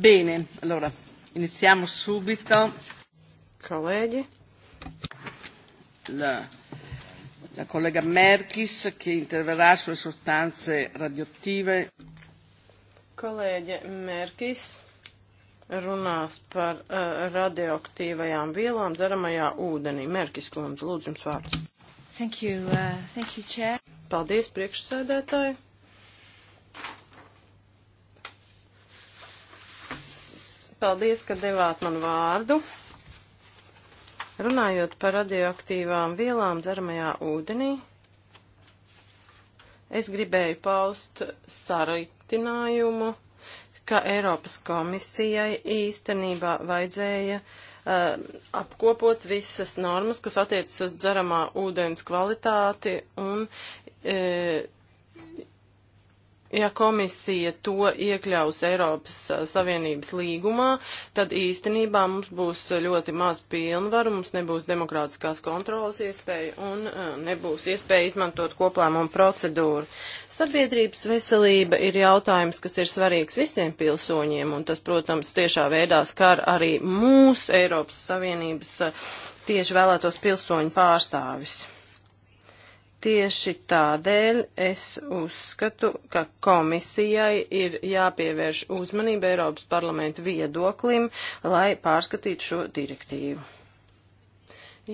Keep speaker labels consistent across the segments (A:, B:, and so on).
A: Bene, allora iniziamo subito. Colleghi. La, la collega Merkis che interverrà sulle sostanze radioattive.
B: Kolēģe Merkis runās par uh, radioaktīvajām vielām dzeramajā ūdenī. Merkis, kundze, lūdzu jums vārds.
C: Thank you, uh, thank you, chair.
B: Paldies, priekšsēdētāji. Paldies, ka devāt man vārdu. Runājot par radioaktīvām vielām dzeramajā ūdenī, es gribēju paust saraitinājumu, ka Eiropas komisijai īstenībā vajadzēja uh, apkopot visas normas, kas attiecas uz dzeramā ūdens kvalitāti un uh, Ja komisija to iekļaus Eiropas Savienības līgumā, tad īstenībā mums būs ļoti maz pilnvaru, mums nebūs demokrātiskās kontrolas iespēja un nebūs iespēja izmantot koplēmumu procedūru. Sabiedrības veselība ir jautājums, kas ir svarīgs visiem pilsoņiem, un tas, protams, tiešā veidā skar arī mūsu Eiropas Savienības tieši vēlētos pilsoņu pārstāvis. Tieši tādēļ es uzskatu, ka komisijai ir jāpievērš uzmanība Eiropas parlamenta viedoklim, lai pārskatītu šo direktīvu.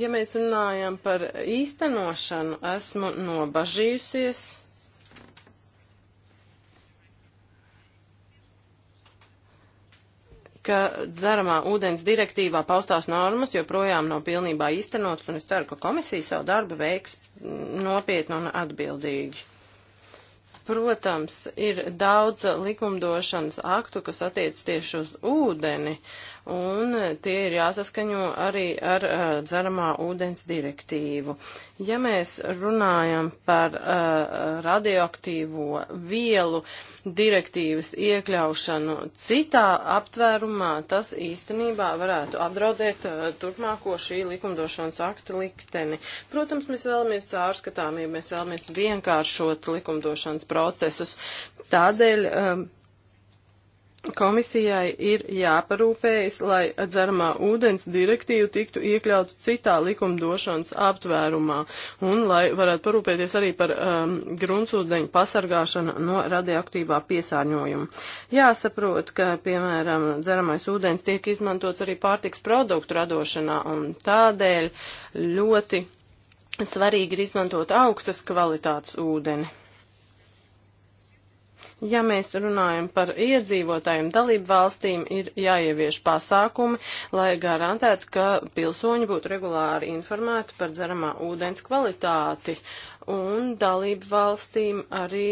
B: Ja mēs runājam par īstenošanu, esmu nobažījusies ka dzeramā ūdens direktīvā paustās normas joprojām nav pilnībā īstenotas, un es ceru, ka komisija savu darbu veiks nopietni un atbildīgi. Protams, ir daudz likumdošanas aktu, kas attiec tieši uz ūdeni, uh, un tie ir jāsaskaņo arī ar uh, dzeramā ūdens direktīvu. Ja mēs runājam par uh, radioaktīvo vielu direktīvas iekļaušanu citā aptvērumā, tas īstenībā varētu apdraudēt uh, turpmāko šī likumdošanas akta likteni. Protams, mēs vēlamies caurskatāmību, mēs vēlamies vienkāršot likumdošanas procesus. Tādēļ um, uh, komisijai ir jāparūpējas, lai dzeramā ūdens direktīva tiktu iekļauta citā likumdošanas aptvērumā un lai varētu parūpēties arī par um, gruntsūdeņu pasargāšanu no radioaktīvā piesārņojuma. Jāsaprot, ka, piemēram, dzeramais ūdens tiek izmantots arī pārtiks produktu radošanā un tādēļ ļoti svarīgi ir izmantot augstas kvalitātes ūdeni. Ja mēs runājam par iedzīvotājiem, dalību valstīm ir jāievieš pasākumi, lai garantētu, ka pilsoņi būtu regulāri informēti par dzeramā ūdens kvalitāti. Un dalību valstīm arī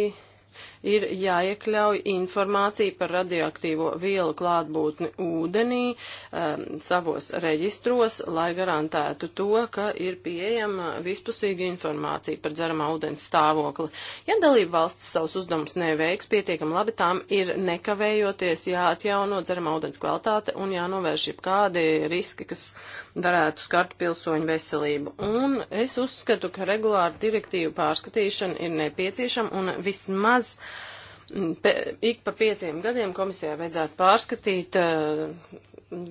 B: ir jāiekļauj informācija par radioaktīvo vielu klātbūtni ūdenī um, savos reģistros, lai garantētu to, ka ir pieejama vispusīga informācija par dzeramā ūdens stāvokli. Ja dalība valsts savus uzdevumus neveiks pietiekam labi, tām ir nekavējoties jāatjauno dzeramā ūdens kvalitāte un jānovērš jebkādi riski, kas varētu skart pilsoņu veselību. Un es uzskatu, ka regulāra direktīva pārskatīšana ir nepieciešama un vismaz uh, Mm, ik pa pieciem gadiem komisijai vajadzētu pārskatīt eh,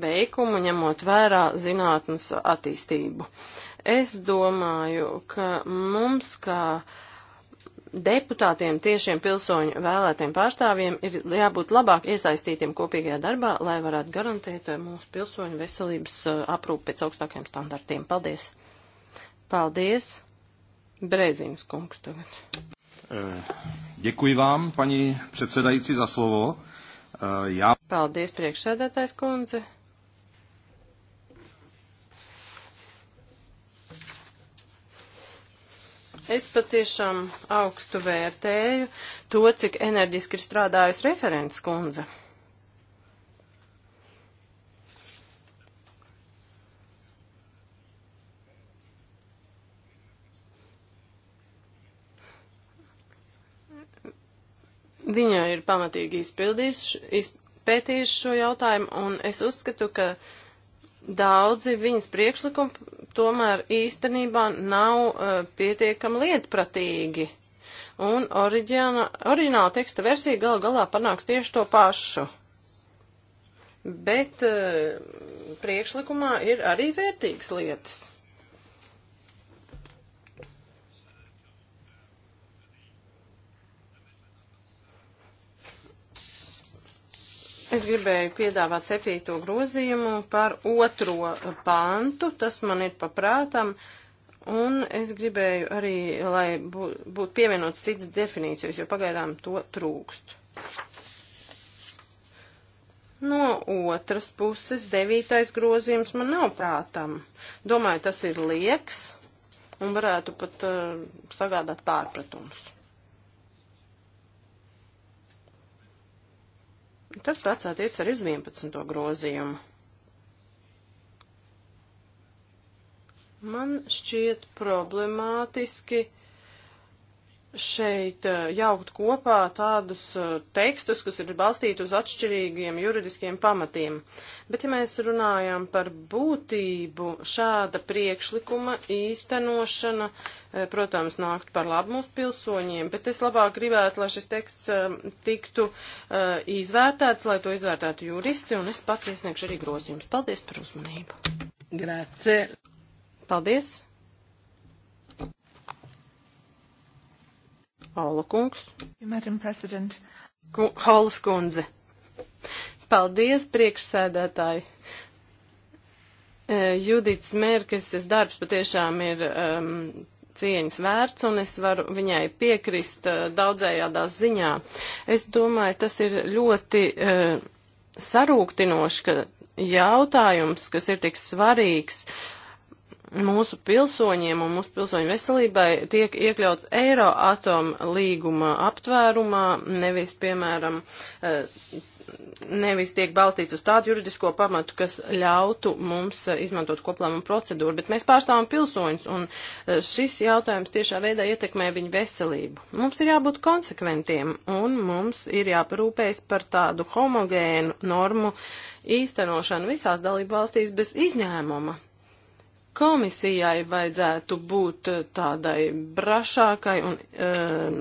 B: veikumu, ņemot vērā zinātnes attīstību. Es domāju, ka mums kā deputātiem, tiešiem pilsoņu vēlētiem pārstāvjiem ir jābūt labāk iesaistītiem kopīgajā darbā, lai varētu garantēt eh, mūsu pilsoņu veselības eh, aprūpi pēc augstākiem standartiem. Paldies! Paldies! Breizīnas kungs tagad.
D: Děkuji vám, paní předsedající, za slovo.
B: Eh, Jā. Paldies, priekšsēdētājs kundze. Es patiešām augstu vērtēju to, cik enerģiski ir strādājusi referents kundze. Viņa ir pamatīgi izpētījusi šo jautājumu, un es uzskatu, ka daudzi viņas priekšlikumi tomēr īstenībā nav uh, pietiekami lietpratīgi. Un oriģiāla, oriģināla teksta versija gal galā panāks tieši to pašu. Bet uh, priekšlikumā ir arī vērtīgas lietas. Es gribēju piedāvāt septīto grozījumu par otro pantu, tas man ir paprātam, un es gribēju arī, lai būtu pievienots cits definīcijas, jo pagaidām to trūkst. No otras puses, devītais grozījums man nav prātam. Domāju, tas ir lieks un varētu pat uh, sagādāt pārpratums. Tas pats attiec arī uz 11. grozījumu. Man šķiet problemātiski šeit eh, jaukt kopā tādus eh, tekstus, kas ir balstīti uz atšķirīgiem juridiskiem pamatiem. Bet, ja mēs runājam par būtību, šāda priekšlikuma īstenošana, eh, protams, nākt par labu mūsu pilsoņiem, bet es labāk gribētu, lai šis teksts tiktu izvērtēts, lai to izvērtētu juristi, un es pats iesniegšu arī grozījumus. Paldies par uzmanību. Grāce. Paldies. Aula kungs.
C: Madam President.
B: Holas kundze. Paldies, priekšsēdētāji. E, Judits Mērkeses darbs patiešām ir um, cieņas vērts, un es varu viņai piekrist uh, daudzējādā ziņā. Es domāju, tas ir ļoti uh, sarūktinoši, ka jautājums, kas ir tik svarīgs, uh, mūsu pilsoņiem un mūsu pilsoņu veselībai tiek iekļauts Eiroatom līguma aptvērumā, nevis, piemēram, eh, nevis tiek balstīts uz tādu juridisko pamatu, kas ļautu mums eh, izmantot koplēmumu procedūru, bet mēs pārstāvam pilsoņus, un eh, šis jautājums tiešā veidā ietekmē viņu veselību. Mums ir jābūt konsekventiem, un mums ir jāparūpējas par tādu homogēnu normu īstenošanu visās dalību valstīs bez izņēmuma. Komisijai vajadzētu būt eh, tādai brašākai un um,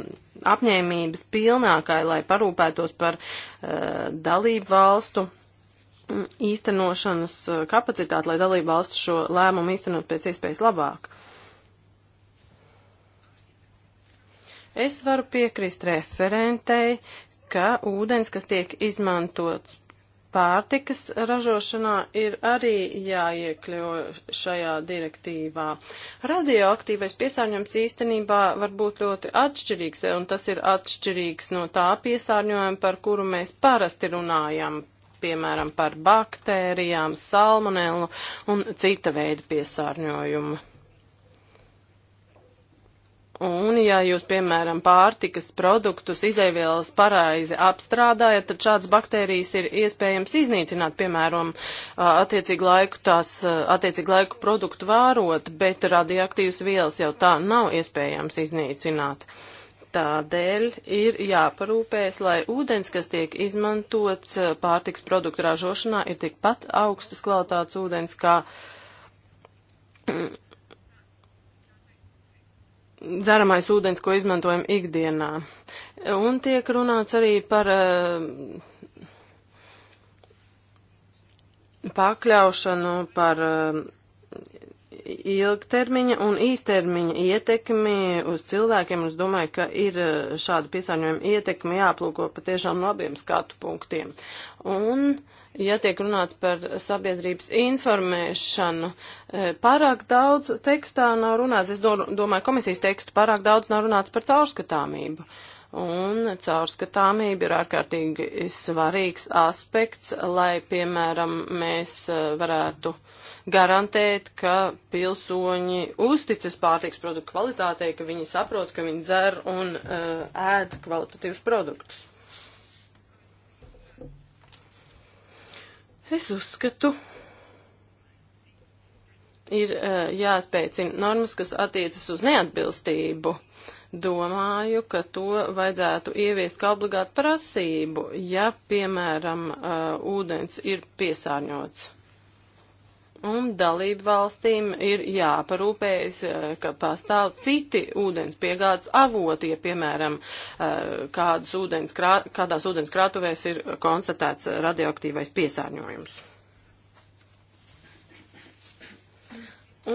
B: apņēmības pilnākai, lai parūpētos par uh, dalību valstu mm, īstenošanas kapacitāti, lai dalību valstu šo lēmumu īstenot pēc iespējas labāk. Es varu piekrist referentei, ka ūdens, kas tiek izmantots pārtikas ražošanā ir arī jāiekļo šajā direktīvā. Radioaktīvais piesārņojums īstenībā var būt ļoti atšķirīgs, un tas ir atšķirīgs no tā piesārņojuma, par kuru mēs parasti runājam, piemēram, par baktērijām, salmonellu un cita veida piesārņojumu. Un, ja jūs, piemēram, pārtikas produktus izaivielas paraizi apstrādājat, tad šāds baktērijas ir iespējams iznīcināt, piemēram, attiecīgi laiku tās, attiecīgi laiku produktu vārot, bet radioaktīvas vielas jau tā nav iespējams iznīcināt. Tādēļ ir jāparūpēs, lai ūdens, kas tiek izmantots pārtiks produktu ražošanā, ir tikpat augstas kvalitātes ūdens kā mm, dzeramais ūdens, ko izmantojam ikdienā. Un tiek runāts arī par eh, pakļaušanu, par eh, ilgtermiņa un īstermiņa ietekmi uz cilvēkiem. Es domāju, ka ir eh, šāda piesārņojuma ietekme jāplūko patiešām no abiem skatu punktiem. Un uh, ja tiek runāts par sabiedrības informēšanu, eh, pārāk daudz tekstā nav runāts, es domāju, komisijas tekstu pārāk daudz nav runāts par caurskatāmību. Un caurskatāmība ir ārkārtīgi svarīgs aspekts, lai, piemēram, mēs eh, varētu garantēt, ka pilsoņi uzticas pārtiks produktu kvalitātei, ka viņi saprot, ka viņi dzer un uh, ēd kvalitatīvus produktus. Es uzskatu, ir eh, jāspēcina normas, kas attiecas uz neatbilstību. Domāju, ka to vajadzētu ieviest kā obligātu prasību, ja, piemēram, eh, ūdens ir piesārņots. Un dalību valstīm ir jāparūpējas, eh, ka pastāv citi ūdens piegādes avoti, ja, piemēram, eh, ūdens krā, kādās ūdens krātuvēs ir konstatēts radioaktīvais piesārņojums.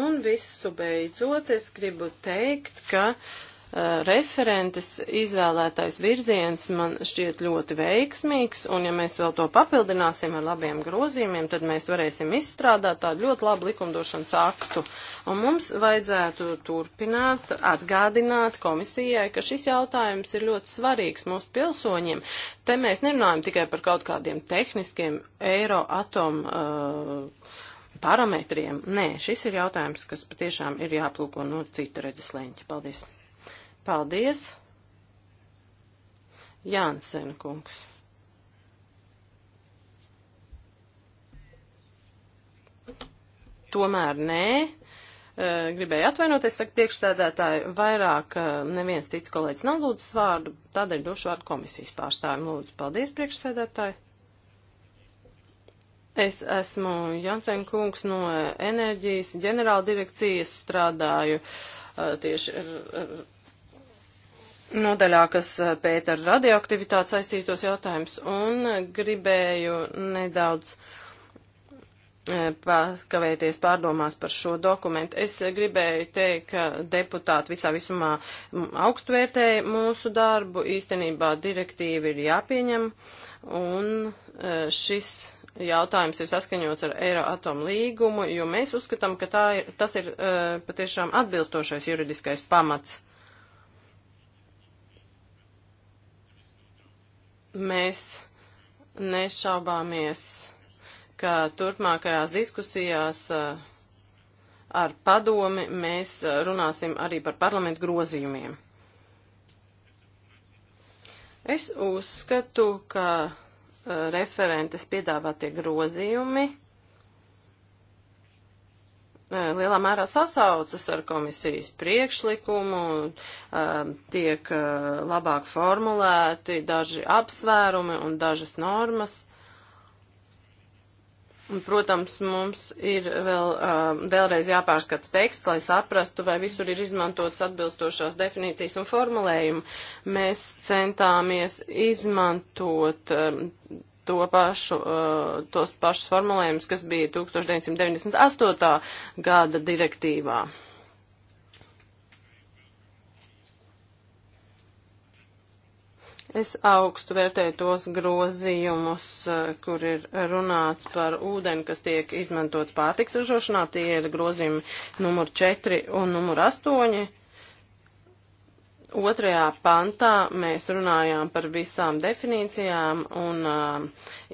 B: Un visu beidzot, es gribu teikt, ka uh, referentes izvēlētais virziens man šķiet ļoti veiksmīgs, un ja mēs vēl to papildināsim ar labiem grozījumiem, tad mēs varēsim izstrādāt tādu ļoti labu likumdošanas aktu. Un mums vajadzētu turpināt atgādināt komisijai, ka šis jautājums ir ļoti svarīgs mūsu pilsoņiem. Te mēs nerunājam tikai par kaut kādiem tehniskiem eiro atomu. Uh, parametriem. Nē, šis ir jautājums, kas patiešām ir jāplūko no cita redzes leņķa. Paldies! Paldies! Jānsena kungs. Tomēr nē. Eh, gribēju atvainoties, saka priekšsēdētāji, vairāk eh, neviens cits kolēģis nav lūdzis vārdu, tādēļ došu vārdu komisijas pārstāvim. Lūdzu, paldies priekšsēdētāji. Es esmu Jansen kungs no enerģijas ģenerāldirekcijas, strādāju eh, tieši nodaļā, kas eh, pēta ar radioaktivitāti saistītos jautājumus, un gribēju nedaudz eh, pakavēties pārdomās par šo dokumentu. Es gribēju teikt, ka deputāti visā visumā mm, augstvērtēja mūsu darbu, īstenībā direktīvi ir jāpieņem, un eh, šis jautājums ir saskaņots ar Eiroatomu līgumu, jo mēs uzskatām, ka ir, tas ir uh, patiešām atbilstošais juridiskais pamats. Mēs nešaubāmies, ka turpmākajās diskusijās eh, ar padomi mēs eh, runāsim arī par parlamentu grozījumiem. Es uzskatu, ka eh, referentes piedāvātie grozījumi lielā mērā sasaucas ar komisijas priekšlikumu, um, tiek uh, labāk formulēti daži apsvērumi un dažas normas. Un, protams, mums ir vēl, um, vēlreiz jāpārskata teksts, lai saprastu, vai visur ir izmantotas atbilstošās definīcijas un formulējumi. Mēs centāmies izmantot um, to pašu, uh, tos pašus formulējumus, kas bija 1998. gada direktīvā. Es augstu vērtēju tos grozījumus, uh, kur ir runāts par ūdeni, kas tiek izmantots pārtiks ražošanā. Tie ir grozījumi numur 4 un numur 8. Otrajā pantā mēs runājām par visām definīcijām un uh,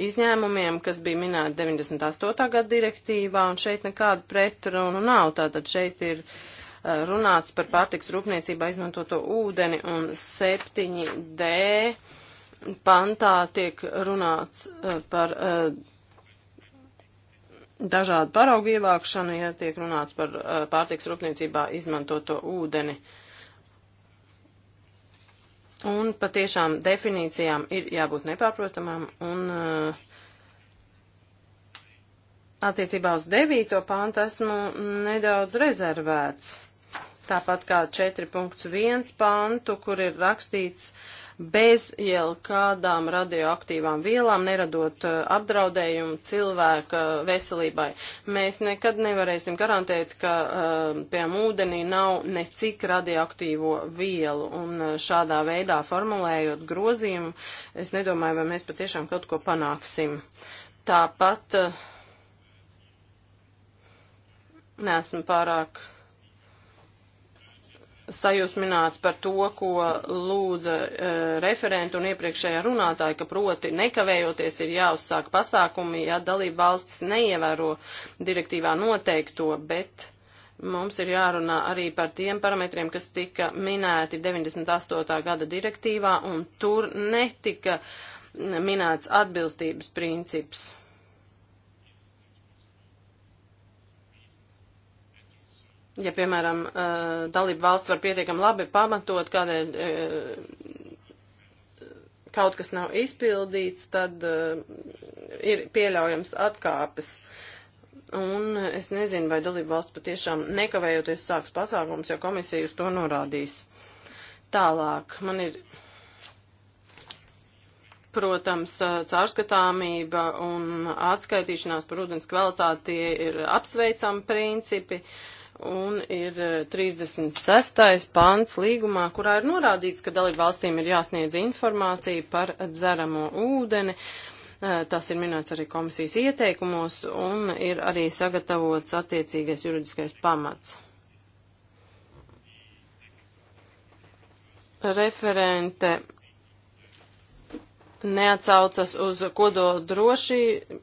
B: izņēmumiem, kas bija minēti 98. gada direktīvā, un šeit nekādu pretrunu nav. Tātad šeit ir uh, runāts par pārtiks rūpniecībā izmantoto ūdeni, un 7D pantā tiek runāts uh, par. Uh, Dažādu paraugu ievākšanu, ja tiek runāts par uh, pārtiks rūpniecībā izmantoto ūdeni. Uh, Un patiešām definīcijām ir jābūt nepārprotamām un uh, attiecībā uz 9. pāntu esmu nedaudz rezervēts. Tāpat kā 4.1 pāntu, kur ir rakstīts, uh, bez jau kādām radioaktīvām vielām, neradot eh, apdraudējumu cilvēka eh, veselībai. Mēs nekad nevarēsim garantēt, ka eh, piemēram ūdenī nav necik radioaktīvo vielu, un šādā veidā formulējot grozījumu, es nedomāju, vai mēs patiešām kaut ko panāksim. Tāpat nesmu pārāk sajūsmināts par to, ko lūdza e, referenta un iepriekšējā runātāja, ka proti nekavējoties ir jāuzsāk pasākumi, ja dalība valsts neievēro direktīvā noteikto, bet mums ir jārunā arī par tiem parametriem, kas tika minēti 98. gada direktīvā, un tur netika minēts atbilstības princips. ja, piemēram, dalība valsts var pietiekami labi pamatot, kādēļ kaut kas nav izpildīts, tad ir pieļaujams atkāpes. Un es nezinu, vai dalība valsts patiešām nekavējoties sāks pasākums, jo komisija uz to norādīs. Tālāk man ir, protams, caurskatāmība un atskaitīšanās par ūdens kvalitāti tie ir apsveicami principi. Uh, Un ir 36. Eh, pants līgumā, kurā ir norādīts, ka dalību valstīm ir jāsniedz informācija par dzeramo ūdeni. Eh, tas ir minēts arī komisijas ieteikumos un ir arī sagatavots attiecīgais juridiskais pamats. Referente neatsaucas uz kodola drošību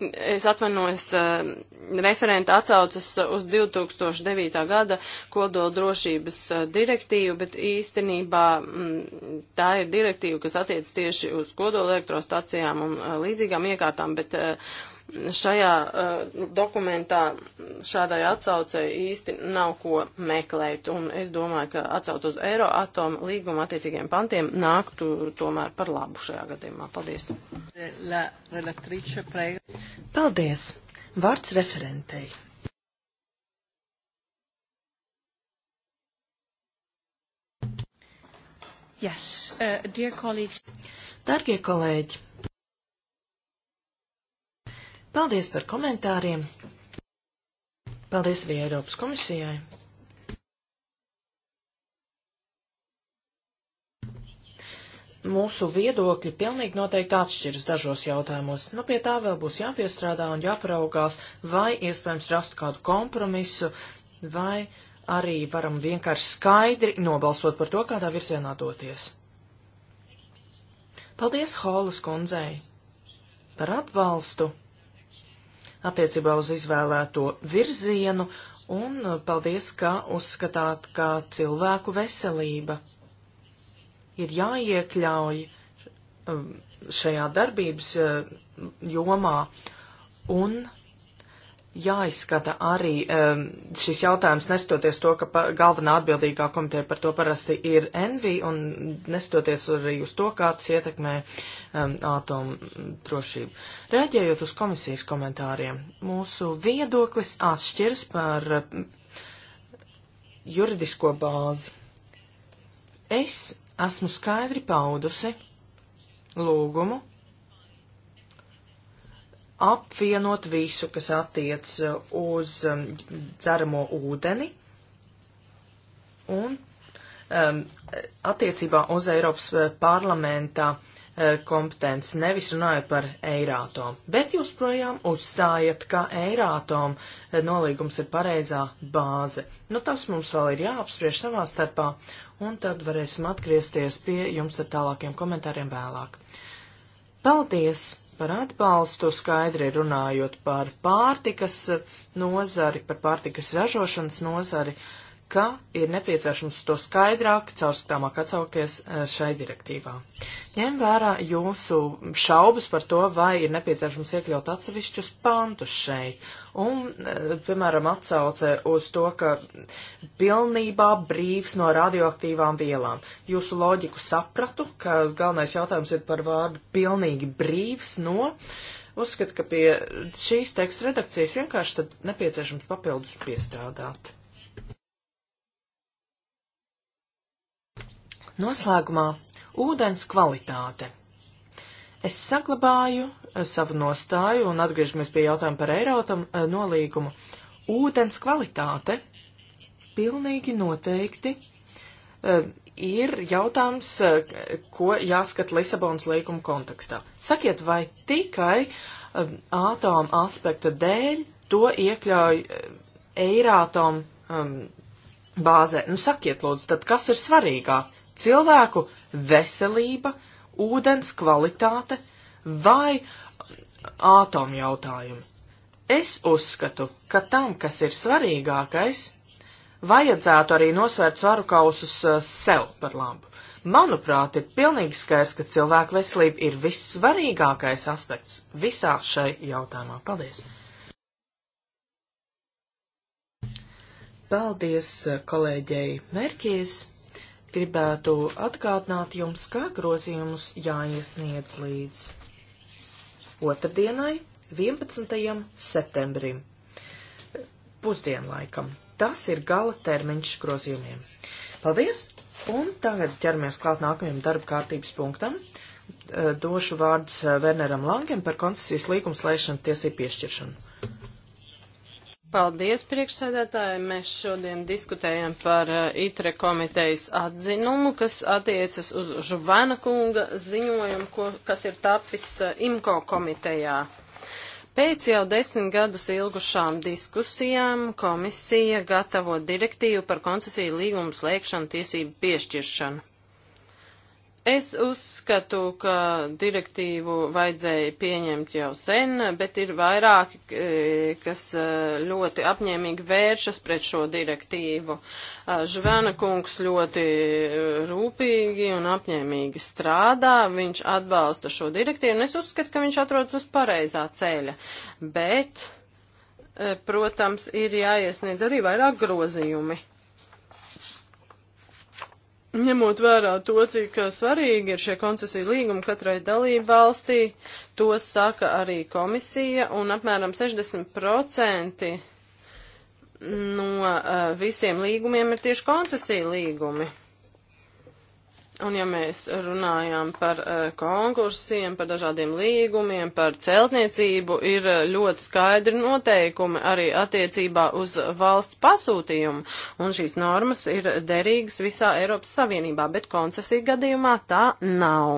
B: es atvainojos, eh, referenta atsaucas uz 2009. gada kodola drošības eh, direktīvu, bet īstenībā mm, tā ir direktīva, kas attiec tieši uz kodola elektrostacijām un eh, līdzīgām iekārtām, bet uh, šajā uh, dokumentā šādai atsaucei īsti nav ko meklēt, un es domāju, ka atsauc uz Eiroatomu līguma attiecīgiem pantiem nāktu tomēr par labu šajā gadījumā. Paldies. La Paldies. Vārds referentei. Yes, uh, dear
D: colleagues. Dargie kolēģi, Paldies par komentāriem. Paldies arī Eiropas komisijai. Mūsu viedokļi pilnīgi noteikti atšķiras dažos jautājumos. Nu, pie tā vēl būs jāpiestrādā un jāparaugās, vai iespējams rast kādu kompromisu, vai arī varam vienkārši skaidri nobalsot par to, kādā virzienā doties. Paldies Holas kundzei par atbalstu attiecībā uz izvēlēto virzienu, un paldies, ka uzskatāt, ka cilvēku veselība ir jāiekļauj um, šajā darbības uh, jomā, un jāizskata arī um, šis jautājums, nestoties to, ka pa, galvenā atbildīgā komiteja par to parasti ir Envi, un nestoties arī uz to, kā tas ietekmē um, ātomu drošību. Rēģējot uz komisijas komentāriem, mūsu viedoklis atšķiras par um, juridisko bāzi. Es esmu skaidri paudusi lūgumu apvienot visu, kas attiec uh, uz um, dzeramo ūdeni un um, attiecībā uz Eiropas uh, parlamentā uh, kompetenci, nevis runājot par Eirātom. Bet jūs projām uzstājat, ka Eirātom uh, nolīgums ir pareizā bāze. Nu, tas mums vēl ir jāapspriež savā starpā, un tad varēsim atgriezties pie jums ar tālākiem komentāriem vēlāk. Paldies! par atbalstu, skaidri runājot par pārtikas nozari, par pārtikas ražošanas nozari, ka ir nepieciešams to skaidrāk, caurskatāmāk atsaukties eh, šai direktīvā. Ņem vērā jūsu šaubas par to, vai ir nepieciešams iekļaut atsevišķus pantus šeit, un, e, piemēram, atsauce uz to, ka pilnībā brīvs no radioaktīvām vielām. Jūsu loģiku sapratu, ka galvenais jautājums ir par vārdu pilnīgi brīvs no. Uzskat, ka pie šīs teksta redakcijas vienkārši tad nepieciešams papildus piestrādāt. Noslēgumā ūdens kvalitāte. Es saglabāju eh, savu nostāju un atgriežamies pie jautājuma par Eirotam eh, nolīgumu. Ūdens kvalitāte pilnīgi noteikti eh, ir jautājums, ko jāskat Lisabonas līguma kontekstā. Sakiet, vai tikai ātoma aspekta dēļ to iekļauj Eirātom um, bāzē? Nu, sakiet, lūdzu, tad kas ir svarīgāk? Cilvēku veselība, uh, ūdens kvalitāte vai ātomu jautājumi. Es uzskatu, ka tam, kas ir svarīgākais, vajadzētu arī nosvērt svaru kausus uh, sev par labu. Manuprāt, ir pilnīgi skaidrs, ka cilvēku veselība ir vissvarīgākais aspekts visā šai jautājumā. Paldies! Paldies uh, kolēģei Merkies! gribētu atgādināt jums, kā grozījumus jāiesniedz līdz otrdienai, 11. septembrim, pusdienlaikam. Tas ir gala termiņš grozījumiem. Paldies! Un tagad ķeramies klāt nākamajam darba kārtības punktam. Došu vārdus Werneram Langem par koncesijas līgums lēšanu tiesību piešķiršanu.
B: Paldies, priekšsēdētāji. Mēs šodien diskutējam par uh, ITRE komitejas atzinumu, kas attiecas uz Žuvana kunga ziņojumu, ko, kas ir tapis uh, eh, IMKO komitejā. Pēc jau desmit gadus ilgušām diskusijām komisija gatavo direktīvu par koncesiju līgumu slēgšanu tiesību piešķiršanu. Es uzskatu, ka direktīvu vajadzēja pieņemt jau sen, bet ir vairāki, e, kas e, ļoti apņēmīgi vēršas pret šo direktīvu. Žvena kungs ļoti e, rūpīgi un apņēmīgi strādā, viņš atbalsta šo direktīvu, un es uzskatu, ka viņš atrodas uz pareizā ceļa. Bet, protams, ir jāiesniedz arī vairāk grozījumi ņemot vērā to, cik uh, svarīgi ir šie koncesiju līgumi katrai dalību valstī, to saka arī komisija, un apmēram 60% no uh, visiem līgumiem ir tieši koncesiju līgumi. Un ja mēs runājām par uh, konkursiem, par dažādiem līgumiem, par celtniecību, ir eh, ļoti skaidri noteikumi arī attiecībā uz valsts pasūtījumu. Un šīs normas ir derīgas visā Eiropas Savienībā, bet koncesiju gadījumā tā nav.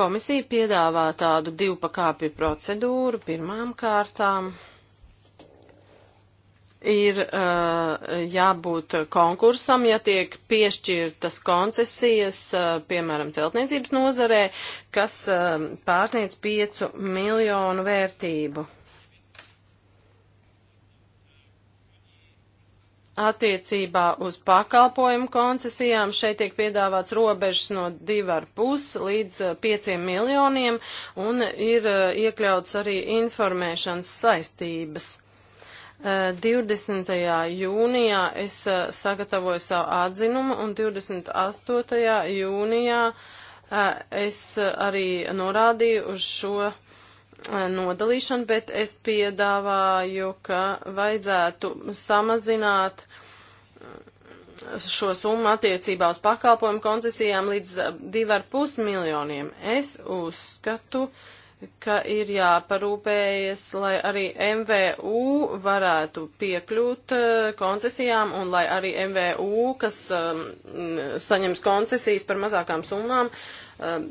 B: Komisija piedāvā tādu divpakāpju procedūru pirmām kārtām ir uh, jābūt konkursam, ja tiek piešķirtas koncesijas, uh, piemēram, celtniecības nozarē, kas uh, pārsniec 5 miljonu vērtību. Attiecībā uz pakalpojumu koncesijām šeit tiek piedāvāts robežas no 2,5 līdz 5 uh, miljoniem un ir uh, iekļauts arī informēšanas saistības. 20. Eh, jūnijā es eh, sagatavoju savu atzinumu un 28. jūnijā eh, es arī norādīju uz šo nodalīšanu, bet es piedāvāju, ka vajadzētu samazināt šo summu attiecībā uz pakalpojumu koncesijām līdz 2,5 miljoniem. Es uzskatu, uh, ka ir jāparūpējas, lai arī MVU varētu piekļūt eh, koncesijām un lai arī MVU, kas um, saņems koncesijas par mazākām summām, um,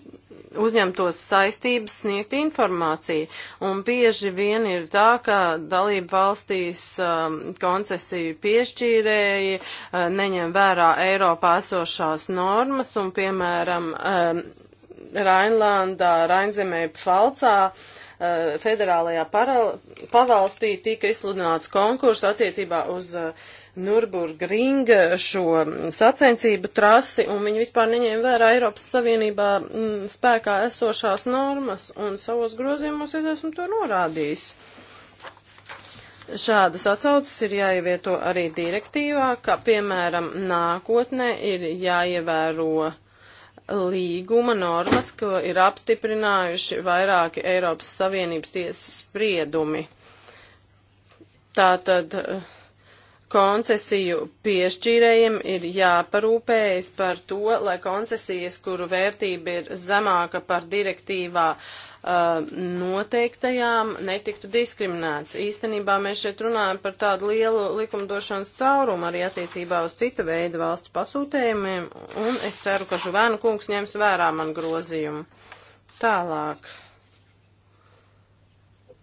B: uzņemtos saistības sniegt informāciju. Un bieži vien ir tā, ka dalību valstīs um, koncesiju piešķīrēji uh, neņem vērā Eiropā esošās normas un, piemēram, um, Rainlandā, Rainzemē, Pfalcā eh, federālajā pavalstī tika izsludināts konkurss attiecībā uz eh, Nürburgring eh, šo sacensību trasi, un viņi vispār neņēma vērā Eiropas Savienībā m, mm, spēkā esošās normas, un savos grozījumos es esmu to norādījis. Šādas atsaucas ir jāievieto arī direktīvā, ka, piemēram, nākotnē ir jāievēro uh, līguma normas, ko ir apstiprinājuši vairāki Eiropas Savienības tiesas spriedumi. Tātad eh, koncesiju piešķīrējiem ir jāparūpējas par to, lai koncesijas, kuru vērtība ir zemāka par direktīvā uh, noteiktajām netiktu diskriminēts. Īstenībā mēs šeit runājam par tādu lielu likumdošanas caurumu arī attiecībā uz cita veida valsts pasūtējumiem, un es ceru, ka Žuvēnu kungs ņems vērā man grozījumu. Tālāk.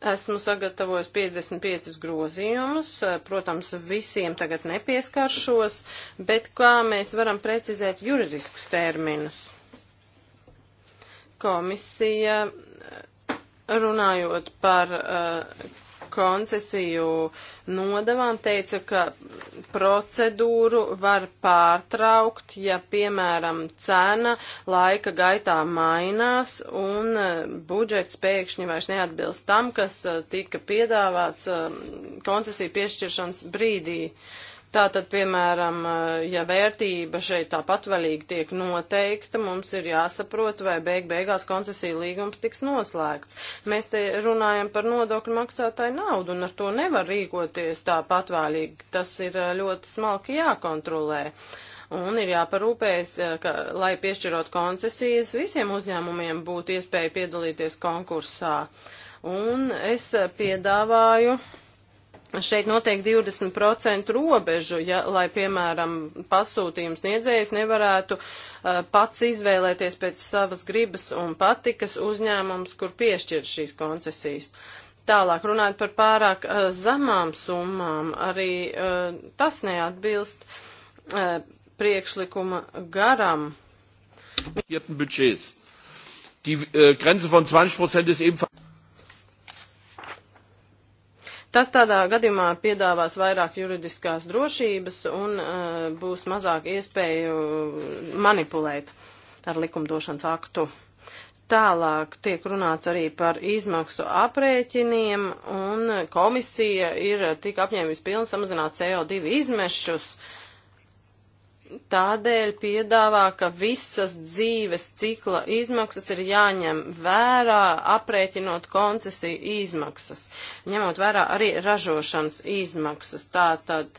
B: Esmu sagatavojis 55 grozījumus, protams, visiem tagad nepieskaršos, bet kā mēs varam precizēt juridiskus terminus? Komisija Runājot par uh, koncesiju nodavām, teica, ka procedūru var pārtraukt, ja, piemēram, cena laika gaitā mainās un uh, budžets pēkšņi vairs neatbilst tam, kas uh, tika piedāvāts uh, koncesiju piešķiršanas brīdī. Uh, Tātad, piemēram, eh, ja vērtība šeit tā patvaļīgi tiek noteikta, mums ir jāsaprot, vai beig beigās koncesija līgums tiks noslēgts. Mēs te runājam par nodokļu maksātāju naudu, un ar to nevar rīkoties tā patvaļīgi. Tas ir eh, ļoti smalki jākontrolē. Un ir jāparūpējas, eh, ka, lai piešķirot koncesijas, visiem uzņēmumiem būtu iespēja piedalīties konkursā. Un es piedāvāju. Uh, šeit notiek 20% robežu, ja, lai, piemēram, pasūtījums niedzējs nevarētu uh, pats izvēlēties pēc savas gribas un patikas uzņēmums, kur piešķir šīs koncesijas. Tālāk runājot par pārāk uh, zamām summām, arī uh, tas neatbilst uh, priekšlikuma garam.
D: Budžets.
C: Die äh, Grenze von 20% ist ebenfalls.
B: Tas tādā gadījumā piedāvās vairāk juridiskās drošības un uh, būs mazāk iespēju manipulēt ar likumdošanas aktu. Tālāk tiek runāts arī par izmaksu aprēķiniem, un komisija ir tik apņēmis pilni samazināt CO2 izmešus. Uh, Tādēļ piedāvā, ka visas dzīves cikla izmaksas ir jāņem vērā, aprēķinot koncesiju izmaksas, ņemot vērā arī ražošanas izmaksas. Tātad,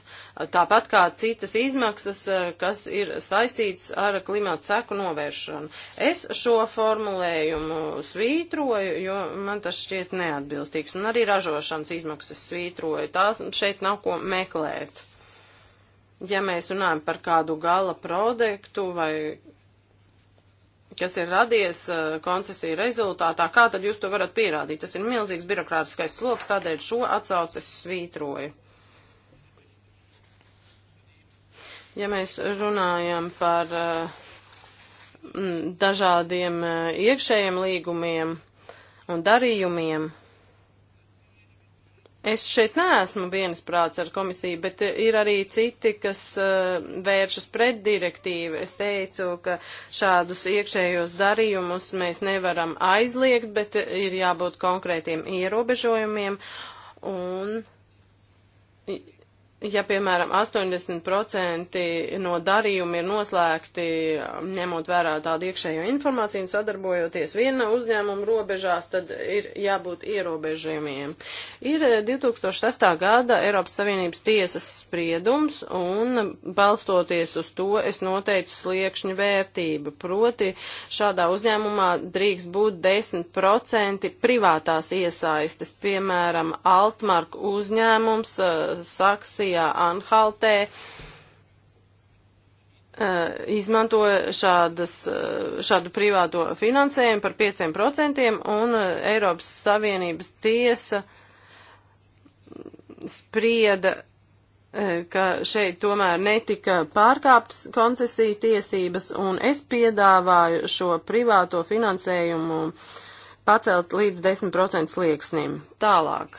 B: tāpat kā citas izmaksas, eh, kas ir saistīts ar klimatu seku novēršanu. Es šo formulējumu svītroju, jo man tas šķiet neatbilstīgs, un arī ražošanas izmaksas svītroju. Tās šeit nav ko meklēt ja mēs runājam par kādu gala produktu vai kas ir radies eh, koncesiju rezultātā, kā tad jūs to varat pierādīt? Tas ir milzīgs birokrātiskais sloks, tādēļ šo atsauces svītroju. Ja mēs runājam par eh, dažādiem eh, iekšējiem līgumiem un darījumiem, Es šeit neesmu vienasprāts ar komisiju, bet eh, ir arī citi, kas uh, vēršas pret direktīvu. Es teicu, ka šādus iekšējos darījumus mēs nevaram aizliegt, bet eh, ir jābūt konkrētiem ierobežojumiem. Un ja, piemēram, 80% no darījumi ir noslēgti, ņemot vērā tādu iekšējo informāciju un sadarbojoties viena uzņēmuma robežās, tad ir jābūt ierobežojumiem. Ir 2006. Eh, gada Eiropas Savienības tiesas spriedums, un balstoties uz to es noteicu sliekšņu vērtību. Proti, šādā uzņēmumā drīkst būt 10% privātās iesaistes, piemēram, Altmark uzņēmums, eh, Saksija, Vācijā, Anhaltē eh, izmantoja šādas, eh, šādu privāto finansējumu par 5% un eh, Eiropas Savienības tiesa sprieda, ka šeit tomēr netika pārkāptas koncesiju tiesības un es piedāvāju šo privāto finansējumu pacelt līdz 10% lieksnim. Tālāk.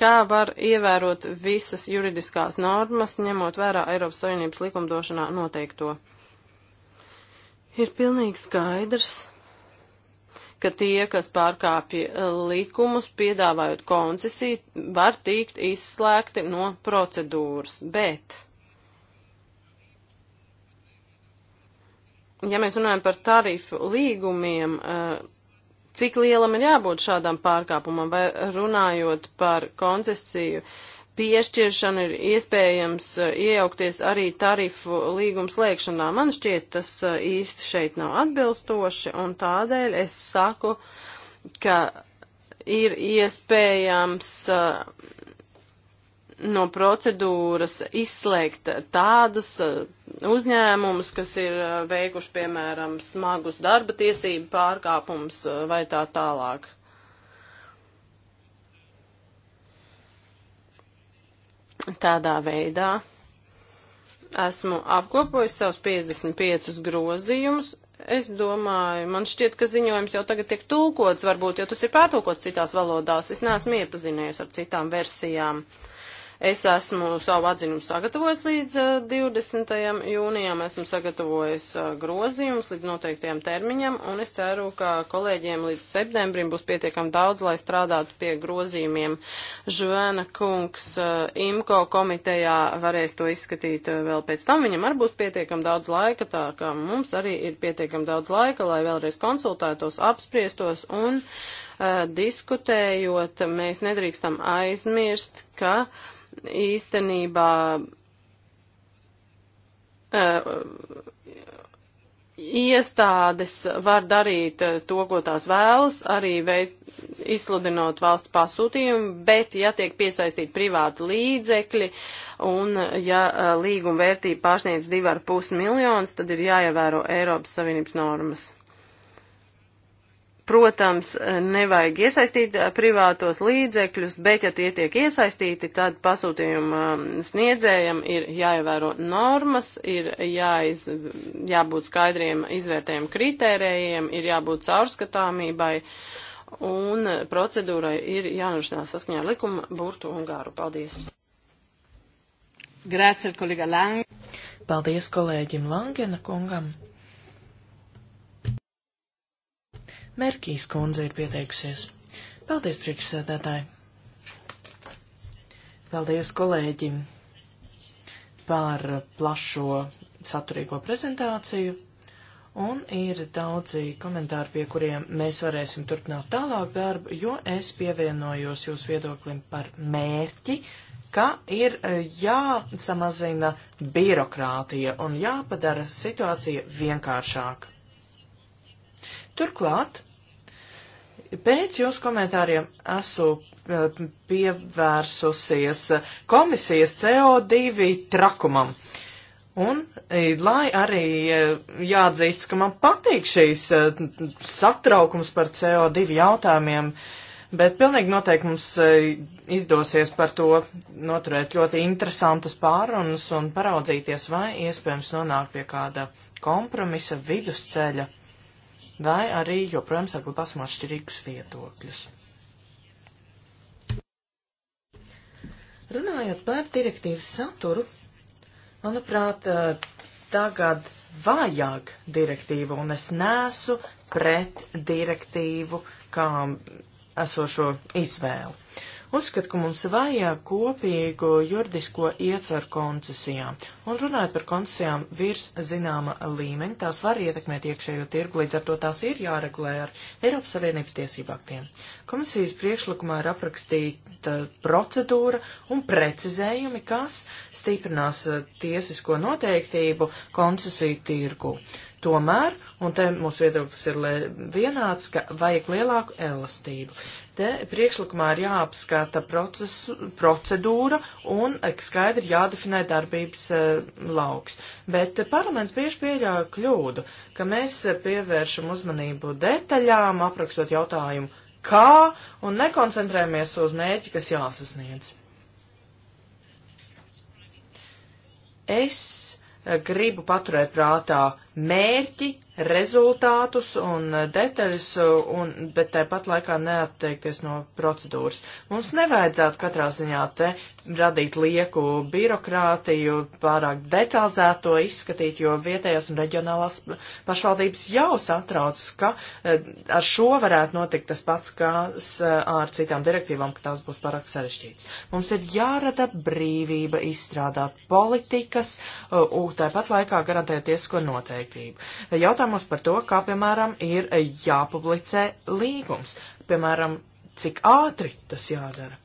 B: kā var ievērot visas juridiskās normas, ņemot vērā Eiropas Savienības likumdošanā noteikto. Ir pilnīgi skaidrs, ka tie, kas pārkāpja eh, likumus, piedāvājot koncesiju, var tikt izslēgti no procedūras. Bet, ja mēs runājam par tarifu līgumiem, uh, Cik lielam ir jābūt šādam pārkāpumam, vai runājot par koncesiju piešķiršanu, ir iespējams uh, iejaukties arī tarifu līgums lēkšanā? Man šķiet, tas uh, īsti šeit nav atbilstoši, un tādēļ es saku, ka ir iespējams uh, no procedūras izslēgt tādus uh, uzņēmumus, kas ir uh, veikuši, piemēram, smagus darba tiesību pārkāpumus uh, vai tā tālāk. Tādā veidā esmu apkopojis savus 55 grozījumus. Es domāju, man šķiet, ka ziņojums jau tagad tiek tulkots, varbūt jau tas ir pārtulkots citās valodās. Es neesmu iepazinies ar citām versijām. Uh, Es esmu savu atzinumu sagatavojis līdz 20. Eh, jūnijam, esmu sagatavojis eh, grozījumus līdz noteiktajam termiņam, un es ceru, ka kolēģiem līdz septembrim būs pietiekami daudz, lai strādātu pie grozījumiem. Žuēna kungs eh, IMKO komitejā varēs to izskatīt vēl pēc tam, viņam arī būs pietiekami daudz laika, tā ka mums arī ir pietiekami daudz laika, lai vēlreiz konsultētos, apspriestos un. Uh, diskutējot, mēs nedrīkstam aizmirst, ka uh, īstenībā e, iestādes var darīt e, to, ko tās vēlas, arī veid, izsludinot valsts pasūtījumu, bet ja tiek piesaistīti privāti līdzekļi un ja e, līguma vērtība pārsniedz 2,5 miljonus, tad ir jāievēro Eiropas Savienības normas. Protams, nevajag iesaistīt privātos līdzekļus, bet ja tie tiek iesaistīti, tad pasūtījuma sniedzējam ir jāievēro normas, ir jāiz, jābūt skaidriem izvērtējiem kritērējiem, ir jābūt caurskatāmībai un procedūrai ir jānorisinās saskaņā likuma burtu un gāru. Paldies! Grācer, kolēģa Lang!
D: Paldies kolēģim Langena kungam! Merkīs kundze ir pieteikusies. Paldies, priekšsēdētāji! Paldies kolēģim par plašo saturīgo prezentāciju. Un ir daudzi komentāri, pie kuriem mēs varēsim turpināt tālāk darbu, jo es pievienojos jūsu viedoklim par mērķi, ka ir e, jāsamazina birokrātija un jāpadara situācija vienkāršāka. Turklāt, pēc jūsu komentāriem esmu eh, pievērsusies komisijas CO2 trakumam. Un, e, lai arī e, jāatzīst, ka man patīk šīs e, satraukums par CO2 jautājumiem, bet pilnīgi noteikti mums izdosies par to noturēt ļoti interesantas pārunas un paraudzīties, vai iespējams nonākt pie kāda kompromisa vidusceļa vai arī joprojām saglabāsim atšķirīgus viedokļus. Runājot par direktīvas saturu, manuprāt, tagad vajag direktīvu, un es nesu pret direktīvu kā esošo izvēlu. Uzskat, ka mums vajag kopīgu juridisko ietveru koncesijām. Un runājot par koncesijām virs zināma līmeņa, tās var ietekmēt iekšējo tirgu, līdz ar to tās ir jāregulē ar Eiropas Savienības tiesību aktiem. Komisijas priekšlikumā ir aprakstīta procedūra un precizējumi, kas stiprinās tiesisko noteiktību koncesiju tirgu. Tomēr, un te mūsu viedoklis ir vienāds, ka vajag lielāku elastību. Te priekšlikumā ir jāapskata procesu, procedūra un e, skaidri jādefinē darbības e, lauks. Bet parlaments bieži pieļauj kļūdu, ka mēs pievēršam uzmanību detaļām, aprakstot jautājumu kā, un nekoncentrējamies uz mērķi, kas jāsasniedz. Es gribu paturēt prātā mērķi rezultātus un detaļas, un, bet tāpat laikā neatteikties no procedūras. Mums nevajadzētu katrā ziņā te radīt lieku birokrātiju, pārāk detalizēto izskatīt, jo vietējās un reģionālās pašvaldības jau satrauc, ka eh, ar šo varētu notikt tas pats, kas eh, ar citām direktīvām, ka tās būs pārāk sarežģītas. Mums ir jārada brīvība izstrādāt politikas, eh, un tāpat laikā garantēt tiesisko noteiktību. Jautājums jautājumus par to, kā, piemēram, ir jāpublicē līgums, piemēram, cik ātri tas jādara.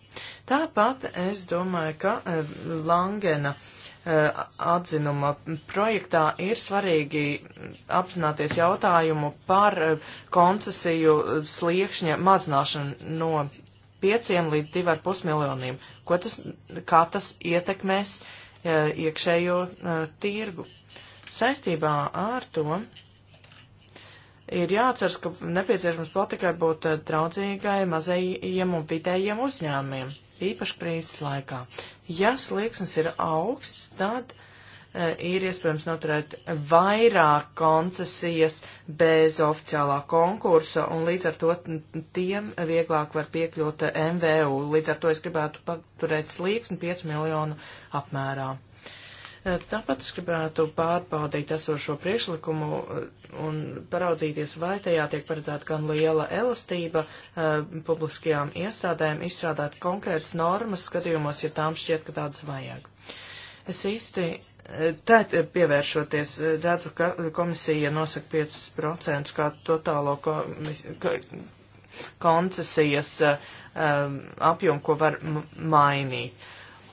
D: Tāpat es domāju, ka eh, Langena eh, atzinuma projektā ir svarīgi apzināties jautājumu par eh, koncesiju sliekšņa mazināšanu no 5 līdz 2,5 miljoniem. Ko tas, kā tas ietekmēs iekšējo tirgu? Saistībā ar to ir jāatceras, ka nepieciešams politikai būt eh, draudzīgai mazajiem un vidējiem uzņēmumiem, īpaši krīzes laikā. Ja slieksnis ir augsts, tad e, ir iespējams noturēt vairāk koncesijas bez oficiālā konkursa, un līdz ar to tiem vieglāk var piekļūt eh, MVU. Līdz ar to es gribētu paturēt slieksni 5 miljonu apmērā. Tāpat es gribētu pārbaudīt esošo priekšlikumu uh, un paraudzīties, vai tajā tiek paredzēta gan liela elastība uh, publiskajām iestādēm izstrādāt konkrētas normas skatījumos, ja tām šķiet, ka tādas vajag. Es īsti uh, tad uh, pievēršoties, redzu, ka komisija nosaka 5% kā totālo komis, ka, koncesijas uh, um, apjomu, ko var mainīt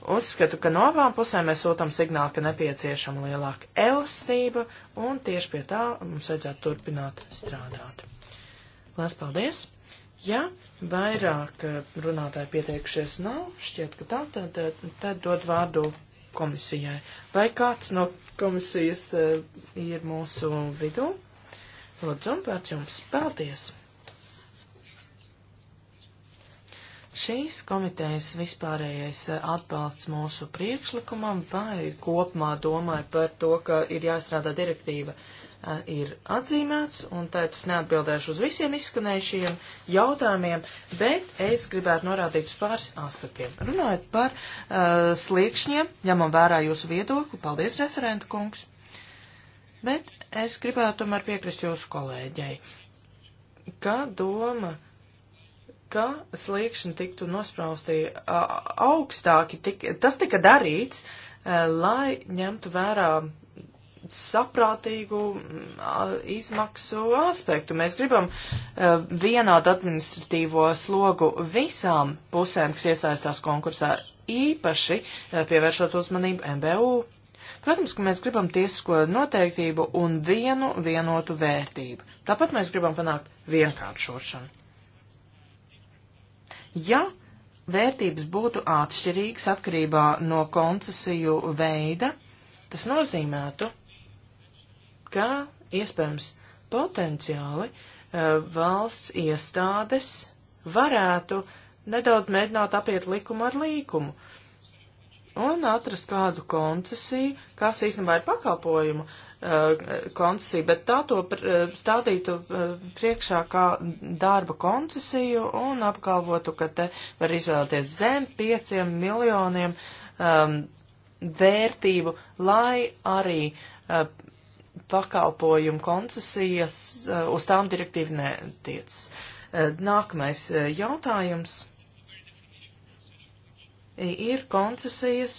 D: uzskatu, ka no abām pusēm mēs sūtam signālu, ka nepieciešama lielāka elastība, un tieši pie tā mums vajadzētu turpināt strādāt. Lielas paldies! Ja vairāk eh, runātāji pieteikušies nav, šķiet, ka tā, tad, tad, tad dod vārdu komisijai. Vai kāds no komisijas eh, ir mūsu vidū? Lūdzu, vārds jums. Paldies! Šīs komitejas vispārējais eh, atbalsts mūsu priekšlikumam vai kopumā domāja par to, ka ir jāstrādā direktīva, eh, ir atzīmēts, un tad es neatbildēšu uz visiem izskanējušiem jautājumiem, bet es gribētu norādīt uz pāris aspektiem. Runājot par uh, sliekšņiem, ņemam vērā jūsu viedokli, paldies referenta kungs, bet es gribētu tomēr piekrist jūsu kolēģei, ka doma ka sliekšņi tiktu nosprausti augstāki, tik, tas tika darīts, lai ņemtu vērā saprātīgu izmaksu aspektu. Mēs gribam vienādu administratīvo slogu visām pusēm, kas iesaistās konkursā, īpaši pievēršot uzmanību MBU. Protams, ka mēs gribam tiesisko noteiktību un vienu vienotu vērtību. Tāpat mēs gribam panākt vienkāršošanu. Ja vērtības būtu atšķirīgas atkarībā no koncesiju veida, tas nozīmētu, ka iespējams potenciāli e, valsts iestādes varētu nedaudz mēģināt apiet likumu ar līkumu un atrast kādu koncesiju, kas īstenībā ir pakalpojumu Uh, koncesiju, bet tā to uh, stādītu uh, priekšā kā darba koncesiju un apgalvotu, ka te var izvēlēties zem pieciem miljoniem um, vērtību, lai arī uh, pakalpojumu koncesijas uh, uz tām direktīvi netiec. Uh, nākamais jautājums ir koncesijas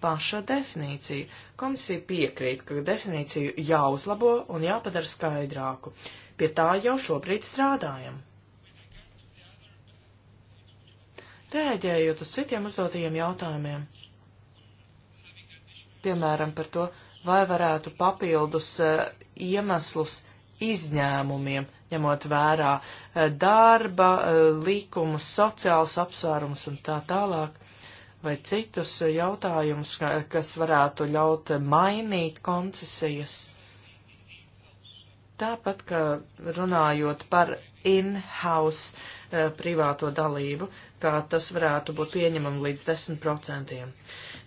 D: paša definīciju. Komisija piekrīt, ka definīciju jāuzlabo un jāpadara skaidrāku. Pie tā jau šobrīd strādājam. Rēģējot uz citiem uzdotajiem jautājumiem, piemēram par to, vai varētu papildus eh, iemeslus izņēmumiem, ņemot vērā eh, darba, eh, likumus, sociālus apsvērumus un tā tālāk vai citus jautājumus, kas varētu ļaut mainīt koncesijas. Tāpat, kā runājot par in-house uh, privāto dalību, kā tas varētu būt pieņemam līdz 10%.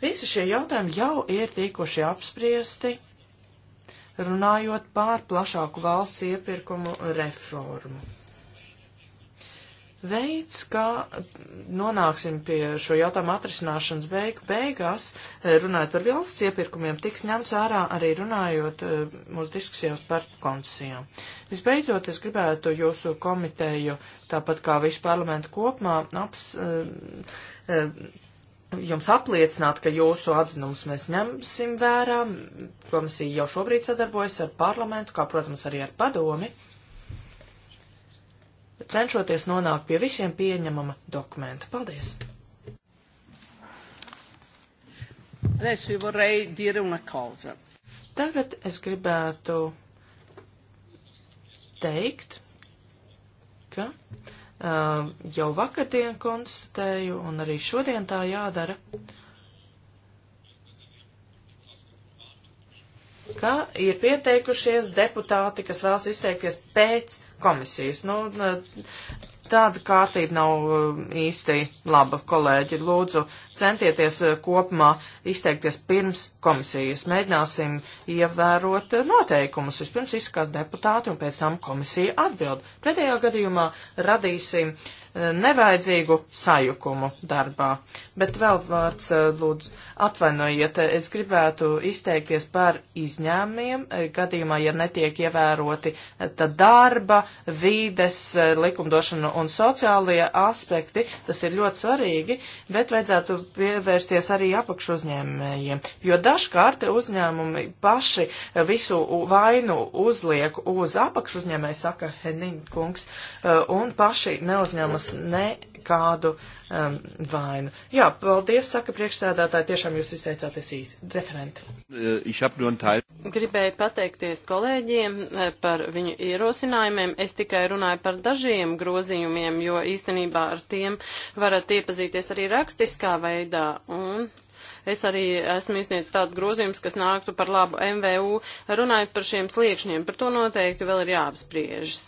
D: Visi šie jautājumi jau ir tikuši apspriesti, runājot pār plašāku valsts iepirkumu reformu veids, kā nonāksim pie šo jautājumu atrisināšanas beigu, beigās, runājot par valsts iepirkumiem, tiks ņemts ārā arī runājot eh, mūsu diskusijās par koncesijām. Visbeidzot, es gribētu jūsu komiteju, tāpat kā visu parlamentu kopumā, aps, eh, eh, jums apliecināt, ka jūsu atzinums mēs ņemsim vērā. Komisija jau šobrīd sadarbojas ar parlamentu, kā, protams, arī ar padomi cenšoties nonākt pie visiem pieņemama dokumenta. Paldies! Tagad es gribētu teikt, ka uh, jau vakardien konstatēju, un arī šodien tā jādara, uh, ka ir pieteikušies deputāti, kas vēlas izteikties pēc komisijas. Nu, tāda kārtība nav uh, īsti laba, kolēģi. Lūdzu, centieties uh, kopumā izteikties pirms komisijas. Mēģināsim ievērot uh, noteikumus. Vispirms izskatās deputāti un pēc tam komisija atbild. Pretējā gadījumā radīsim uh, nevajadzīgu sajukumu darbā. Bet vēl vārds, eh, lūdzu, atvainojiet, eh, es gribētu izteikties par izņēmumiem, eh, gadījumā, ja netiek ievēroti darba, vīdes, likumdošana un sociālie aspekti, tas ir ļoti svarīgi, bet vajadzētu pievērsties arī apakšu uzņēmējiem, jo dažkārt uzņēmumi paši visu vainu uzliek uz apakšu uzņēmēju, saka Henning kungs, un paši neuzņemas neuzņemas nekādu um, vainu. Jā, paldies, saka priekšsēdētāji, tiešām jūs izteicāties īsi. Referenti.
A: Äh,
B: Gribēju pateikties kolēģiem eh, par viņu ierosinājumiem. Es tikai runāju par dažiem grozījumiem, jo īstenībā ar tiem varat iepazīties arī rakstiskā veidā. Un es arī esmu izniedzis tāds grozījums, kas nāktu par labu MVU, runājot par šiem sliekšņiem. Par to noteikti vēl ir jāapspriežas.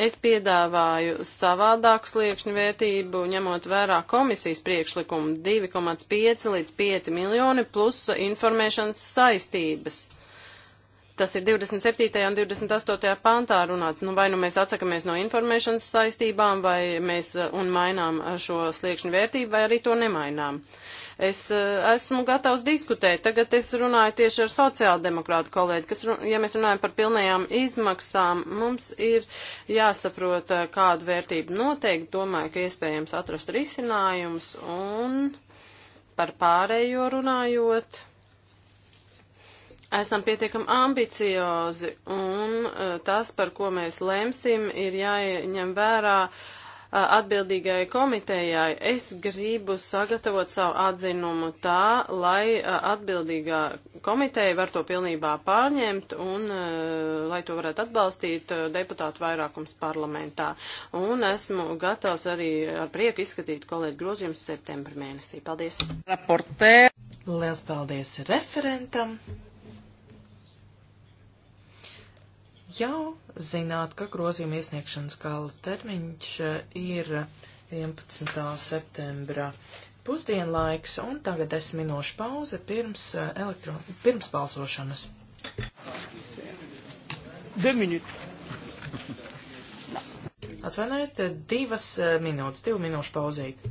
B: Es piedāvāju savādāku sliekšņu vērtību, ņemot vērā komisijas priekšlikumu 2,5 līdz 5 miljoni plus informēšanas saistības. Tas ir 27. un 28. pantā runāts. Nu, vai nu mēs atsakamies no informēšanas saistībām, vai mēs uh, un mainām uh, šo sliekšņu vērtību, vai arī to nemainām. Uh, Es eh, esmu gatavs diskutēt. Tagad es runāju tieši ar sociāldemokrātu kolēģi, kas, ja mēs runājam par pilnajām izmaksām, mums ir jāsaprot, eh, kādu vērtību noteikti. Domāju, ka iespējams atrast risinājums un par pārējo runājot esam pietiekami ambiciozi, un eh, tas, par ko mēs lemsim, ir jāņem vērā uh, atbildīgai komitejai. Es gribu sagatavot savu atzinumu tā, lai atbildīgā komiteja var to pilnībā pārņemt un lai to varētu atbalstīt deputātu vairākums parlamentā. Un esmu gatavs arī ar prieku izskatīt kolēģi grozījumus septembra mēnesī. Paldies!
D: Raportē! Liels paldies referentam! Jau zināt, ka grozījuma iesniegšanas gala termiņš ir 11. septembra pusdienlaiks, un tagad es minūšu pauze pirms, eh, elektron... pirms balsošanas. Divi minūtes. Atvainojiet, divas eh, minūtes, divu minūšu pauzīt.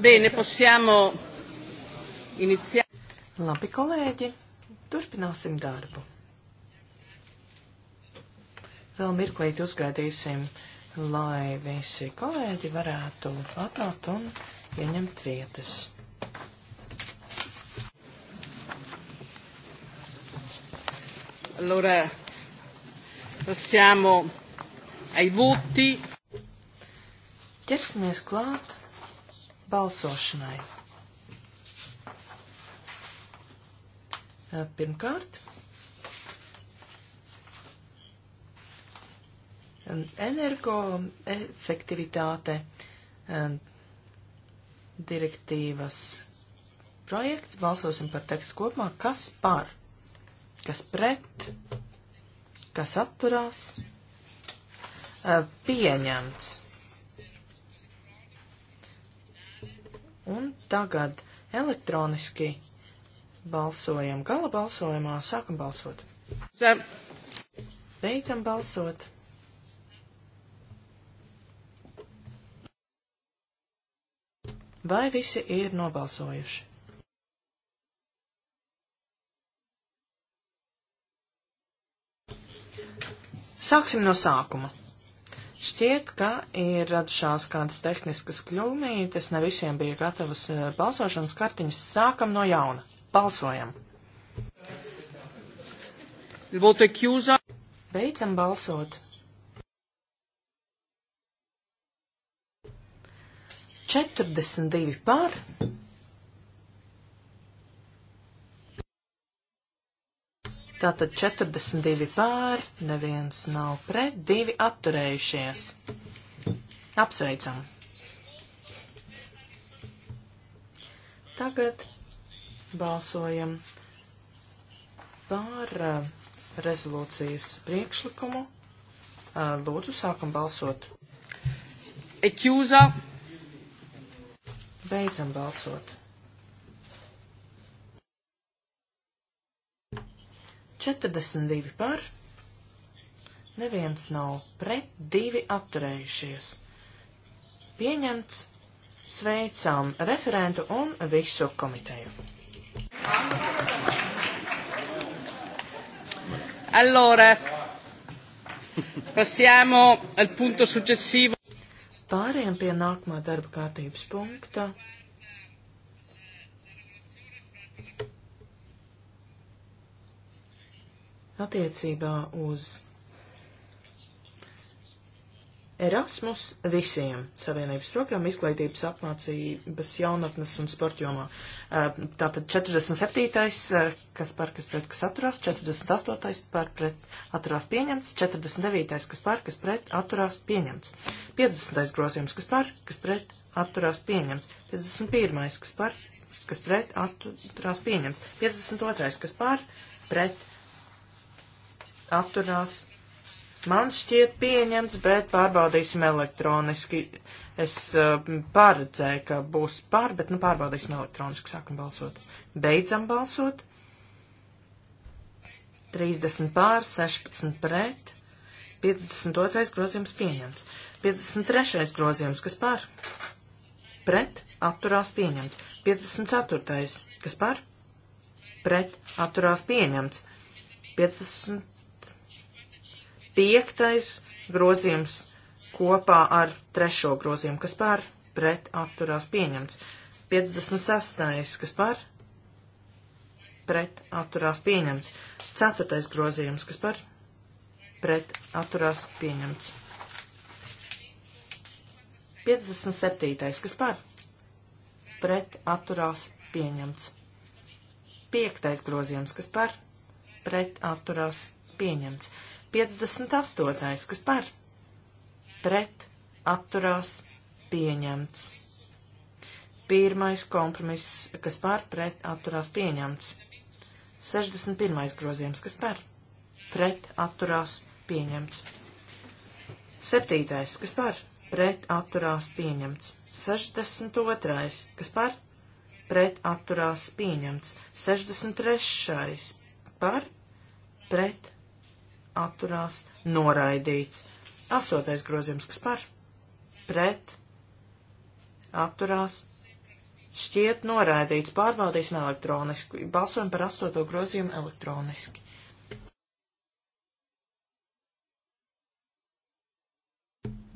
D: Bene, possiamo iniziare. Labi, kolēģi, turpināsim darbu. Vēl mirklīt uzgaidīsim, lai visi kolēģi varētu atnākt un ieņemt vietas.
A: Allora, passiamo
D: ai voti. Ķersimies klāt balsošanai. Eh, pirmkārt, energoefektivitāte direktīvas projekts. Balsosim par tekstu kopumā. Kas par? Kas pret? Kas atturās? Eh, pieņemts. Tagad elektroniski balsojam. Gala balsojumā sākam balsot. Zem. Beidzam balsot. Vai visi ir nobalsojuši? Sāksim no sākuma. Šķiet, ka ir radušās kādas tehniskas kļūmītes, ne visiem bija gatavas eh, balsošanas kartiņas. Sākam no jauna. Balsojam! Beidzam balsot! 42 par, Tātad 42 pār, neviens nav pret, divi atturējušies. Apsveicam! Tagad balsojam par uh, rezolūcijas priekšlikumu. Uh, lūdzu, sākam balsot. Ekjūza. Beidzam balsot. 42 par, neviens nav pret, divi atturējušies. Pieņemts, sveicām referentu un visu komiteju. Allora, passiamo al punto successivo. Pāriem pie nākamā darba kārtības punkta. attiecībā uz Erasmus visiem Savienības programmu izglītības apmācības jaunatnes un sportjomā. Tātad 47. kas par, kas pret, kas atturās, 48. par, pret, atturās pieņemts, 49. kas par, kas pret, atturās pieņemts, 50. grozījums, kas par, kas pret, atturās pieņemts, 51. kas par, kas pret, atturās pieņemts, 52. kas par, pret, atturās. Man šķiet pieņemts, bet pārbaudīsim elektroniski. Es uh, paredzēju, ka būs pār, bet nu pārbaudīsim elektroniski, sākam balsot. Beidzam balsot. 30 pār, 16 pret, 52. grozījums pieņemts. 53. grozījums, kas pār? Pret, atturās pieņemts. 54. kas pār? Pret, atturās pieņemts. 50 piektais grozījums kopā ar trešo grozījumu, kas pār pret atturās pieņemts. 56. kas pār pret atturās pieņemts. 4. grozījums, kas pār pret atturās pieņemts. 57. kas pār pret atturās pieņemts. 5. grozījums, kas pār pret atturās pieņemts. 58. kas par pret atturās pieņemts. Pirmais kompromiss, kas par pret atturās pieņemts. 61. grozījums, kas par pret atturās pieņemts. 7. kas par pret atturās pieņemts. 62. kas par pret atturās pieņemts. 63. par pret atturās noraidīts. Astotais grozījums, kas par pret atturās šķiet noraidīts. Pārbaudīsim elektroniski. Balsojam par astoto grozījumu elektroniski.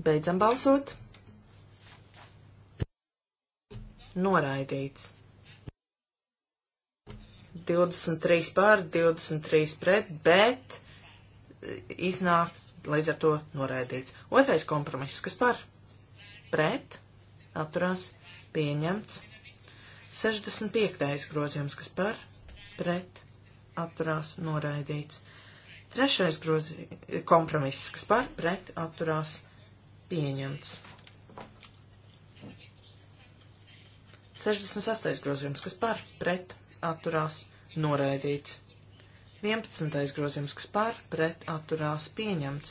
D: Beidzam balsot. Noraidīts. 23 pār 23 pret, bet iznāk līdz ar to noraidīts. Otrais kompromiss, kas par pret atturās pieņemts. 65. grozījums, kas par pret atturās noraidīts. Trešais grozi, kompromiss, kas par pret atturās pieņemts. 68. grozījums, kas par pret atturās noraidīts. 11. grozījums, kas par pret atturās pieņemts.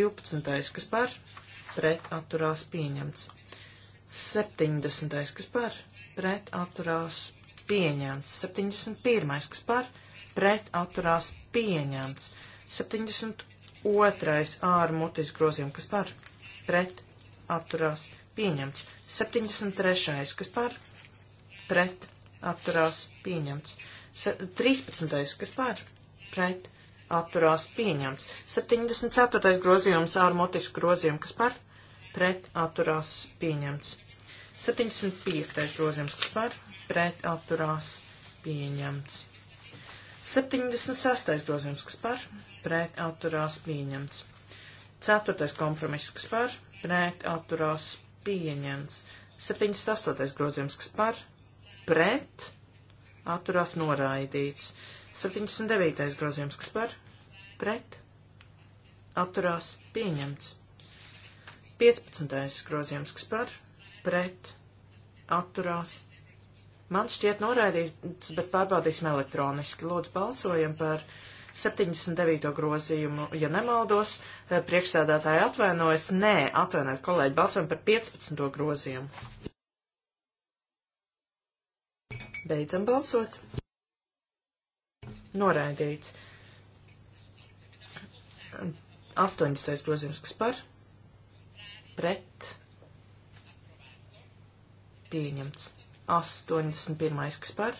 D: 12. kas par pret atturās pieņemts. 70. kas par pret atturās pieņemts. 71. kas par pret atturās pieņemts. 72. ārmutis grozījums, kas par pret atturās pieņemts. 73. kas par pret atturās pieņemts. 13. kas pār pret atturās pieņemts. 74. grozījums ar motisku grozījumu, kas par pret atturās pieņemts. 75. grozījums, kas par pret atturās pieņemts. 76. grozījums, kas par pret atturās pieņemts. 4. kompromiss, kas par pret atturās pieņemts. 78. grozījums, kas par pret atturās noraidīts. 79. grozījums, kas par pret atturās pieņemts. 15. grozījums, kas par pret atturās. Man šķiet noraidīts, bet pārbaudīsim elektroniski. Lūdzu, balsojam par 79. grozījumu, ja nemaldos, eh, priekšsēdētāji atvainojas. Nē, atvainojiet, kolēģi, balsojam par 15. grozījumu. Beidzam balsot. Noraidīts. 80. grozījums, kas par, pret, pieņemts. 81. kas par,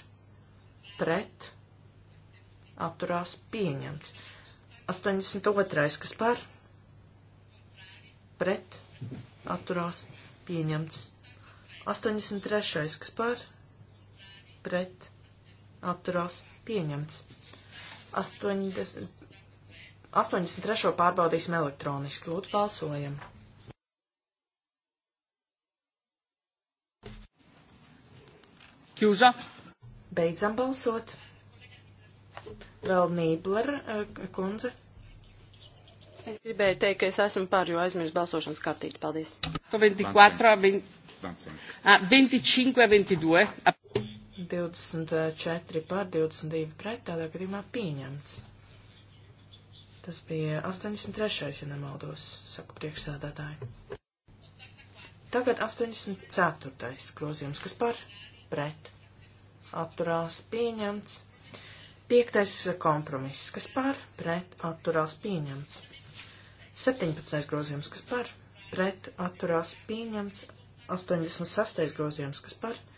D: pret, apturās, pieņemts. 82. kas par, pret, atturās, pieņemts. 83. kas par, pret atturās pieņemts. 80, 83. pārbaudīsim elektroniski. Lūdzu, balsojam. Kjūža. Beidzam balsot. Vēl Nībler eh, kundze.
B: Es gribēju teikt, ka es esmu par, jo aizmirsu balsošanas kartīti. Paldies. 24, 20,
D: 25, 22. 24 pār 22 pret, tādā gadījumā pieņemts. Tas bija 83. ja nemaldos, saka priekšsēdētāji. Tagad 84. grozījums, kas par pret. Atturās pieņemts. Piektais kompromiss, kas par pret atturās pieņemts. 17. grozījums, kas par pret atturās pieņemts. 86. grozījums, kas par pret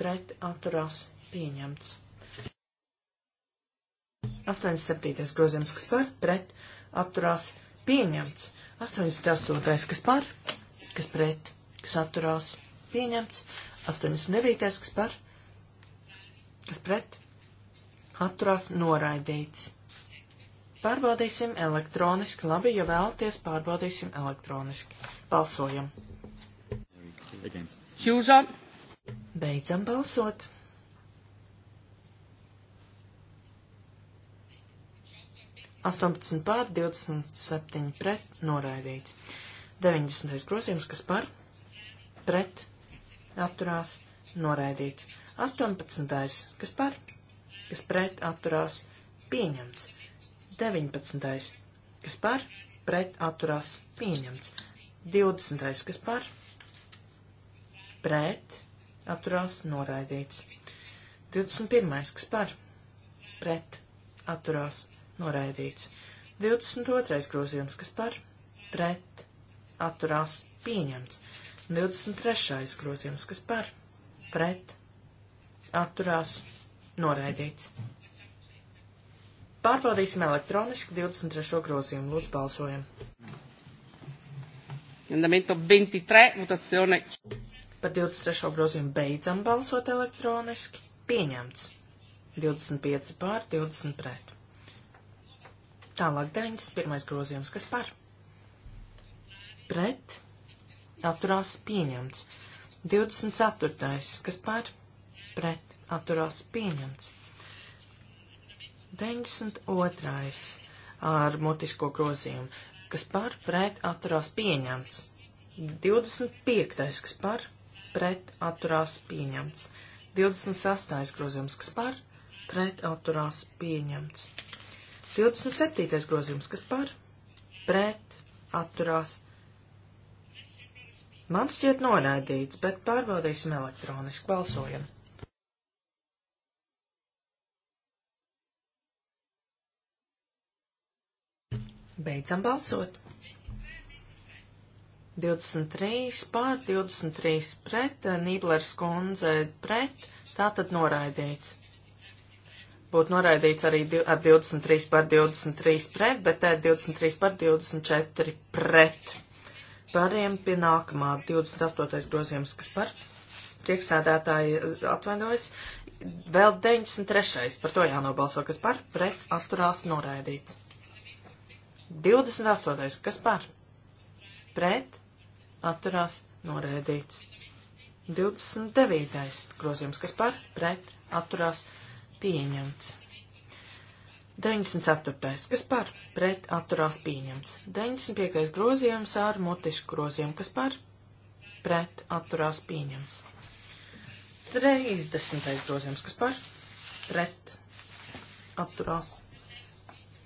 D: pret atturās pieņemts. 87. grozījums, kas par pret atturās pieņemts. 88. kas par, kas pret, kas atturās pieņemts. 89. kas par, kas pret atturās noraidīts. Pārbaudīsim elektroniski, labi, ja vēlaties, pārbaudīsim elektroniski. Balsojam. Hjūža. Beidzam balsot. Astoņpadsmit pār, divdesmit septiņi pret, noraidīts. Deviņdesmitais grozījums, kas par, pret, apturās, noraidīts. Astoņpadsmitais, kas par, kas pret, apturās, pieņemts. Deviņpadsmitais, kas par, pret, apturās, pieņemts. Divdesmitais, kas par, pret, atturās noraidīts. 21. kas par, pret, atturās noraidīts. 22. grozījums, kas par, pret, atturās pieņemts. 23. grozījums, kas par, pret, atturās noraidīts. Pārbaudīsim elektroniski 23. grozījumu. Lūdzu, balsojam. Emendamento 23, votazione. Par 23. grozījumu beidzam balsot elektroniski. Pieņemts. 25 pār, 20 pret. Tālāk 91. grozījums, kas par? Pret. Atturās pieņemts. 24. kas par? Pret. Atturās pieņemts. 92. ar mutisko grozījumu, kas par pret atturās pieņemts. 25. kas par pret pret atturās pieņemts. 26. grozījums, kas par pret atturās pieņemts. 27. grozījums, kas par pret atturās. Man šķiet noraidīts, bet pārbaudīsim elektroniski. Balsojam! Beidzam balsot! 23 pār 23 pret, Nīblers kundze pret, tātad noraidīts. Būtu noraidīts arī ar 23 pār 23 pret, bet tā ir 23 pār 24 pret. Pāriem pie nākamā 28. grozījums, kas par priekšsēdētāji atvainojas. Vēl 93. par to jānobalso, kas par pret atturās noraidīts. 28. kas par pret atturās noraidīts. 29. grozījums, kas par pret atturās pieņemts. 94. kas par pret atturās pieņemts. 95. grozījums ar mutisku grozījumu, kas par pret atturās pieņemts. 30. grozījums, kas par pret atturās.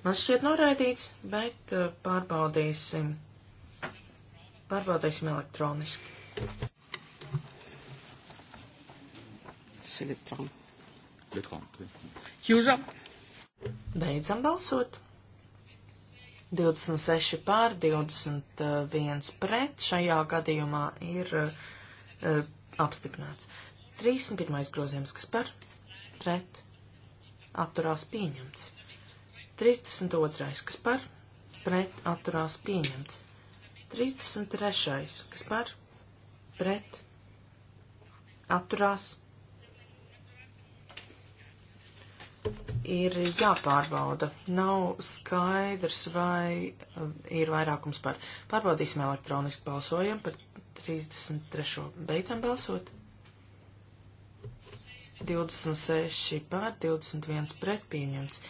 D: Man šķiet noraidīts, bet uh, pārbaudīsim Pārbaudīsim elektroniski. Jūža. Beidzam balsot. 26 pār 21 pret šajā gadījumā ir uh, apstiprināts. 31. grozījums, kas par pret atturās pieņemts. 32. kas par pret atturās pieņemts. 33. kas par pret atturās ir jāpārbauda. Nav skaidrs, vai um, ir vairākums par. Pārbaudīsim elektroniski balsojam par 33. Beidzam balsot. 26 pār 21 pret pieņemts.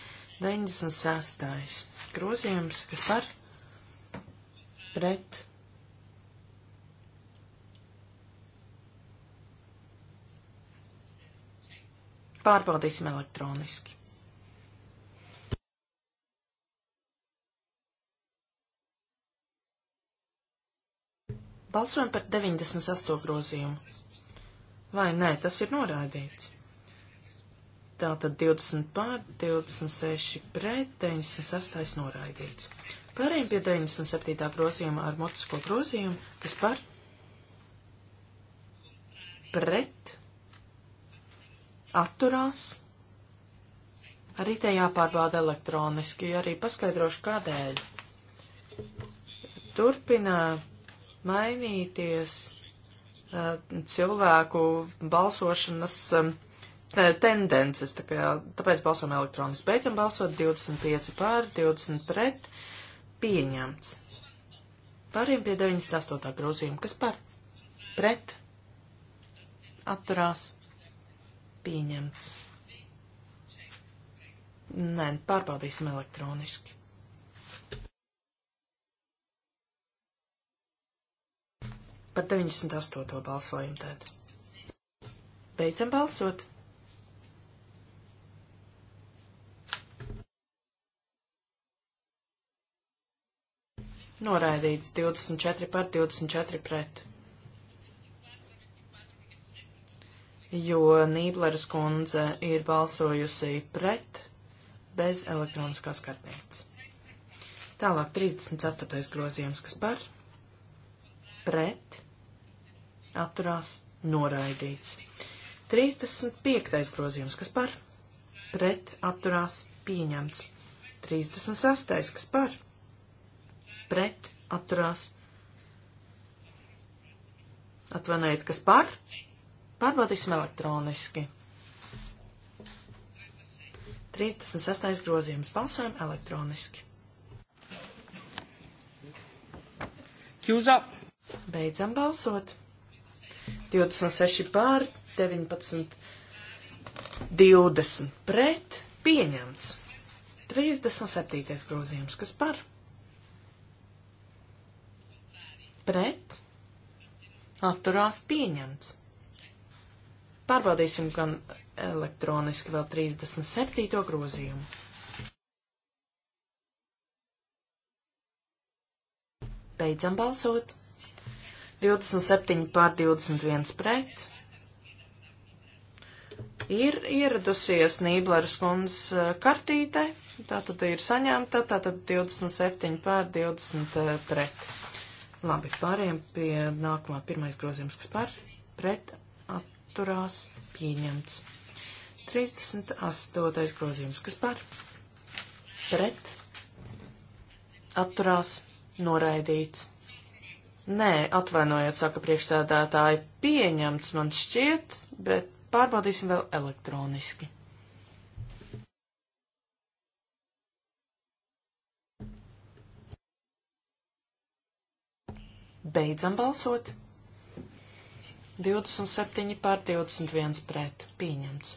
D: 96. grozījums, kas par pret pārbaudīsim elektroniski. Balsojam par 98. grozījumu. Vai nē, tas ir noraidīts. Tātad 20 pār, 26 pret, 98 noraidīts. Pārējiem pie 97. prosījuma ar motisko grozījumu, kas par pret atturās. Arī te jāpārbauda elektroniski, arī paskaidrošu kādēļ. Turpina mainīties uh, cilvēku balsošanas um, tendences, tā kā, tāpēc balsojam elektroniski. Beidzam balsot 25 pār, 20 pret, pieņemts. Pāriem pie 98. grozījuma, kas par pret atturās pieņemts. Nē, pārbaudīsim elektroniski. Par 98. balsojumu tad. Beidzam balsot. Noraidīts 24 par 24 pret. Jo Nībleras kundze ir balsojusi pret bez elektroniskās kartnieces. Tālāk 34. grozījums, kas par, pret, atturās, noraidīts. 35. grozījums, kas par, pret, atturās, pieņemts. 36. kas par, pret atturās. Atvainojiet, kas par? Pārbaudīsim elektroniski. 36. grozījums. Balsojam elektroniski. Kjūza. Beidzam balsot. 26 pār, 19, 20 pret, pieņemts. 37. grozījums, kas par? pret, atturās pieņemts. Pārbaudīsim gan elektroniski vēl 37. grozījumu. Beidzam balsot. 27 pār 21 pret. Ir ieradusies Nībleras kundzes eh, kartīte, tā tad ir saņemta, tā tad 27 pār 20 eh, pret. Labi, pārējām pie nākamā pirmais grozījums, kas par pret atturās pieņemts. 38. grozījums, kas par pret atturās noraidīts. Nē, atvainojiet, saka priekšsēdētāji, pieņemts man šķiet, bet pārbaudīsim vēl elektroniski. Beidzam balsot. 27 pār 21 pret. Pieņemts.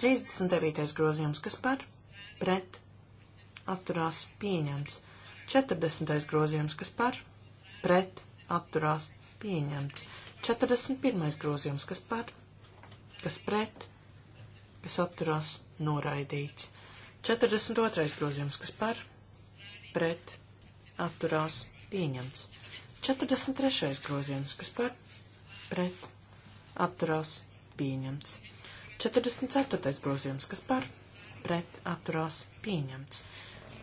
D: 39. grozījums, kas par pret atturās pieņemts. 40. grozījums, kas par pret atturās pieņemts. 41. grozījums, kas par, kas pret, kas atturās noraidīts. 42. grozījums, kas par pret pret atturās pieņemts. 43. grozījums, kas par pret atturās pieņemts. 44. grozījums, kas par pret atturās pieņemts.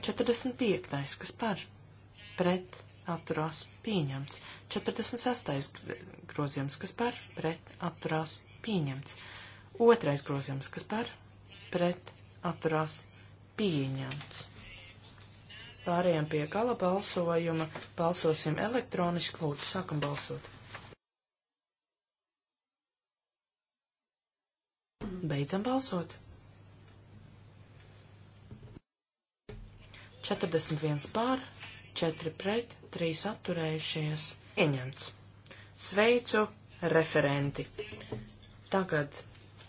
D: 45. kas par pret atturās pieņemts. 46. grozījums, kas par pret atturās pieņemts. Otrais grozījums, kas par pret atturās pieņemts. Pārējām pie gala balsojuma. Balsosim elektroniski, lūdzu, sākam balsot. Beidzam balsot. 41 pār, 4 pret, 3 atturējušies. Ieņemts. Sveicu referenti. Tagad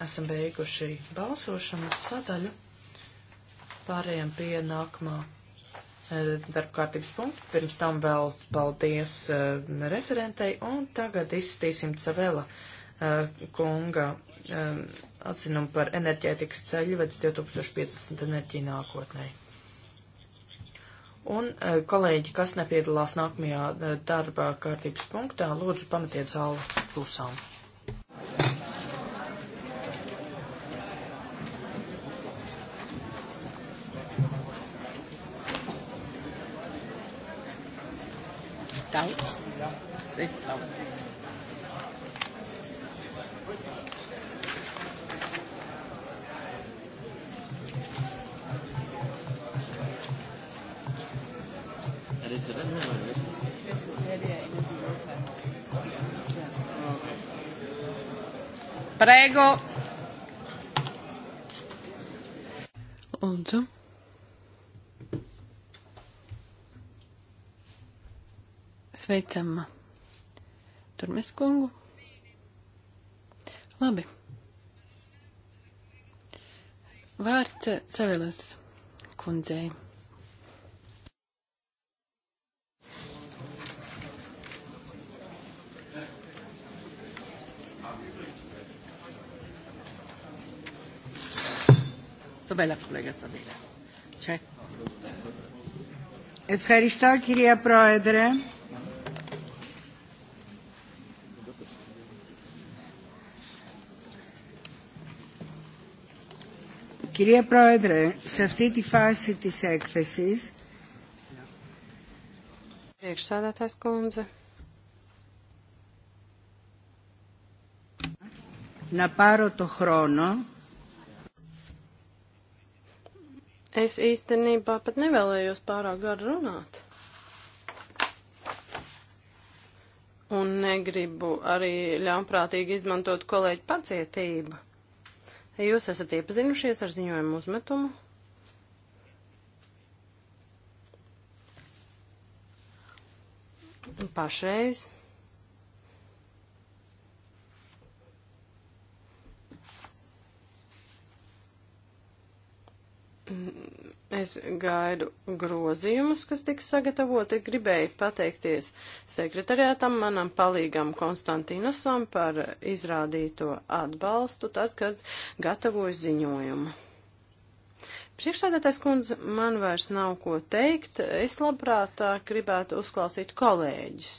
D: esam beiguši balsošanas sadaļu. Pārējām pie nākamā Eh, darba kārtības punktu. Pirms tam vēl paldies uh, referentei un tagad izskatīsim Cavela uh, kunga um, atzinumu par enerģētikas ceļu vēc 2050 enerģiju nākotnē. Un uh, kolēģi, kas nepiedalās nākamajā darba kārtības punktā, lūdzu pamatiet zāli klusām.
A: Ciao. Sì, ciao.
B: Adesso da noi adesso.
A: Prego.
C: Lūdzu. Sveicam Turmes kungu. Labi. Vārds Cevilas kundzei.
A: Dov'è la collega Zadela? C'è? Ευχαριστώ κυρία Πρόεδρε. Κυρία Πρόεδρε, σε αυτή τη φάση της έκθεσης...
B: Priekšsādātājs kundze.
A: Να πάρω το χρόνο.
B: Es īstenībā pat nevēlējos pārāk garu runāt. Un negribu arī ļaunprātīgi izmantot kolēģi pacietību. Jūs esat iepazinušies ar ziņojumu uzmetumu. Pašreiz Es gaidu grozījumus, kas tiks sagatavoti. Gribēju pateikties sekretariātam, manam palīgam Konstantinusam par izrādīto atbalstu, tad, kad gatavoju ziņojumu. Priekšsēdētājs kundze, man vairs nav ko teikt. Es labprāt gribētu uzklausīt kolēģis.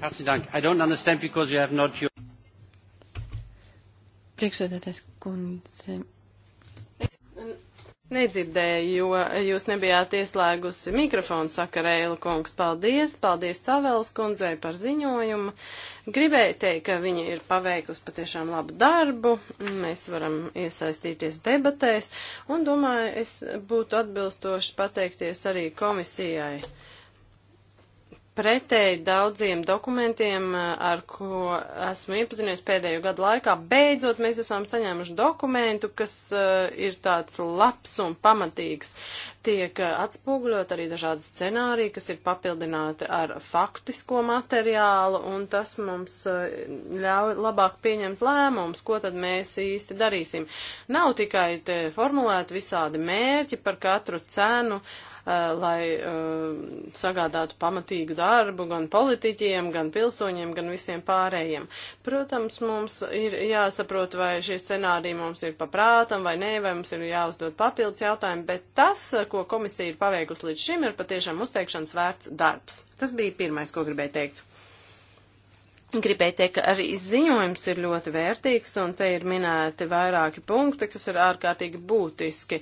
A: Herzlichen Dank. I don't understand because you have not your...
C: Priekšsēdētājs kundze. Es
B: nedzirdēju, jo jūs nebijāt ieslēgusi mikrofonu, saka Reila kungs. Paldies, paldies Cavēls kundzei par ziņojumu. Gribēju teikt, ka viņa ir paveikusi patiešām labu darbu, mēs varam iesaistīties debatēs, un domāju, es būtu atbilstoši pateikties arī komisijai pretēji daudziem dokumentiem, eh, ar ko esmu iepazinies pēdējo gadu laikā, beidzot mēs esam saņēmuši dokumentu, kas uh, ir tāds labs un pamatīgs. Tiek eh, atspoguļot arī dažādi scenāriji, kas ir papildināti ar faktisko materiālu, un tas mums uh, ļauj labāk pieņemt lēmumus, ko tad mēs īsti darīsim. Nav tikai formulēti visādi mērķi par katru cenu, Uh, lai uh, sagādātu pamatīgu darbu gan politiķiem, gan pilsoņiem, gan visiem pārējiem. Protams, mums ir jāsaprot, vai šie scenāriji mums ir paprātam vai nē, vai mums ir jāuzdod papildus jautājumi, bet tas, ko komisija ir paveikusi līdz šim, ir patiešām uzteikšanas vērts darbs. Tas bija pirmais, ko gribēju teikt. Gribēju teikt, ka arī ziņojums ir ļoti vērtīgs, un te ir minēti vairāki punkti, kas ir ārkārtīgi būtiski.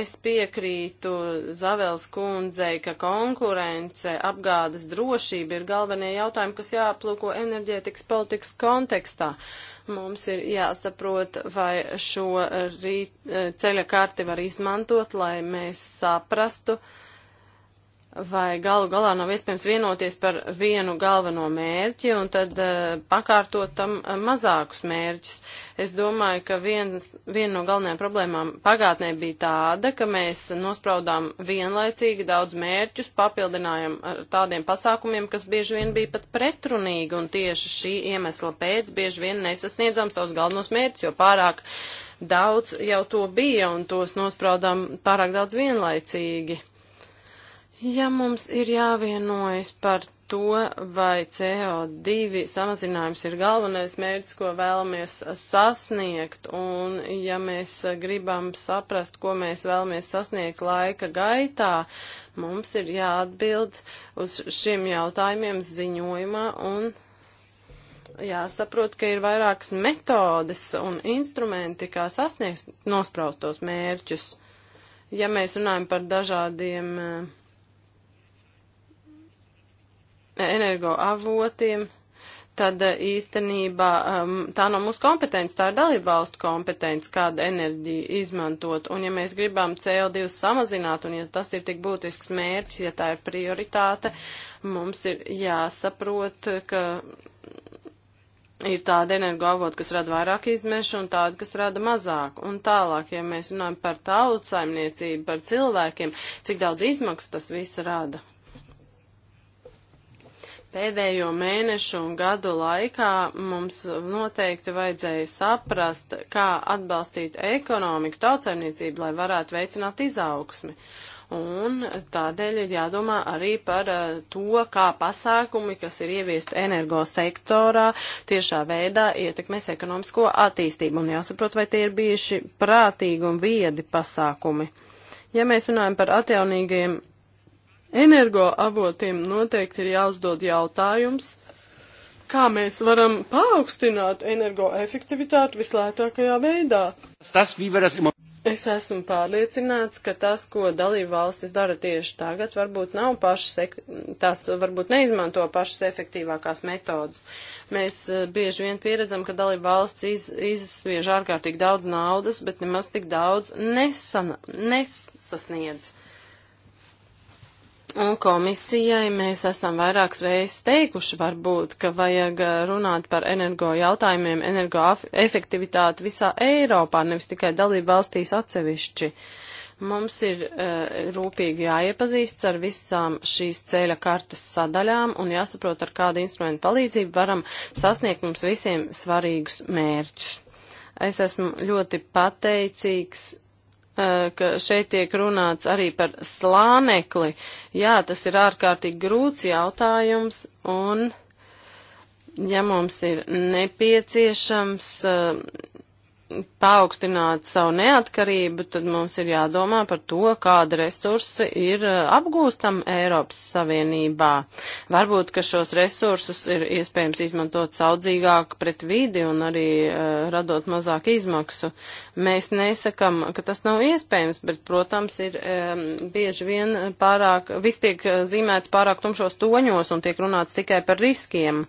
B: Es piekrītu Zavels kundzei, ka konkurence, apgādes drošība ir galvenie jautājumi, kas jāaplūko enerģētikas politikas kontekstā. Mums ir jāsaprot, vai šo rīt, ceļa karti var izmantot, lai mēs saprastu, uh, vai galu galā nav iespējams vienoties par vienu galveno mērķi un tad uh, pakārtot tam eh, mazākus mērķus. Es domāju, ka viens, viena no galvenajām problēmām pagātnē bija tāda, ka mēs nospraudām vienlaicīgi daudz mērķus, papildinājām ar tādiem pasākumiem, kas bieži vien bija pat pretrunīgi un tieši šī iemesla pēc bieži vien nesasniedzām savus galvenos mērķus, jo pārāk daudz jau to bija un tos nospraudām pārāk daudz vienlaicīgi. Ja mums ir jāvienojas par to, vai CO2 samazinājums ir galvenais mērķis, ko vēlamies sasniegt, un ja mēs gribam saprast, ko mēs vēlamies sasniegt laika gaitā, mums ir jāatbild uz šiem jautājumiem ziņojumā un jāsaprot, ka ir vairākas metodes un instrumenti, kā sasniegt nospraustos mērķus. Ja mēs runājam par dažādiem uh, energoavotiem, tad eh, īstenībā ehm, tā nav mūsu kompetence, tā ir dalība valstu kompetence, kāda enerģija izmantot. Un ja mēs gribam CO2 samazināt, un ja tas ir tik būtisks mērķis, ja tā ir prioritāte, mums ir jāsaprot, ka ir tāda energoavota, kas rada vairāk izmešu un tāda, kas rada mazāk. Un tālāk, ja mēs runājam par tautsaimniecību, par cilvēkiem, cik daudz izmaksu tas viss rada. Pēdējo mēnešu un gadu laikā mums noteikti vajadzēja saprast, kā atbalstīt ekonomiku, tautsaimniecību, lai varētu veicināt izaugsmi. Un tādēļ ir jādomā arī par eh, to, kā pasākumi, kas ir ieviesti energosektorā, tiešā veidā ietekmēs ekonomisko attīstību. Un jāsaprot, vai tie ir bijuši prātīgi un viedi pasākumi. Ja mēs runājam par atjaunīgiem Energoavotiem noteikti ir jāuzdod jautājums, kā mēs varam paaugstināt energoefektivitāti vislētākajā veidā. Tas, Es esmu pārliecināts, ka tas, ko dalību valstis dara tieši tagad, varbūt nav pašas, tās varbūt neizmanto pašas efektīvākās metodas. Mēs eh, bieži vien pieredzam, ka dalību valsts iz, izsviež ārkārtīgi daudz naudas, bet nemaz tik daudz nesana, nesasniedz. Uh, Un komisijai mēs esam vairākas reizes teikuši, varbūt, ka vajag runāt par energo jautājumiem, energo efektivitāti visā Eiropā, nevis tikai dalību valstīs atsevišķi. Mums ir uh, rūpīgi jāiepazīsts ar visām šīs ceļa kartes sadaļām un jāsaprot, ar kādu instrumentu palīdzību varam sasniegt mums visiem svarīgus mērķus. Es esmu ļoti pateicīgs Eh, ka šeit tiek runāts arī par slānekli. Jā, tas ir ārkārtīgi grūts jautājums, un ja mums ir nepieciešams eh, paaugstināt savu neatkarību, tad mums ir jādomā par to, kāda resursi ir eh, apgūstam Eiropas Savienībā. Varbūt, ka šos resursus ir iespējams izmantot saudzīgāk pret vidi un arī uh, radot mazāk izmaksu. Mēs nesakam, ka tas nav iespējams, bet, protams, ir um, bieži vien pārāk, viss tiek eh, zīmēts pārāk tumšos toņos un tiek runāts tikai par riskiem.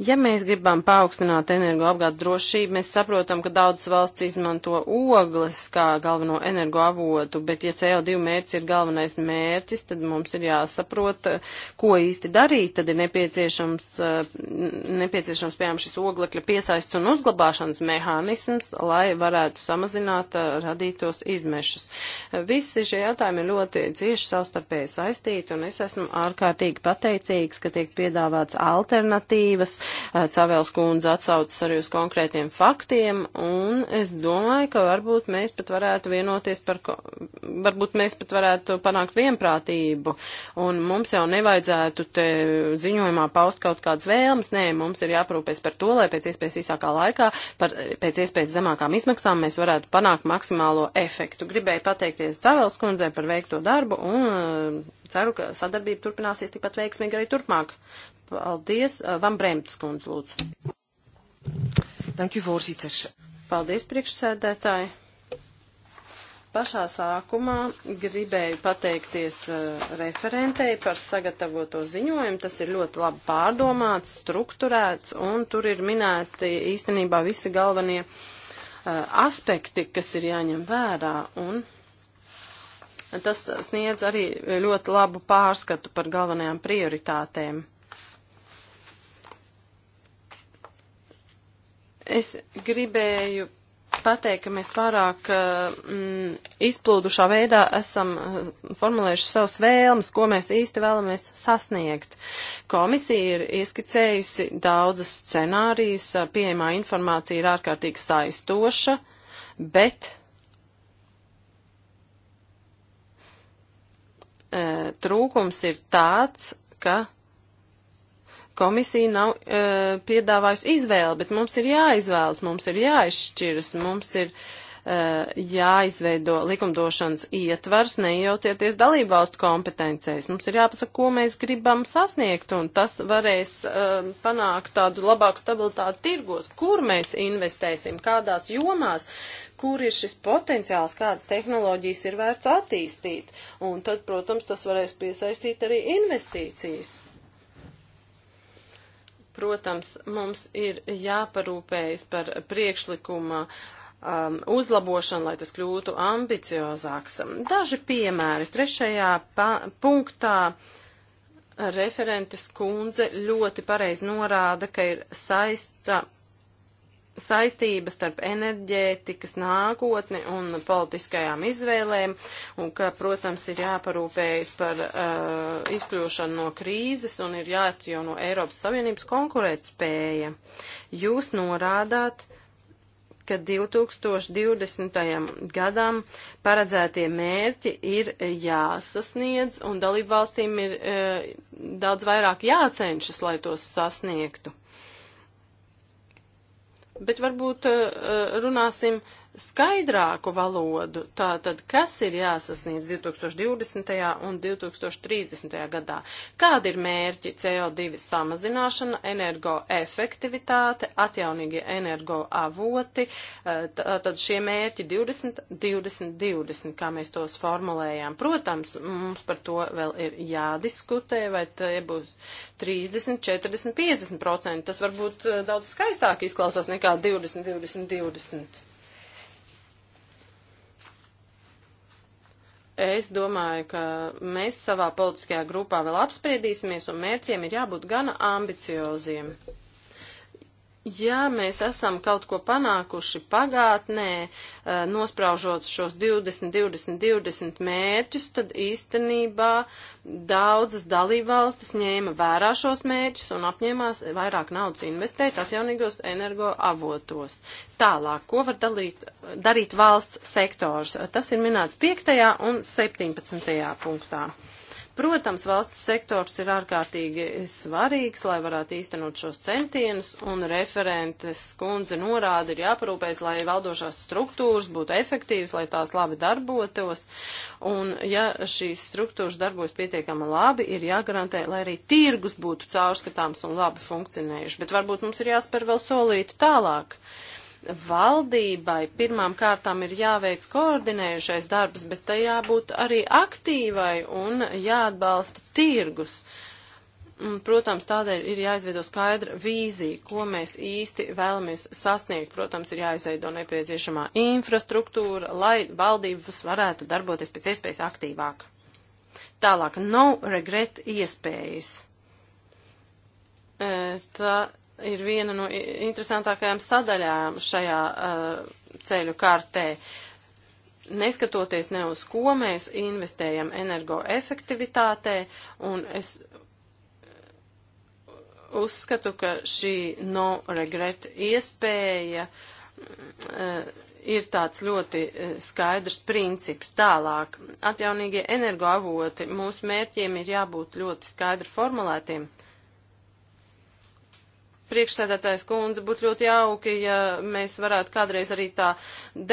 B: Ja mēs gribam paaugstināt energoapgādes drošību, mēs saprotam, ka daudzas valsts izmanto ogles kā galveno energoavotu, bet ja CO2 mērķis ir galvenais mērķis, tad mums ir jāsaprot, ko īsti darīt. Tad ir nepieciešams, eh, nepieciešams piemēram, šis oglekļa piesaists un uzglabāšanas mehānisms, lai varētu samazināt eh, radītos izmešus. Visi šie jautājumi ir ļoti cieši savstarpēji saistīti, un es esmu ārkārtīgi pateicīgs, ka tiek piedāvāts alternatīvas Eh, Cavēls kundze atsaucas arī uz konkrētiem faktiem, un es domāju, ka varbūt mēs pat varētu vienoties par, varbūt mēs pat varētu panākt vienprātību, un mums jau nevajadzētu te ziņojumā paust kaut kādas vēlmes, nē, mums ir jāprūpēs par to, lai pēc iespējas īsākā laikā, par, pēc iespējas zemākām izmaksām mēs varētu panākt maksimālo efektu. Gribēju pateikties Cavels kundzei par veikto darbu un eh, ceru, ka sadarbība turpināsies tikpat veiksmīgi arī turpmāk. Paldies. Van Bremts kundz, lūdzu. Thank you, voorzitter. Paldies, priekšsēdētāji. Pašā sākumā gribēju pateikties uh, referentei par sagatavoto ziņojumu. Tas ir ļoti labi pārdomāts, strukturēts, un tur ir minēti īstenībā visi galvenie uh, aspekti, kas ir jāņem vērā. Un tas sniedz arī ļoti labu pārskatu par galvenajām prioritātēm. Es gribēju pateikt, ka mēs pārāk eh, mm, izplūdušā veidā esam eh, formulējuši savus vēlmes, ko mēs īsti vēlamies sasniegt. Komisija ir ieskicējusi daudzus scenārijus, eh, pieejamā informācija ir ārkārtīgi saistoša, bet e, trūkums ir tāds, ka Komisija nav uh, piedāvājusi izvēli, bet mums ir jāizvēlas, mums ir jāizšķiras, mums ir uh, jāizveido likumdošanas ietvars, nejaucieties dalībvalstu kompetencēs. Mums ir jāpasaka, ko mēs gribam sasniegt, un tas varēs uh, panākt tādu labāku stabilitāti tirgos, kur mēs investēsim, kādās jomās, kur ir šis potenciāls, kādas tehnoloģijas ir vērts attīstīt. Un tad, protams, tas varēs piesaistīt arī investīcijas. Protams, mums ir jāparūpējas par priekšlikuma um, uzlabošanu, lai tas kļūtu ambiciozāks. Daži piemēri. Trešajā punktā referentes kundze ļoti pareizi norāda, ka ir saista saistības starp enerģētikas nākotni un politiskajām izvēlēm, un ka, protams, ir jāparūpējas par uh, izkļūšanu no krīzes un ir jāatjauno Eiropas Savienības konkurētspēja. Jūs norādāt, ka 2020. gadam paredzētie mērķi ir jāsasniedz, un dalību valstīm ir e, daudz vairāk jācenšas, lai tos sasniegtu. Bet varbūt eh, runāsim skaidrāku valodu, tātad kas ir jāsasniedz 2020. un 2030. gadā, kādi ir mērķi CO2 samazināšana, energoefektivitāte, atjaunīgie energoavoti, eh, tātad šie mērķi 20, 20, 20, kā mēs tos formulējām. Protams, mums par to vēl ir jādiskutē, vai tie būs 30, 40, 50 procenti. Tas varbūt eh, daudz skaistāk izklausās nekā 20, 20, 20. Es domāju, ka mēs savā politiskajā grupā vēl apspriedīsimies, un mērķiem ir jābūt gana ambicioziem. Ja mēs esam kaut ko panākuši pagātnē, eh, nospraužot šos 20, 20, 20 mērķus, tad īstenībā daudzas dalībvalstis ņēma vērā šos mērķus un apņēmās vairāk naudas investēt atjaunīgos energoavotos. Tālāk, ko var dalīt, darīt valsts sektors? Tas ir minēts 5. un 17. punktā. Protams, valsts sektors ir ārkārtīgi svarīgs, lai varētu īstenot šos centienus, un referentes kundze norāda, ir jāparūpēs, lai valdošās struktūras būtu efektīvas, lai tās labi darbotos, un ja šīs struktūras darbojas pietiekama labi, ir jāgarantē, lai arī tirgus būtu caurskatāms un labi funkcionējuši, bet varbūt mums ir jāspēr vēl solīt tālāk. Uh, valdībai pirmām kārtām ir jāveic koordinējušais darbs, bet tai jābūt arī aktīvai un jāatbalsta tirgus. Protams, tādēļ ir jāizveido skaidra vīzija, ko mēs īsti vēlamies sasniegt. Protams, ir jāizveido nepieciešamā infrastruktūra, lai valdības varētu darboties pēc iespējas aktīvāk. Tālāk, no regret iespējas. E, tā ir viena no interesantākajām sadaļām šajā uh, ceļu kārtē. Neskatoties ne uz ko, mēs investējam energoefektivitātē, un es uzskatu, ka šī no regret iespēja uh, ir tāds ļoti uh, skaidrs princips. Tālāk, atjaunīgie energoavoti mūsu mērķiem ir jābūt ļoti skaidri formulētiem. Uh, priekšsēdētājs kundze, būtu ļoti jauki, ja mēs varētu kādreiz arī tā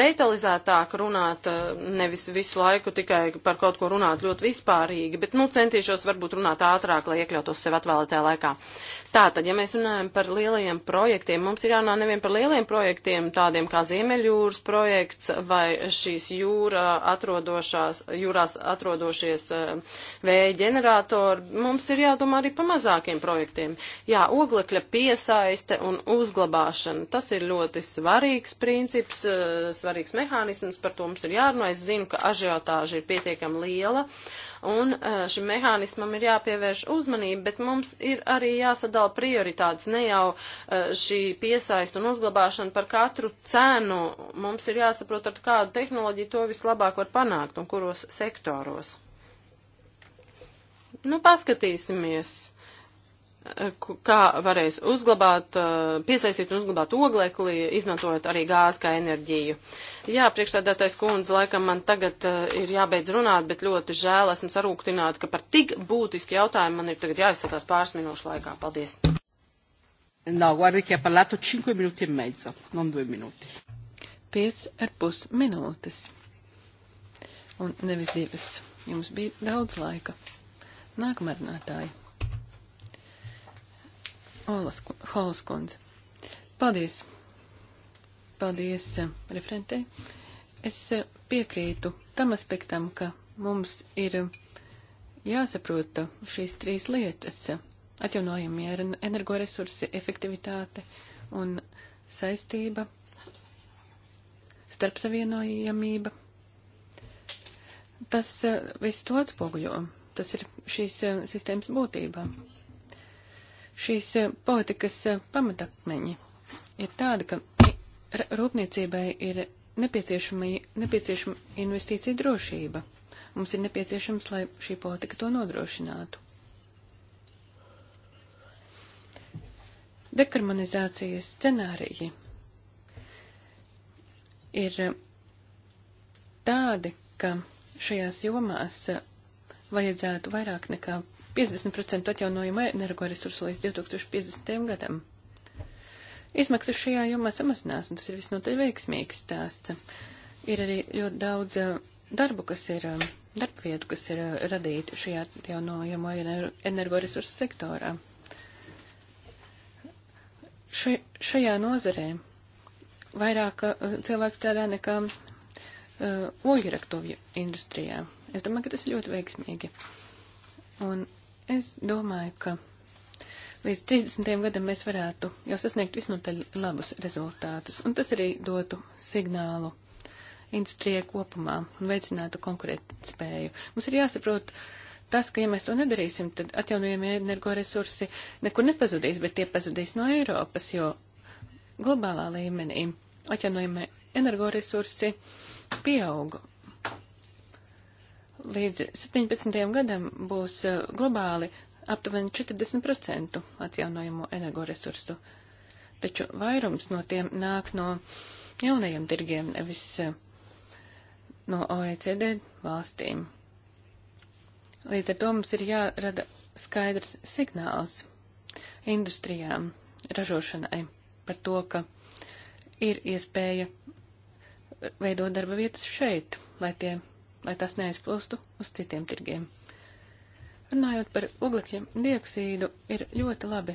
B: detalizētāk runāt, eh, nevis visu laiku tikai par kaut ko runāt ļoti vispārīgi, bet, nu, centīšos varbūt runāt ātrāk, lai iekļautos sev atvēlētajā laikā. Uh, Tātad, ja mēs runājam par lielajiem projektiem, mums ir jārunā nevien par lielajiem projektiem, tādiem kā Ziemeļjūras projekts vai šīs jūra atrodošās, jūrās atrodošies eh, vēja ģeneratori, mums ir jādomā arī par mazākiem projektiem. Jā, oglekļa piesaiste un uzglabāšana, tas ir ļoti svarīgs princips, eh, svarīgs mehānisms, par to mums ir jārunā. Es zinu, ka ažiotāža ir pietiekami liela un eh, šim mehānismam ir jāpievērš uzmanība, bet mums ir arī jāsadala jāsadala prioritātes, ne jau eh, šī piesaista un uzglabāšana par katru cenu. Mums ir jāsaprot, ar kādu tehnoloģiju to vislabāk var panākt un kuros sektoros. Nu, paskatīsimies eh, kā varēs uzglabāt, eh, piesaistīt un uzglabāt oglekli, izmantojot arī gāzi kā enerģiju. Jā, priekšsēdētais kundze, laikam man tagad uh, ir jābeidz runāt, bet ļoti žēl esmu sarūktināta, ka par tik būtisku jautājumu man ir tagad jāizsakās pāris minūšu laikā. Paldies.
A: No, guardi che ha parlato 5 minuti e mezzo, non 2 minuti. 5
C: ar pus minūtes. Un nevis divas. Jums bija daudz laika. Nākamā runātāja. Holas kundze. Paldies! Paldies, eh, referentē. Es eh, piekrītu tam aspektam, ka mums ir eh, jāsaprot šīs trīs lietas - atjaunojamie energoresursi, efektivitāte un saistība, starpsavienojamība. Tas viss to atspoguļo. Tas ir šīs sistēmas būtībā. Šīs politikas pamatakmeņi ir tāda, ka rūpniecībai ir nepieciešama, nepieciešama investīcija drošība. Mums ir nepieciešams, lai šī politika to nodrošinātu. Dekarmonizācijas scenāriji ir tādi, ka šajās jomās vajadzētu vairāk nekā 50% atjaunojumu energoresursu līdz 2050. gadam. Izmaksas šajā jomā samazinās, un tas ir visnotaļ veiksmīgs stāsts. Ir arī ļoti daudz eh, darbu, kas ir, eh, darba vietu, kas ir eh, radīti šajā jaunojamo energoresursu sektorā. Ši, šajā nozarē vairāk cilvēku strādā nekā uh, ogļraktovju industrijā. Es domāju, ka tas ir ļoti veiksmīgi. Un es domāju, ka līdz 30. gadam mēs varētu jau sasniegt visnotaļ labus rezultātus, un tas arī dotu signālu industrijai kopumā un veicinātu konkurētspēju. Mums ir jāsaprot tas, ka ja mēs to nedarīsim, tad atjaunojamie energoresursi nekur nepazudīs, bet tie pazudīs no Eiropas, jo globālā līmenī atjaunojamie energoresursi pieauga. Līdz 17. gadam būs eh, globāli aptuveni 40% atjaunojamo energoresursu. Taču vairums no tiem nāk no jaunajiem tirgiem, nevis eh, no OECD valstīm. Līdz ar to mums ir jārada skaidrs signāls industrijām, ražošanai par to, ka ir iespēja veidot darba vietas šeit, lai, tie, lai tas neaizplūstu uz citiem tirgiem. Runājot par oglekļa dioksīdu, ir ļoti labi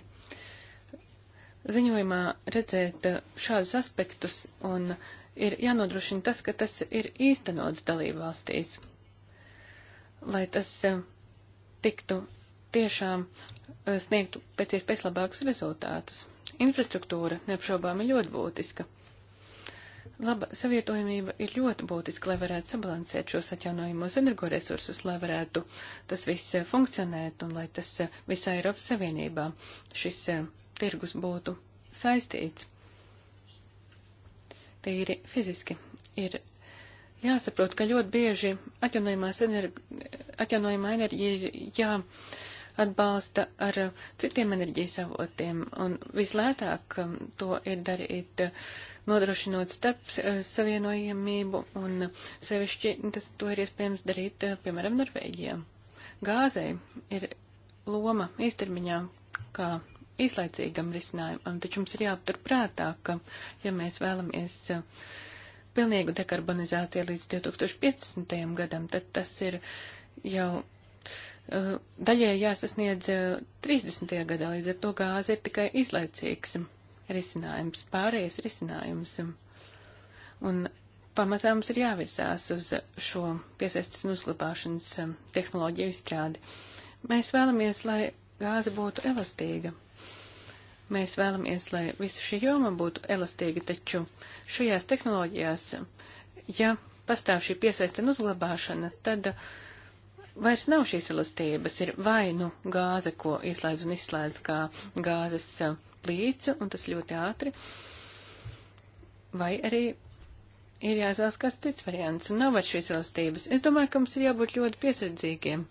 C: ziņojumā redzēt eh, šādus aspektus un ir jānodrošina tas, ka tas ir īstenots dalību valstīs, lai tas eh, tiktu tiešām eh, sniegtu pēc iespējas labākus rezultātus. Infrastruktūra neapšaubām ir ļoti būtiska. Laba savietojamība ir ļoti būtiska, lai varētu sabalansēt šos atjaunojumos energoresursus, lai varētu tas viss eh, funkcionēt un lai tas eh, visā Eiropas Savienībā šis eh, tirgus būtu saistīts. Tīri fiziski ir jāsaprot, ka ļoti bieži atjaunojumā enerģija ir jā atbalsta ar citiem enerģijas avotiem. Un vislētāk um, to ir darīt, uh, nodrošinot starp uh, savienojamību, un uh, sevišķi tas to ir iespējams darīt, piemēram, Norvēģijā. Gāzei ir loma īstermiņā kā īslaicīgam risinājumam, taču mums ir jāaptur prātā, ka, ja mēs vēlamies pilnīgu dekarbonizāciju līdz 2050. gadam, tad tas ir jau Eh, daļai jāsasniedz 30. Eh, gadā, līdz ar to gāze ir tikai izlaicīgs risinājums, pārējais risinājums. Un pamazām mums ir jāvirzās uz šo piesaistas un uzglabāšanas eh, tehnoloģiju izstrādi. Mēs vēlamies, lai gāze būtu elastīga. Mēs vēlamies, lai visa šī joma būtu elastīga, taču šajās tehnoloģijās, ja pastāv šī piesaista un uzglabāšana, tad uh, vairs nav šīs elastības, ir vai nu gāze, ko ieslēdz un izslēdz kā gāzes plīci, un tas ļoti ātri, vai arī ir jāizvēlas kāds cits variants, un nav vairs šīs elastības. Es domāju, ka mums ir jābūt ļoti piesardzīgiem.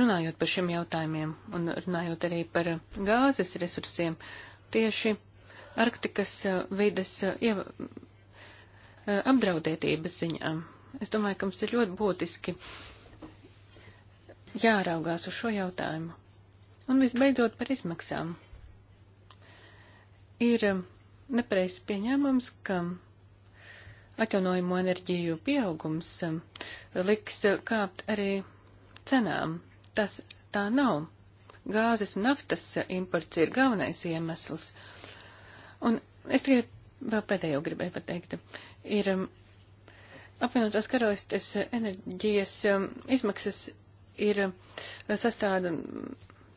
C: Runājot par šiem jautājumiem, un runājot arī par gāzes resursiem, tieši Arktikas vides ieva, apdraudētības ziņā. Es domāju, ka mums ir ļoti būtiski jāraugās uz šo jautājumu. Un visbeidzot par izmaksām. Ir um, nepareizs pieņēmums, ka atjaunojamo enerģiju pieaugums um, liks uh, kāpt arī cenām. Tas tā nav. Gāzes un naftas uh, imports ir galvenais iemesls. Un es tikai vēl pēdējo gribēju pateikt. Ir um, apvienotās karalistes uh, enerģijas izmaksas ir eh, sastāda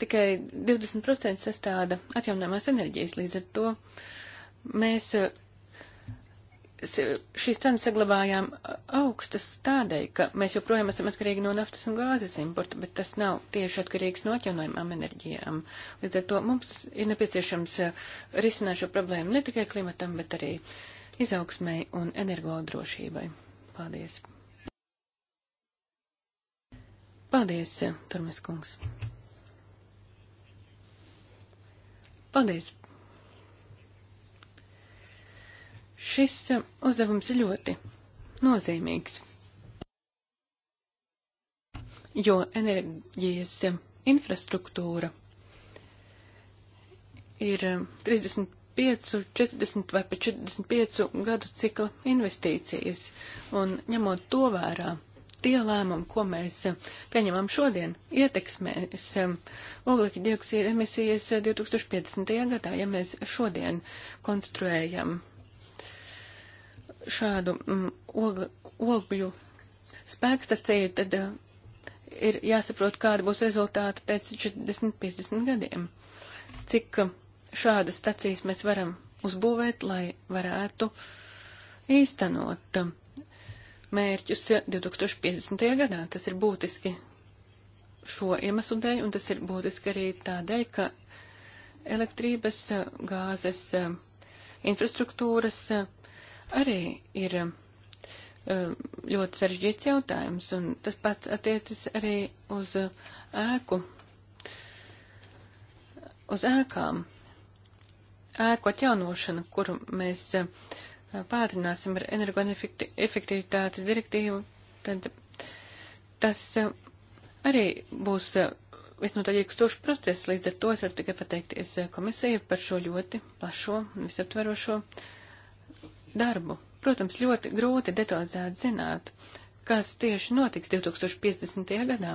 C: tikai 20% sastāda atjaunāmās enerģijas. Līdz ar to mēs eh, šīs cenas saglabājām eh, augstas tādēļ, ka mēs joprojām esam atkarīgi no naftas un gāzes importa, bet tas nav tieši atkarīgs no atjaunojumām enerģijām. Līdz ar to mums ir nepieciešams risināt šo problēmu ne tikai klimatam, bet arī izaugsmai un energodrošībai. Paldies! Paldies, Turmes kungs. Paldies. Šis uzdevums ir ļoti nozīmīgs, jo enerģijas infrastruktūra ir 35, 40 vai pat 45 gadu cikla investīcijas, un ņemot to vērā, tie lēmumi, ko mēs eh, pieņemam šodien, ietekmēs eh, oglekļa dioksīda emisijas 2050. Eh, gadā, ja mēs šodien konstruējam šādu mm, ogl, ogļu spēkstaciju, tad ir jāsaprot, kāda būs rezultāta pēc 40-50 gadiem. Cik šādas stacijas mēs varam uzbūvēt, lai varētu īstenot mērķus 2050. gadā. Tas ir būtiski šo iemeslu dēļ, un tas ir būtiski arī tādēļ, ka elektrības, gāzes, infrastruktūras arī ir eh, ļoti sarežģīts jautājums, un tas pats attiecas arī uz ēku, uz ēkām. Ēku atjaunošana, kuru mēs pātrināsim ar energoefektivitātes direktīvu, tad tas eh, arī būs eh, visnotaļ ilgstošs process. Līdz ar to es varu tikai pateikties eh, komisijai par šo ļoti plašo, visaptverošo darbu. Protams, ļoti grūti detalizēt zināt, kas tieši notiks 2050. gadā.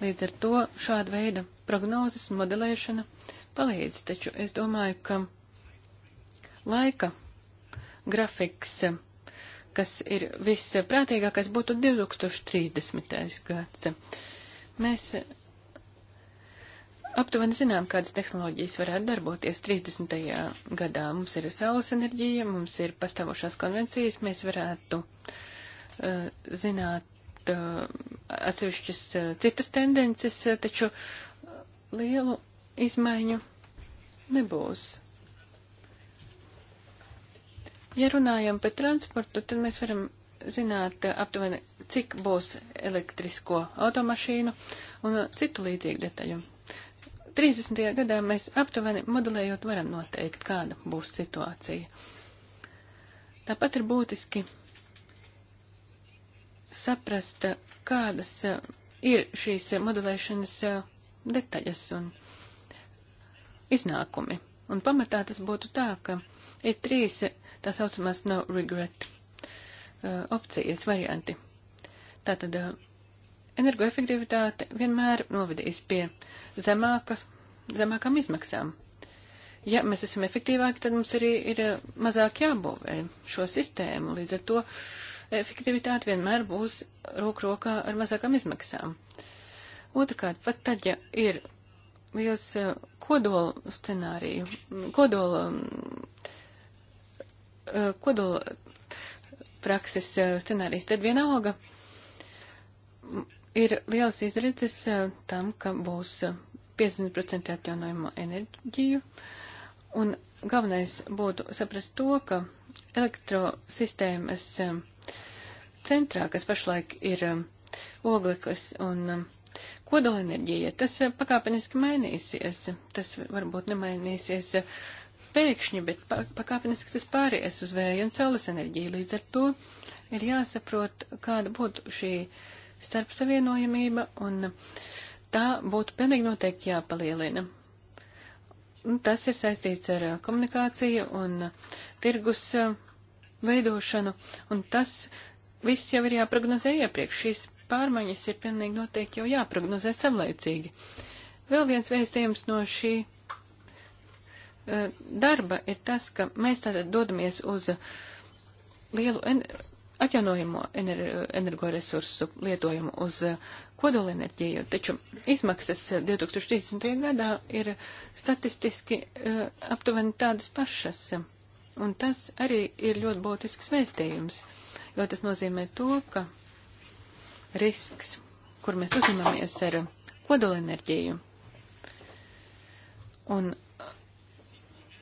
C: Līdz ar to šāda veida prognozes un modelēšana palīdz, taču es domāju, ka laika grafiks, kas ir visprātīgākais, būtu 2030. gads. Mēs aptuveni zinām, kādas tehnoloģijas varētu darboties 30. gadā. Mums ir saules enerģija, mums ir pastāvošās konvencijas, mēs varētu uh, zināt uh, atsevišķas uh, citas tendences, uh, taču lielu izmaiņu nebūs. Ja runājam par transportu, tad mēs varam zināt eh, aptuveni, cik būs elektrisko automašīnu un citu līdzīgu detaļu. 30. gadā mēs aptuveni modelējot varam noteikt, kāda būs situācija. Tāpat ir būtiski saprast, kādas eh, ir šīs modelēšanas eh, detaļas un iznākumi. Un pamatā tas būtu tā, ka ir trīs tā saucamās no regret uh, opcijas varianti. Tātad uh, energoefektivitāte vienmēr novedīs pie zemāka, zemākām izmaksām. Ja mēs esam efektīvāki, tad mums arī ir uh, mazāk jābūvē šo sistēmu. Līdz ar to efektivitāte vienmēr būs rok rokā ar mazākām izmaksām. Otrakārt, pat tad, ja ir liels uh, kodola scenāriju, kodola uh, Eh, kodola prakses eh, scenārijs, tad vienalga ir liels izredzes eh, tam, ka būs 50% atjaunojumu enerģiju. Un galvenais būtu saprast to, ka elektrosistēmas centrā, kas pašlaik ir ogleklis un kodolenerģija, tas pakāpeniski mainīsies. Tas varbūt nemainīsies pēkšņi, bet pakāpeniski tas pāries uz vēja un saules enerģiju. Līdz ar to ir jāsaprot, kāda būtu šī starpsavienojamība, un tā būtu pilnīgi noteikti jāpalielina. Tas ir saistīts ar komunikāciju un tirgus eh, veidošanu, un tas viss jau ir jāprognozē iepriekš. Šīs pārmaiņas ir pilnīgi noteikti jau jāprognozē savlaicīgi. Vēl viens vēstījums no šī Eh, darba ir tas, ka mēs tātad dodamies uz lielu en atjaunojamo ener energoresursu lietojumu uz eh, kodolenerģiju, taču izmaksas 2030. Eh, gadā ir statistiski aptuveni tādas pašas. Un tas arī ir ļoti būtisks vēstījums, jo tas nozīmē to, ka risks, kur mēs uzņemamies ar kodolenerģiju, un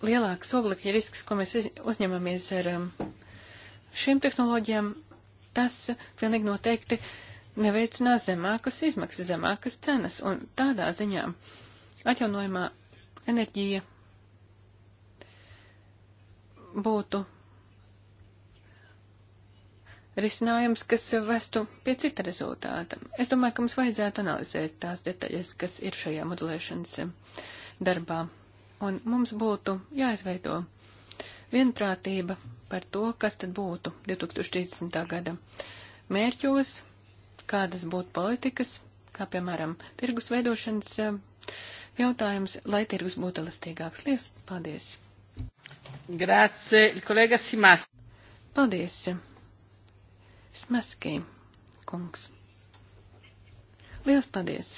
C: lielāks oglekļa risks, ko mēs uzņemamies ar um, šīm tehnoloģijām, tas pilnīgi noteikti neveicinās zemākas izmaksas, zemākas cenas. Un tādā ziņā atjaunojumā enerģija būtu risinājums, kas vestu pie cita rezultāta. Es domāju, ka mums vajadzētu analizēt tās detaļas, kas ir šajā modulēšanas darbā un mums būtu jāizveido vienprātība par to, kas tad būtu 2030. gada mērķos, kādas būtu politikas, kā piemēram tirgus veidošanas eh, jautājums, lai tirgus būtu elastīgāks. Lies, paldies! Grāce, kolēga Simas. Paldies, Smaskī, kungs. Liels paldies!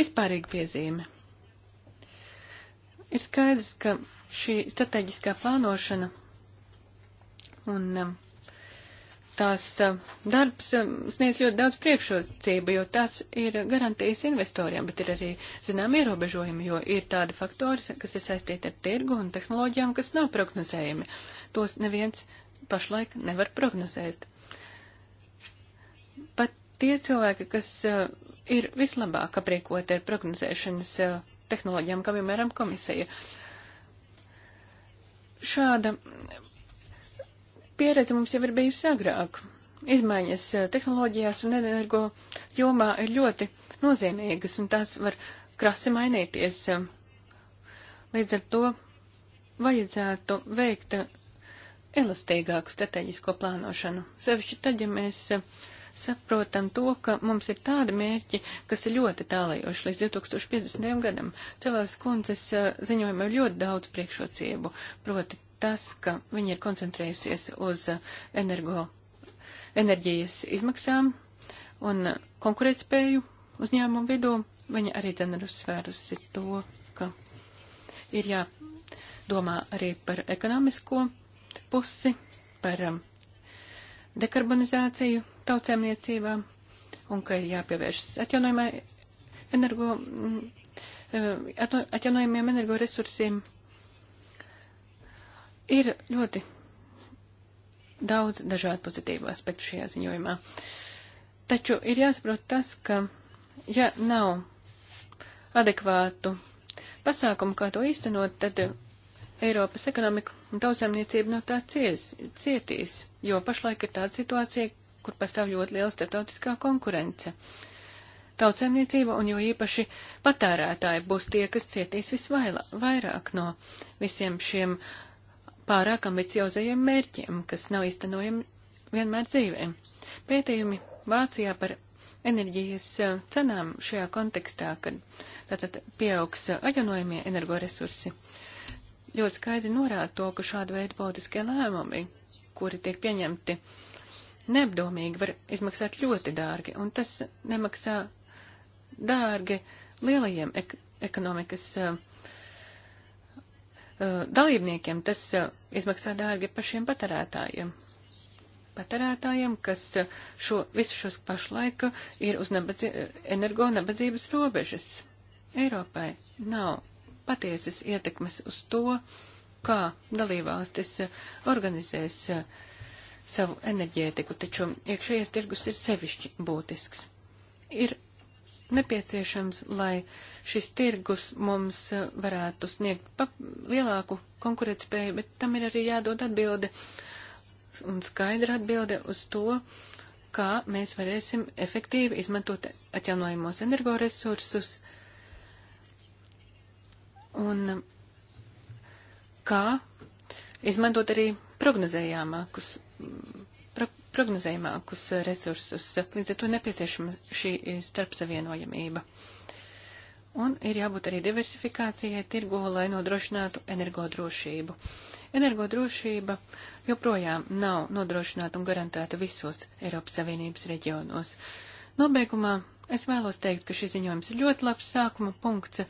C: Vispārīga piezīme. Ir skaidrs, ka šī strateģiskā plānošana un um, tās um, darbs um, sniedz ļoti daudz priekšrocību, jo tas ir garantijas investoriem, bet ir arī, zinām, ierobežojumi, jo ir tādi faktori, kas ir saistīti ar tirgu un tehnoloģijām, kas nav prognozējami. Tos neviens pašlaik nevar prognozēt. Pat tie cilvēki, kas uh, ir vislabāk aprīkoti ar prognozēšanas uh, tehnoloģijām, kā piemēram komisija. Šāda pieredze mums jau ir bijusi agrāk. Izmaiņas eh, tehnoloģijās un energo jomā ir ļoti nozīmīgas, un tās var krasi mainīties. Līdz ar to vajadzētu veikt elastīgāku strateģisko plānošanu. Sevišķi tad, ja mēs uh, saprotam to, ka mums ir tādi mērķi, kas ir ļoti tālajoši līdz 2050. gadam. Cilvēks kundzes eh, ziņojumā ir ļoti daudz priekšrocību, proti tas, ka viņi ir koncentrējusies uz eh, energo, enerģijas izmaksām un konkurētspēju uzņēmumu vidū. Viņa arī dzen ir uzsvērusi to, ka ir jādomā arī par ekonomisko pusi, par eh, dekarbonizāciju, tautsēmniecībā un ka ir jāpievēršas atjaunojumai energo, mm, eh, atjaunojumiem energoresursiem. Ir ļoti daudz dažādu pozitīvu aspektu šajā ziņojumā. Taču ir jāsaprot tas, ka ja nav adekvātu pasākumu, kā to īstenot, tad Eiropas ekonomika un tautsēmniecība no tā cies, cietīs, jo pašlaik ir tāda situācija, kur pastāv ļoti liela starptautiskā konkurence. Tautsēmniecība un jo īpaši patērētāji būs tie, kas cietīs visvairāk no visiem šiem pārāk ambiciozajiem mērķiem, kas nav īstenojami vienmēr dzīvēm. Pētījumi Vācijā par enerģijas e, cenām šajā kontekstā, kad tātad pieaugs e, aģenojumie energoresursi, ļoti skaidri norāda to, ka šāda veida politiskie lēmumi, kuri tiek pieņemti uh, neapdomīgi var izmaksāt ļoti dārgi, un tas nemaksā dārgi lielajiem ek ekonomikas uh, uh dalībniekiem, tas uh, izmaksā dārgi pašiem patērētājiem. Patērētājiem, kas uh, šo, visu šos pašlaik ir uz nabadzi, energo nabadzības robežas. Eiropai nav patiesas ietekmes uz to, kā dalībvalstis uh, organizēs uh, savu enerģētiku, taču iekšējais tirgus ir sevišķi būtisks. Ir nepieciešams, lai šis tirgus mums varētu sniegt lielāku konkurētspēju, bet tam ir arī jādod atbilde un skaidra atbilde uz to, kā mēs varēsim efektīvi izmantot atjaunojamos energoresursus un kā izmantot arī prognozējāmākus pro prognozējumākus resursus. Līdz ar to nepieciešama šī starpsavienojamība. Un ir jābūt arī diversifikācijai tirgo, lai nodrošinātu energodrošību. Energodrošība joprojām nav nodrošināta un garantēta visos Eiropas Savienības reģionos. Nobeigumā es vēlos teikt, ka šis ziņojums ir ļoti labs sākuma punkts.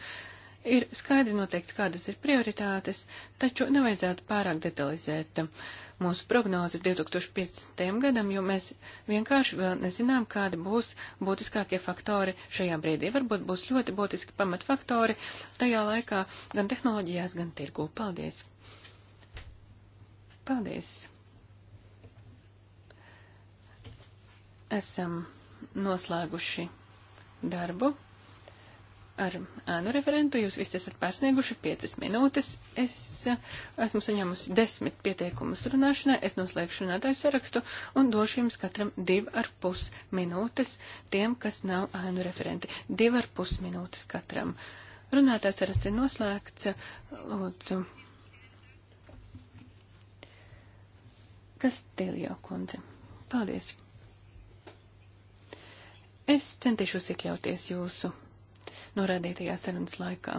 C: Ir skaidri noteikts, kādas ir prioritātes, taču nevajadzētu pārāk detalizēt. Uh, mūsu prognozes 2015. gadam, jo mēs vienkārši vēl nezinām, kādi būs būtiskākie faktori šajā brīdī. Varbūt būs ļoti būtiski pamatfaktori tajā laikā gan tehnoloģijās, gan tirgū. Paldies! Paldies! Esam noslēguši darbu ar ānu referentu. Jūs visi esat pārsnieguši 5 minūtes. Es eh, esmu saņēmusi 10 pieteikumus runāšanai. Es noslēgšu runātāju sarakstu un došu jums katram 2,5 minūtes tiem, kas nav ānu referenti. 2,5 minūtes katram. Runātājs saraksts ir noslēgts. Lūdzu. Kas Tiljo kundze? Paldies. Es centīšos iekļauties jūsu norādītajā sarunas laikā.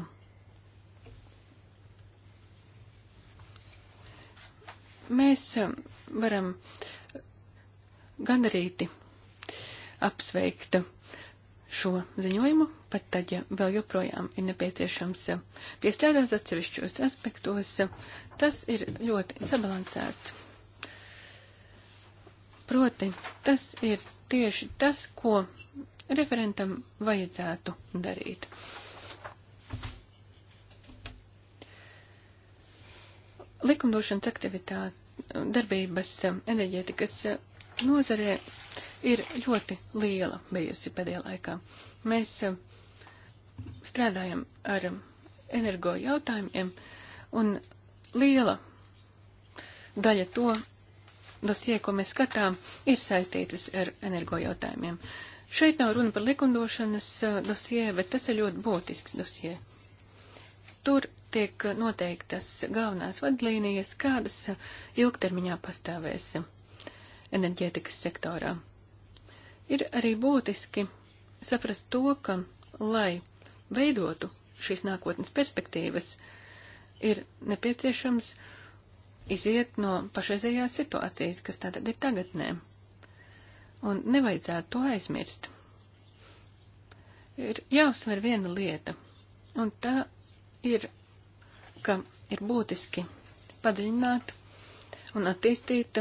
C: Mēs um, varam gandarīti apsveikt šo ziņojumu, pat tad, ja vēl joprojām ir nepieciešams um, piestrādāt atsevišķos aspektos, tas ir ļoti sabalansēts. Proti, tas ir tieši tas, ko referentam vajadzētu darīt. Likumdošanas aktivitāte, darbības eh, enerģētikas eh, nozarē ir ļoti liela bijusi pēdējā laikā. Mēs eh, strādājam ar energo jautājumiem, un liela daļa to dosie, ko mēs skatām, ir saistītas ar energo jautājumiem. Šeit nav runa par likumdošanas eh, dosie, bet tas ir ļoti būtisks dosie. Tur tiek noteiktas galvenās vadlīnijas, kādas eh, ilgtermiņā pastāvēs eh, enerģētikas sektorā. Ir arī būtiski saprast to, ka, lai veidotu šīs nākotnes perspektīvas, ir nepieciešams iziet no pašreizējās situācijas, kas tātad ir tagadnēm. Un nevajadzētu to aizmirst. Ir jāuzsver viena lieta, un tā ir, ka ir būtiski padziļināt un attīstīt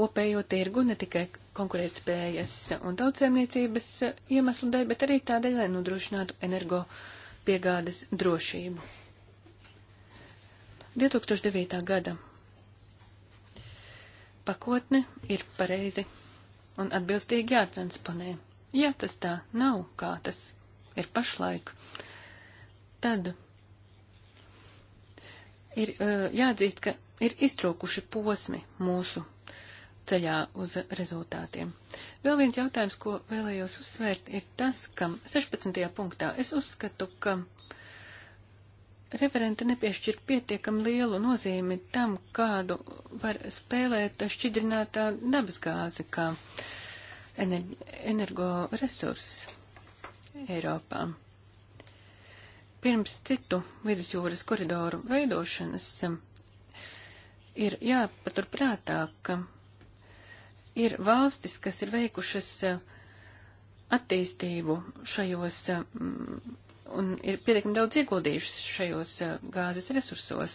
C: kopējo tirgu ne tikai konkurētspējas un tautsēmniecības iemeslu dēļ, bet arī tādēļ, lai nodrošinātu energo piegādes drošību. 2009. gada pakotne ir pareizi un atbilstīgi jātransponē. Ja tas tā nav, kā tas ir pašlaik, tad ir uh, jāatzīst, ka ir iztrūkuši posmi mūsu ceļā uz rezultātiem. Vēl viens jautājums, ko vēlējos uzsvērt, ir tas, ka 16. punktā es uzskatu, ka referente nepiešķir pietiekam lielu nozīmi tam, kādu var spēlēt šķidrinātā dabasgāze kā energoresurss Eiropā. Pirms citu vidusjūras koridoru veidošanas um, ir jāpaturprātā, ka ir valstis, kas ir veikušas uh, attīstību šajos um, un ir pietiekami daudz ieguldījušas šajos eh, gāzes resursos,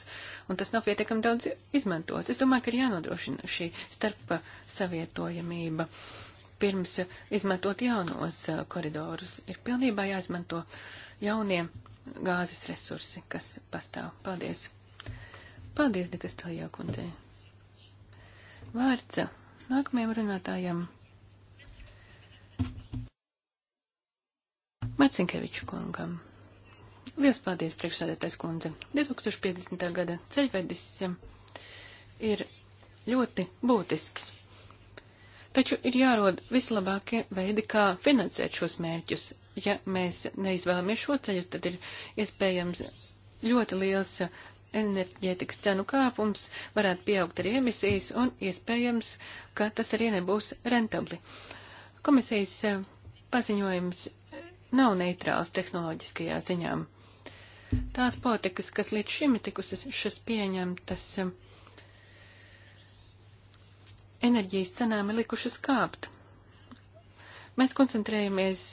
C: un tas nav pietiekami daudz izmantots. Es domāju, ka ir jānodrošina šī starpa savietojamība. Pirms eh, izmantot jaunos eh, koridorus, ir pilnībā jāizmanto jaunie gāzes resursi, kas pastāv. Paldies! Paldies, Dikastālijā kundzei! Vārds nākamajam runātājam. Marcinkeviču kungam. Liels paldies, priekšsēdētais kundze. 2050. gada ceļvedis um, ir ļoti būtisks. Taču ir jārod vislabākie veidi, kā finansēt šos mērķus. Ja mēs neizvēlamies šo ceļu, tad ir iespējams ļoti liels uh, enerģētikas cenu kāpums, varētu pieaugt arī emisijas un iespējams, ka tas arī nebūs rentabli. Komisijas uh, paziņojums uh, nav neitrāls tehnoloģiskajā ziņām. Tās politikas, kas līdz šim ir tikušas pieņemtas, enerģijas cenām ir likušas kāpt. Mēs koncentrējamies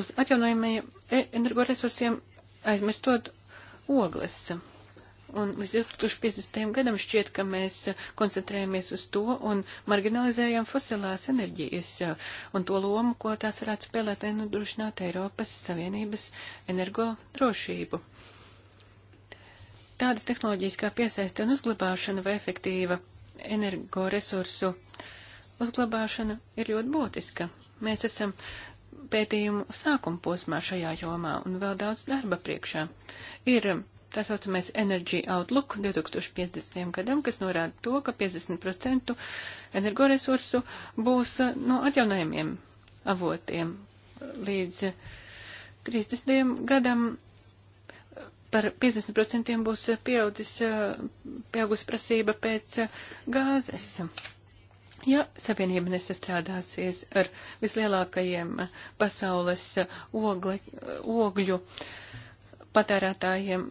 C: uz atjaunojumiem energoresursiem, aizmirstot ogles. Un līdz 2050. gadam šķiet, ka mēs koncentrējamies uz to un marginalizējam fosilās enerģijas un to lomu, ko tās varētu spēlēt nodrošināt Eiropas Savienības energo drošību. Tādas tehnoloģijas kā piesaiste un uzglabāšana vai efektīva energoresursu uzglabāšana ir ļoti būtiska. Mēs esam pētījumu sākuma posmā šajā jomā un vēl daudz darba priekšā. Ir tā saucamais Energy Outlook 2050. gadam, kas norāda to, ka 50% energoresursu būs uh, no atjaunojumiem avotiem līdz 30. gadam. Uh, par 50% būs uh, pieaudzis, pieaugusi prasība pēc gāzes. Ja savienība nesastrādāsies ar vislielākajiem pasaules ogle, ogļu uh, patērētājiem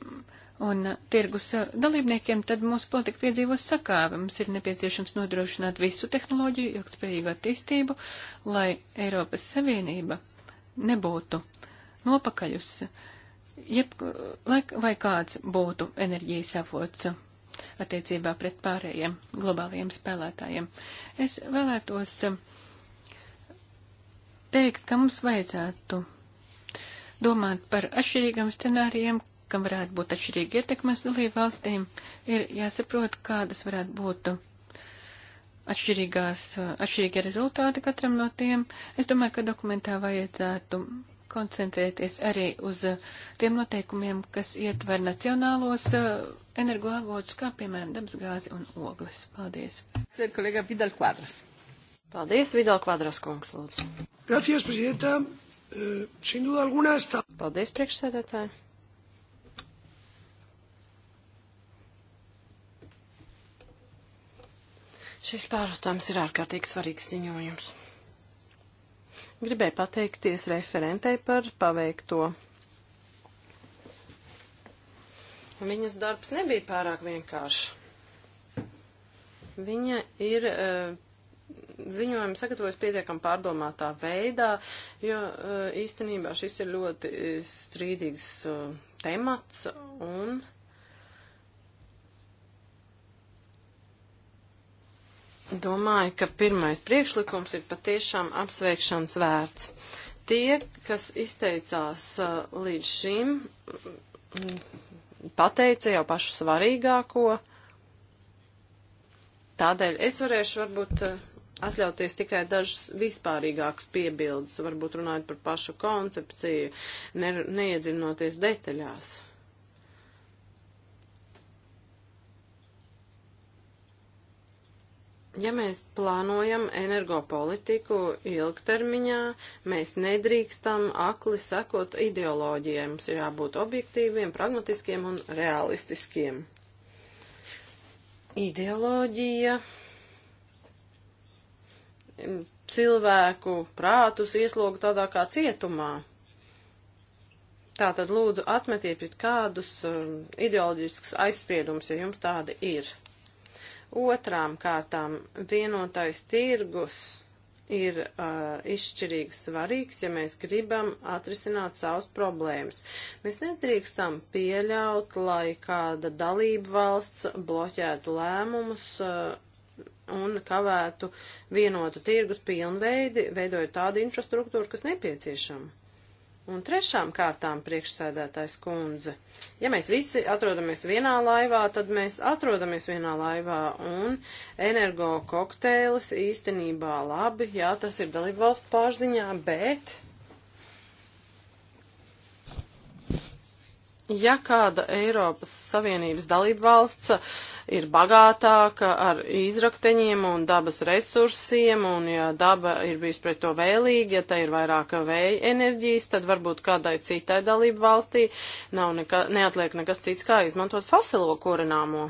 C: un tirgus dalībniekiem, tad mūsu politika piedzīvos sakāvi. Mums ir nepieciešams nodrošināt visu tehnoloģiju, ilgspējīgu attīstību, lai Eiropas Savienība nebūtu nopakaļus, jeb, lai, vai kāds būtu enerģijas avots attiecībā pret pārējiem globālajiem spēlētājiem. Es vēlētos teikt, ka mums vajadzētu Domāt par atšķirīgiem scenārijiem, kam varētu būt atšķirīgi ietekmes dalību valstīm, ir jāsaprot, kādas varētu būt atšķirīgās, atšķirīgie rezultāti katram no tiem. Es domāju, ka dokumentā vajadzētu koncentrēties arī uz tiem noteikumiem, kas ietver nacionālos uh, energoavotus, kā piemēram dabasgāzi un ogles. Paldies.
B: Paldies, Vidal Kvadras kungs, lūdzu. Gracias, prezidenta. Eh, Paldies, priekšsēdētāji. Šis, protams, ir ārkārtīgi svarīgs ziņojums. Gribēju pateikties referentei par paveikto. Viņas darbs nebija pārāk vienkāršs. Viņa ir uh, ziņojumu sagatavojas pietiekam pārdomātā veidā, jo eh, īstenībā šis ir ļoti eh, strīdīgs eh, temats un. Domāju, ka pirmais priekšlikums ir patiešām apsveikšanas vērts. Tie, kas izteicās līdz šim, pateica jau pašu svarīgāko. Tādēļ es varēšu varbūt atļauties tikai dažas vispārīgākas piebildes, varbūt runājot par pašu koncepciju, ne, neiedzinoties detaļās. Ja mēs plānojam energopolitiku ilgtermiņā, mēs nedrīkstam akli sekot ideoloģijai. Mums ir jābūt objektīviem, pragmatiskiem un realistiskiem. Ideoloģija cilvēku prātus ieslogu tādā kā cietumā. Tātad lūdzu atmetiet pret kādus um, ideoloģiskus aizspriedumus, ja jums tādi ir. Otrām kārtām vienotais tirgus ir uh, izšķirīgi svarīgs, ja mēs gribam atrisināt savus problēmas. Mēs nedrīkstam pieļaut, lai kāda dalība valsts bloķētu lēmumus uh, un kavētu vienotu tirgus pilnveidi, veidojot tādu infrastruktūru, kas nepieciešama. Un trešām kārtām priekšsēdētājs kundze. Ja mēs visi atrodamies vienā laivā, tad mēs atrodamies vienā laivā un energo kokteilis īstenībā labi, jā, tas ir dalību valstu pārziņā, bet Ja kāda Eiropas Savienības dalībvalsts ir bagātāka ar izrakteņiem un dabas resursiem, un ja daba ir bijis pret to vēlīga, ja tai ir vairāk vēja enerģijas, tad varbūt kādai citai dalībvalstī nav neka, neatliek nekas cits, kā izmantot fosilo kurināmo.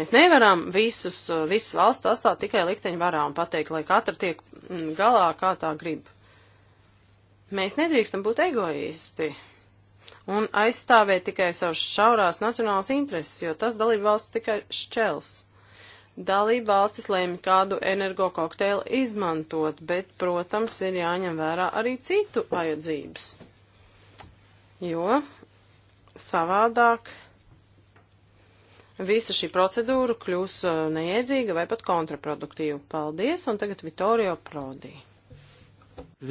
B: Mēs nevaram visus, visas valsts atstāt tikai likteņu varā un pateikt, lai katra tiek mm, galā, kā tā grib. Mēs nedrīkstam būt egoisti un aizstāvēt tikai savus šaurās nacionālas intereses, jo tas dalību valsts tikai šķels. Dalība valstis lēma, kādu energo kokteili izmantot, bet, protams, ir jāņem vērā arī citu vajadzības. Jo savādāk visa šī procedūra kļūs uh, neiedzīga vai pat kontraproduktīva. Paldies, un tagad Vittorio Prodi.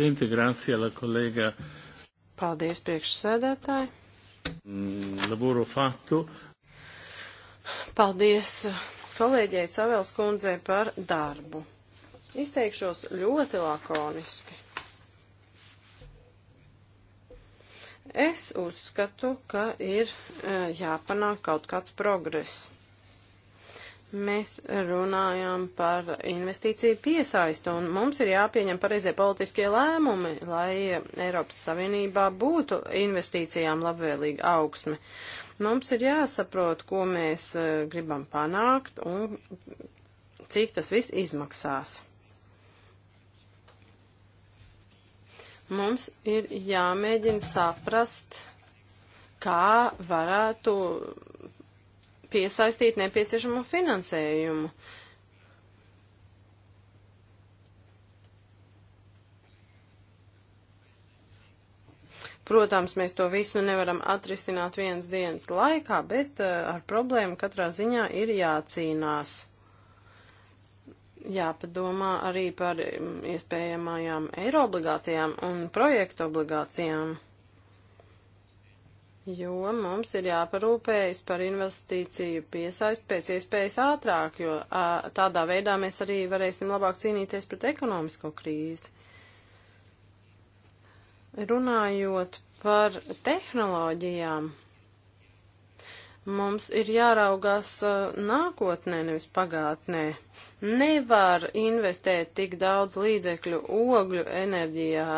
A: Integrācija, la
B: kolēga. Paldies, priekšsēdētāji. Mm, Labūro faktu. Paldies kolēģei Cavels kundzei par darbu. Izteikšos ļoti lakoniski. Es uzskatu, ka ir eh, jāpanāk kaut kāds progress. Mēs runājam par investīciju piesaistu, un mums ir jāpieņem pareizie politiskie lēmumi, lai Eiropas Savienībā būtu investīcijām labvēlīga augsme. Mums ir jāsaprot, ko mēs eh, gribam panākt un cik tas viss izmaksās. Mums ir jāmēģina saprast, kā varētu piesaistīt nepieciešamo finansējumu. Protams, mēs to visu nevaram atrisināt vienas dienas laikā, bet eh, ar problēmu katrā ziņā ir jācīnās. Jāpadomā arī par mm, iespējamajām eiro obligācijām un projektu obligācijām jo mums ir jāparūpējas par investīciju piesaist pēc iespējas ātrāk, jo a, tādā veidā mēs arī varēsim labāk cīnīties pret ekonomisko krīzi. Runājot par tehnoloģijām, mums ir jāraugās nākotnē, nevis pagātnē. Nevar investēt tik daudz līdzekļu ogļu enerģijā,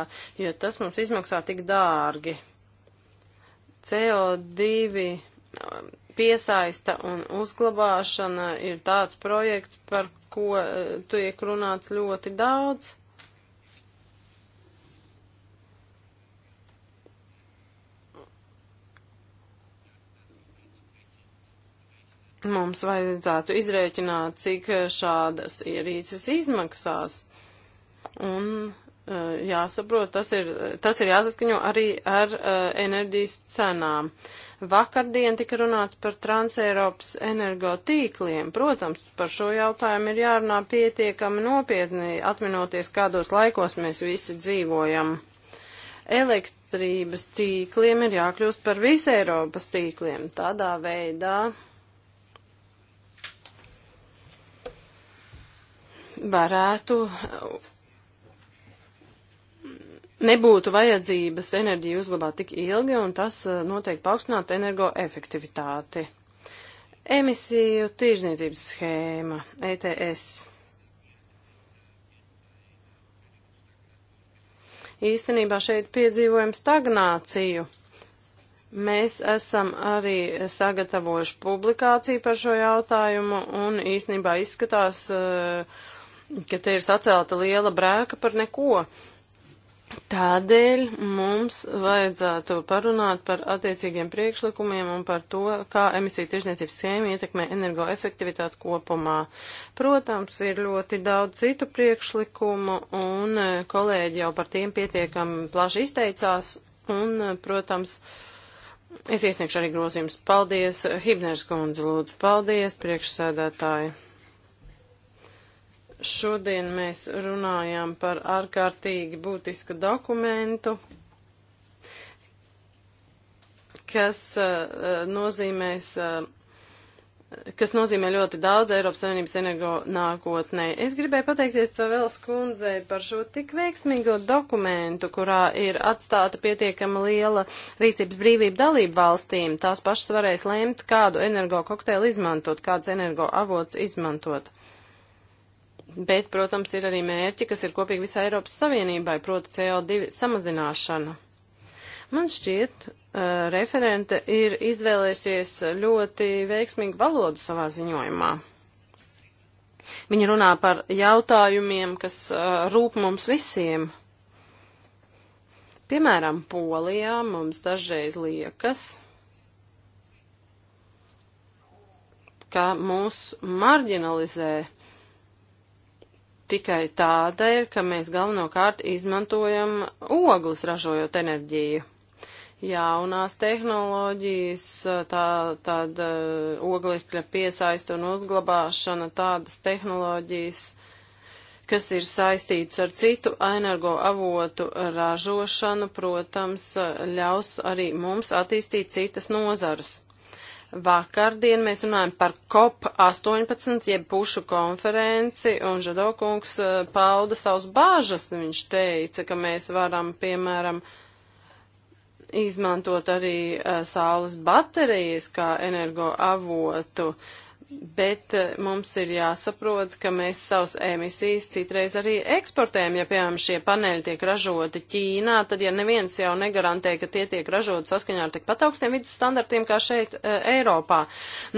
B: jo tas mums izmaksā tik dārgi. CO2 um, piesaista un uzglabāšana ir tāds projekts, par ko uh, tiek runāts ļoti daudz. Mums vajadzētu izrēķināt, cik šādas ierīces izmaksās. Un Eh, jāsaprot, tas ir, tas ir jāsaskaņo arī ar uh, enerģijas cenām. Vakardien tika runāts par transeiropas energotīkliem. Protams, par šo jautājumu ir jārunā pietiekami nopietni, atminoties, kādos laikos mēs visi dzīvojam. Elektrības tīkliem ir jākļūst par visu Eiropas tīkliem. Tādā veidā varētu nebūtu vajadzības enerģiju uzglabāt tik ilgi, un tas eh, noteikti paaugstinātu energoefektivitāti. Emisiju tīrzniecības schēma ETS. Īstenībā šeit piedzīvojam stagnāciju. Mēs esam arī sagatavojuši publikāciju par šo jautājumu, un īstenībā izskatās, eh, ka te ir sacelta liela brēka par neko. Uh, Tādēļ mums vajadzētu parunāt par attiecīgiem priekšlikumiem un par to, kā emisiju tirzniecības schēma ietekmē energoefektivitāti kopumā. Protams, ir ļoti daudz citu priekšlikumu un eh, kolēģi jau par tiem pietiekami plaši izteicās un, eh, protams, es iesniegšu arī grozījumus. Paldies, Hibners kundze, lūdzu, paldies, priekšsēdētāji. Šodien mēs runājam par ārkārtīgi būtisku dokumentu, kas uh, nozīmēs. Uh, kas nozīmē ļoti daudz Eiropas Savienības energo nākotnē. Es gribēju pateikties Cavēlas kundzei par šo tik veiksmīgo dokumentu, kurā ir atstāta pietiekama liela rīcības brīvība dalību valstīm. Tās pašas varēs lēmt, kādu energo kokteili izmantot, kādus energo avots izmantot. Bet, protams, ir arī mērķi, kas ir kopīgi visai Eiropas Savienībai, proti CO2 samazināšana. Man šķiet, uh, referente ir izvēlēsies ļoti veiksmīgu valodu savā ziņojumā. Viņa runā par jautājumiem, kas uh, rūp mums visiem. Piemēram, Polijā mums dažreiz liekas, ka mūs marginalizē tikai tādēļ, ka mēs galvenokārt izmantojam ogles ražojot enerģiju. Jaunās tehnoloģijas, tā, tāda oglekļa piesaista un uzglabāšana, tādas tehnoloģijas, kas ir saistīts ar citu energoavotu ražošanu, protams, ļaus arī mums attīstīt citas nozares. Vakardien mēs runājam par COP18, jeb pušu konferenci, un Žadokungs eh, pauda savus bāžas. Viņš teica, ka mēs varam, piemēram, izmantot arī uh, saules baterijas kā energoavotu. Uh, Bet eh, mums ir jāsaprot, ka mēs savus emisijas citreiz arī eksportējam. Ja, piemēram, šie paneļi tiek ražoti Ķīnā, tad ja neviens jau negarantē, ka tie tiek ražoti saskaņā ar tikpat augstiem vidas standartiem kā šeit e, Eiropā.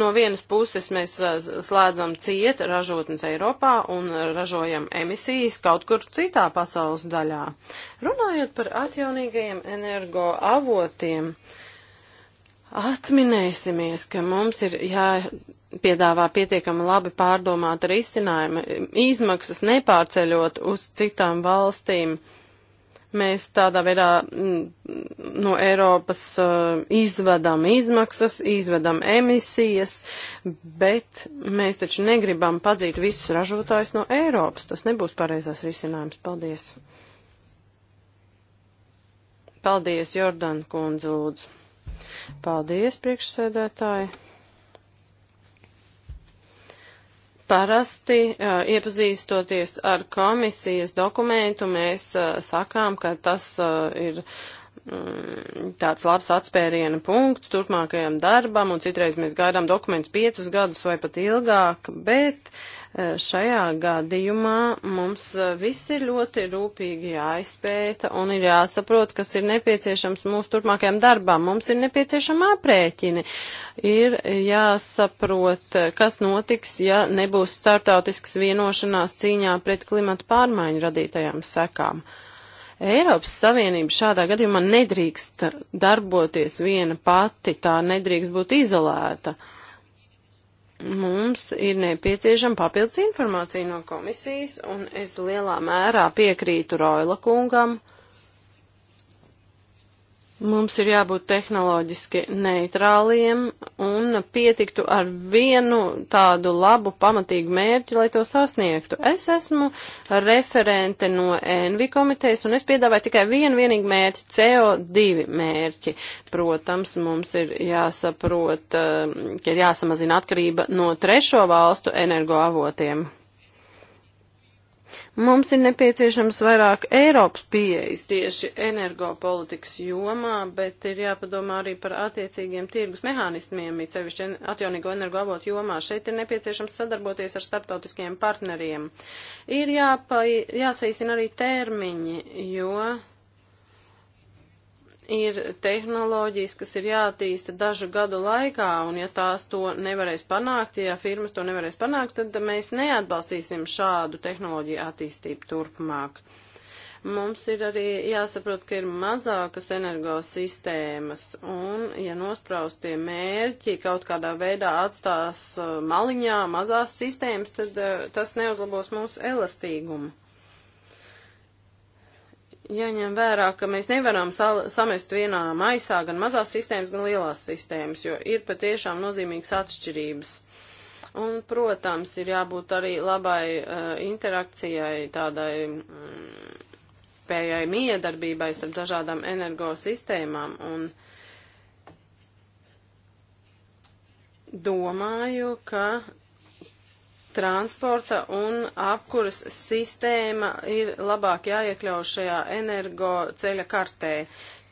B: No vienas puses mēs eh, slēdzam ciet ražotnes Eiropā un ražojam emisijas kaut kur citā pasaules daļā. Runājot par atjaunīgajiem energo avotiem. Uh, Atminēsimies, ka mums ir jāpiedāvā pietiekami labi pārdomāta risinājuma, izmaksas nepārceļot uz citām valstīm. Mēs tādā veidā mm, no Eiropas uh, izvedam izmaksas, izvedam emisijas, bet mēs taču negribam padzīt visus ražotājus no Eiropas. Tas nebūs pareizās risinājums. Paldies! Paldies, Jordan kundze, lūdzu! Paldies, priekšsēdētāji! Parasti uh, iepazīstoties ar komisijas dokumentu, mēs uh, sakām, ka tas uh, ir Mm, tāds labs atspēriena punkts turpmākajam darbam, un citreiz mēs gaidām dokumentus piecus gadus vai pat ilgāk, bet e, šajā gadījumā mums e, viss ir ļoti rūpīgi jāizpēta un ir jāsaprot, kas ir nepieciešams mūsu turpmākajam darbam. Mums ir nepieciešama aprēķini, ir jāsaprot, e, kas notiks, ja nebūs startautisks vienošanās cīņā pret klimatu pārmaiņu radītajām sekām. Uh, Eiropas Savienība šādā gadījumā nedrīkst darboties viena pati, tā nedrīkst būt izolēta. Mums ir nepieciešama papildus informācija no komisijas, un es lielā mērā piekrītu Roila kungam. Uh, Mums ir jābūt tehnoloģiski neitrāliem un pietiktu ar vienu tādu labu pamatīgu mērķi, lai to sasniegtu. Es esmu referente no ENVI komitejas un es piedāvāju tikai vienu vienīgu mērķi - CO2 mērķi. Protams, mums ir jāsaprot, eh, ka ir jāsamazina atkarība no trešo valstu energoavotiem. Mums ir nepieciešams vairāk Eiropas pieejas tieši energopolitikas jomā, bet ir jāpadomā arī par attiecīgiem tirgus mehānismiem, it sevišķi atjaunīgo energoavotu jomā. Šeit ir nepieciešams sadarboties ar starptautiskiem partneriem. Ir jāpa, jāsaīsina arī termiņi, jo ir tehnoloģijas, kas ir jātīsta dažu gadu laikā, un ja tās to nevarēs panākt, ja firmas to nevarēs panākt, tad mēs neatbalstīsim šādu tehnoloģiju attīstību turpmāk. Mums ir arī jāsaprot, ka ir mazākas energosistēmas, un ja nospraustie mērķi kaut kādā veidā atstās uh, maliņā mazās sistēmas, tad uh, tas neuzlabos mūsu elastīgumu. Jaņem vērā, ka mēs nevaram samest vienā maisā gan mazās sistēmas, gan lielās sistēmas, jo ir patiešām nozīmīgas atšķirības. Un, protams, ir jābūt arī labai uh, interakcijai, tādai mm, spējai miedarbībai starp dažādām energosistēmām. Un domāju, ka transporta un apkuras sistēma ir labāk jāiekļauj šajā energo ceļa kartē.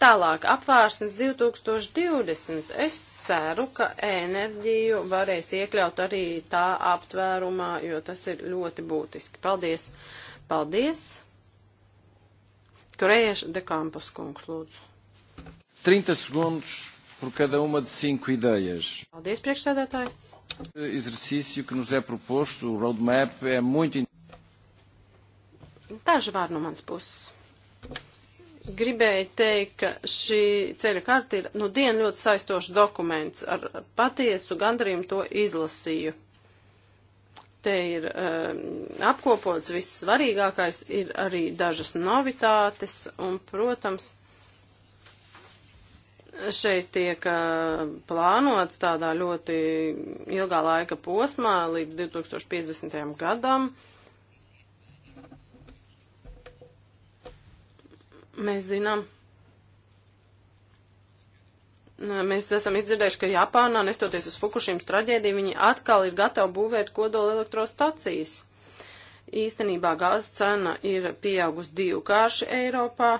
B: Tālāk, apvārsnes 2020. Es ceru, ka enerģiju varēs iekļaut arī tā aptvērumā, jo tas ir ļoti būtiski. Paldies! Paldies! Kurējuši de Kampus kungs, lūdzu. 30 sekundes par cada uma de 5 idejas. Paldies, priekšsēdētāji! Exercício, ka mums ir proposto, roadmap, ir muito. Daži vārdi no manas puses. Gribēju teikt, ka šī ceļa karta ir nu dienu ļoti saistošs dokuments. Ar patiesu gandarījumu to izlasīju te ir um, apkopots viss svarīgākais, ir arī dažas novitātes, un, protams, šeit tiek plānots tādā ļoti ilgā laika posmā līdz 2050. gadam. Mēs zinām, mēs esam izdzirdējuši, ka Japānā, nestoties uz Fukušīmas traģēdiju, viņi atkal ir gatavi būvēt kodola elektrostacijas. Īstenībā gāzes cena ir pieaugusi divkārši Eiropā,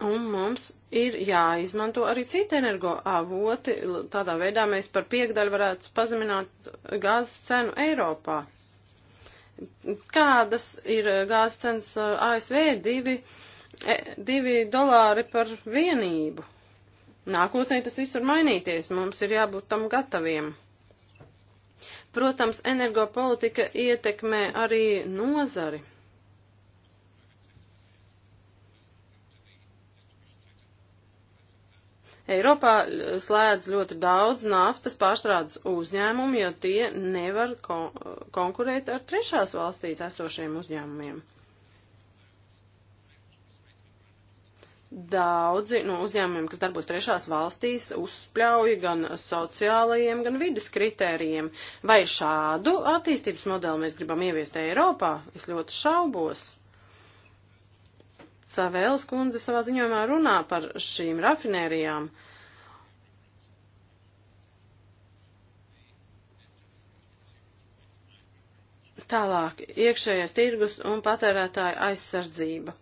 B: Un mums ir jāizmanto arī citi energoavoti. Tādā veidā mēs par piekdaļu varētu pazemināt gāzes cenu Eiropā. Kādas ir gāzes cenas ASV? Divi, e, divi dolāri par vienību. Nākotnē tas viss var mainīties. Mums ir jābūt tam gataviem. Protams, energopolitika ietekmē arī nozari. Eiropā slēdz ļoti daudz naftas pārstrādes uzņēmumu, jo tie nevar kon konkurēt ar trešās valstīs esošiem uzņēmumiem. Daudzi no uzņēmumiem, kas darbos trešās valstīs, uzspļauj gan sociālajiem, gan vidas kritērijiem. Vai šādu attīstības modeli mēs gribam ieviest Eiropā? Es ļoti šaubos. Savēls kundze savā ziņojumā runā par šīm rafinērijām. Tālāk, iekšējais tirgus un patērētāja aizsardzība.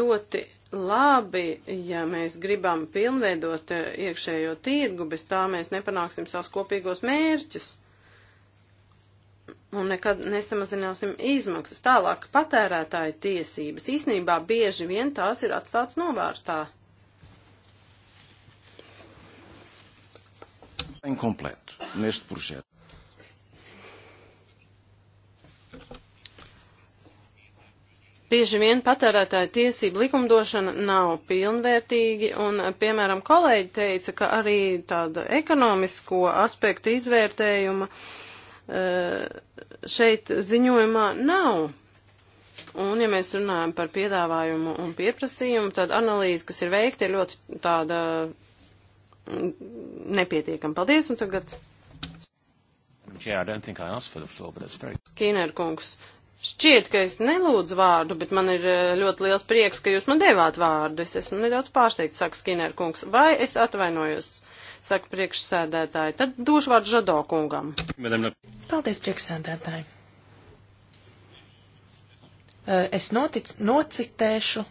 B: Ļoti labi, ja mēs gribam pilnveidot eh, iekšējo tirgu, bez tā mēs nepanāksim savus kopīgos mērķus un nekad nesamazināsim izmaksas. Tālāk patērētāju tiesības. Īsnībā bieži vien tās ir atstāts novārtā. Incompleto neste projeto. Bieži vien patērētāju tiesību likumdošana nav pilnvērtīgi, un, piemēram, kolēģi teica, ka arī tāda ekonomisko aspektu izvērtējuma uh, Eh, šeit ziņojumā nav. Un, ja mēs runājam par piedāvājumu un pieprasījumu, tad analīze, kas ir veikta, ir ļoti tāda mm, nepietiekama. Paldies, un tagad.
C: Yeah, floor, very...
B: Skīner kungs, šķiet, ka es nelūdzu vārdu, bet man ir eh, ļoti liels prieks, ka jūs man devāt vārdu. Es esmu nedaudz pārsteigts, saka Skīner kungs. Vai es atvainojos? Uh, saka priekšsēdētāji. Tad došu vārdu Žado kungam.
D: Paldies, priekšsēdētāji. Eh, es notic, nocitēšu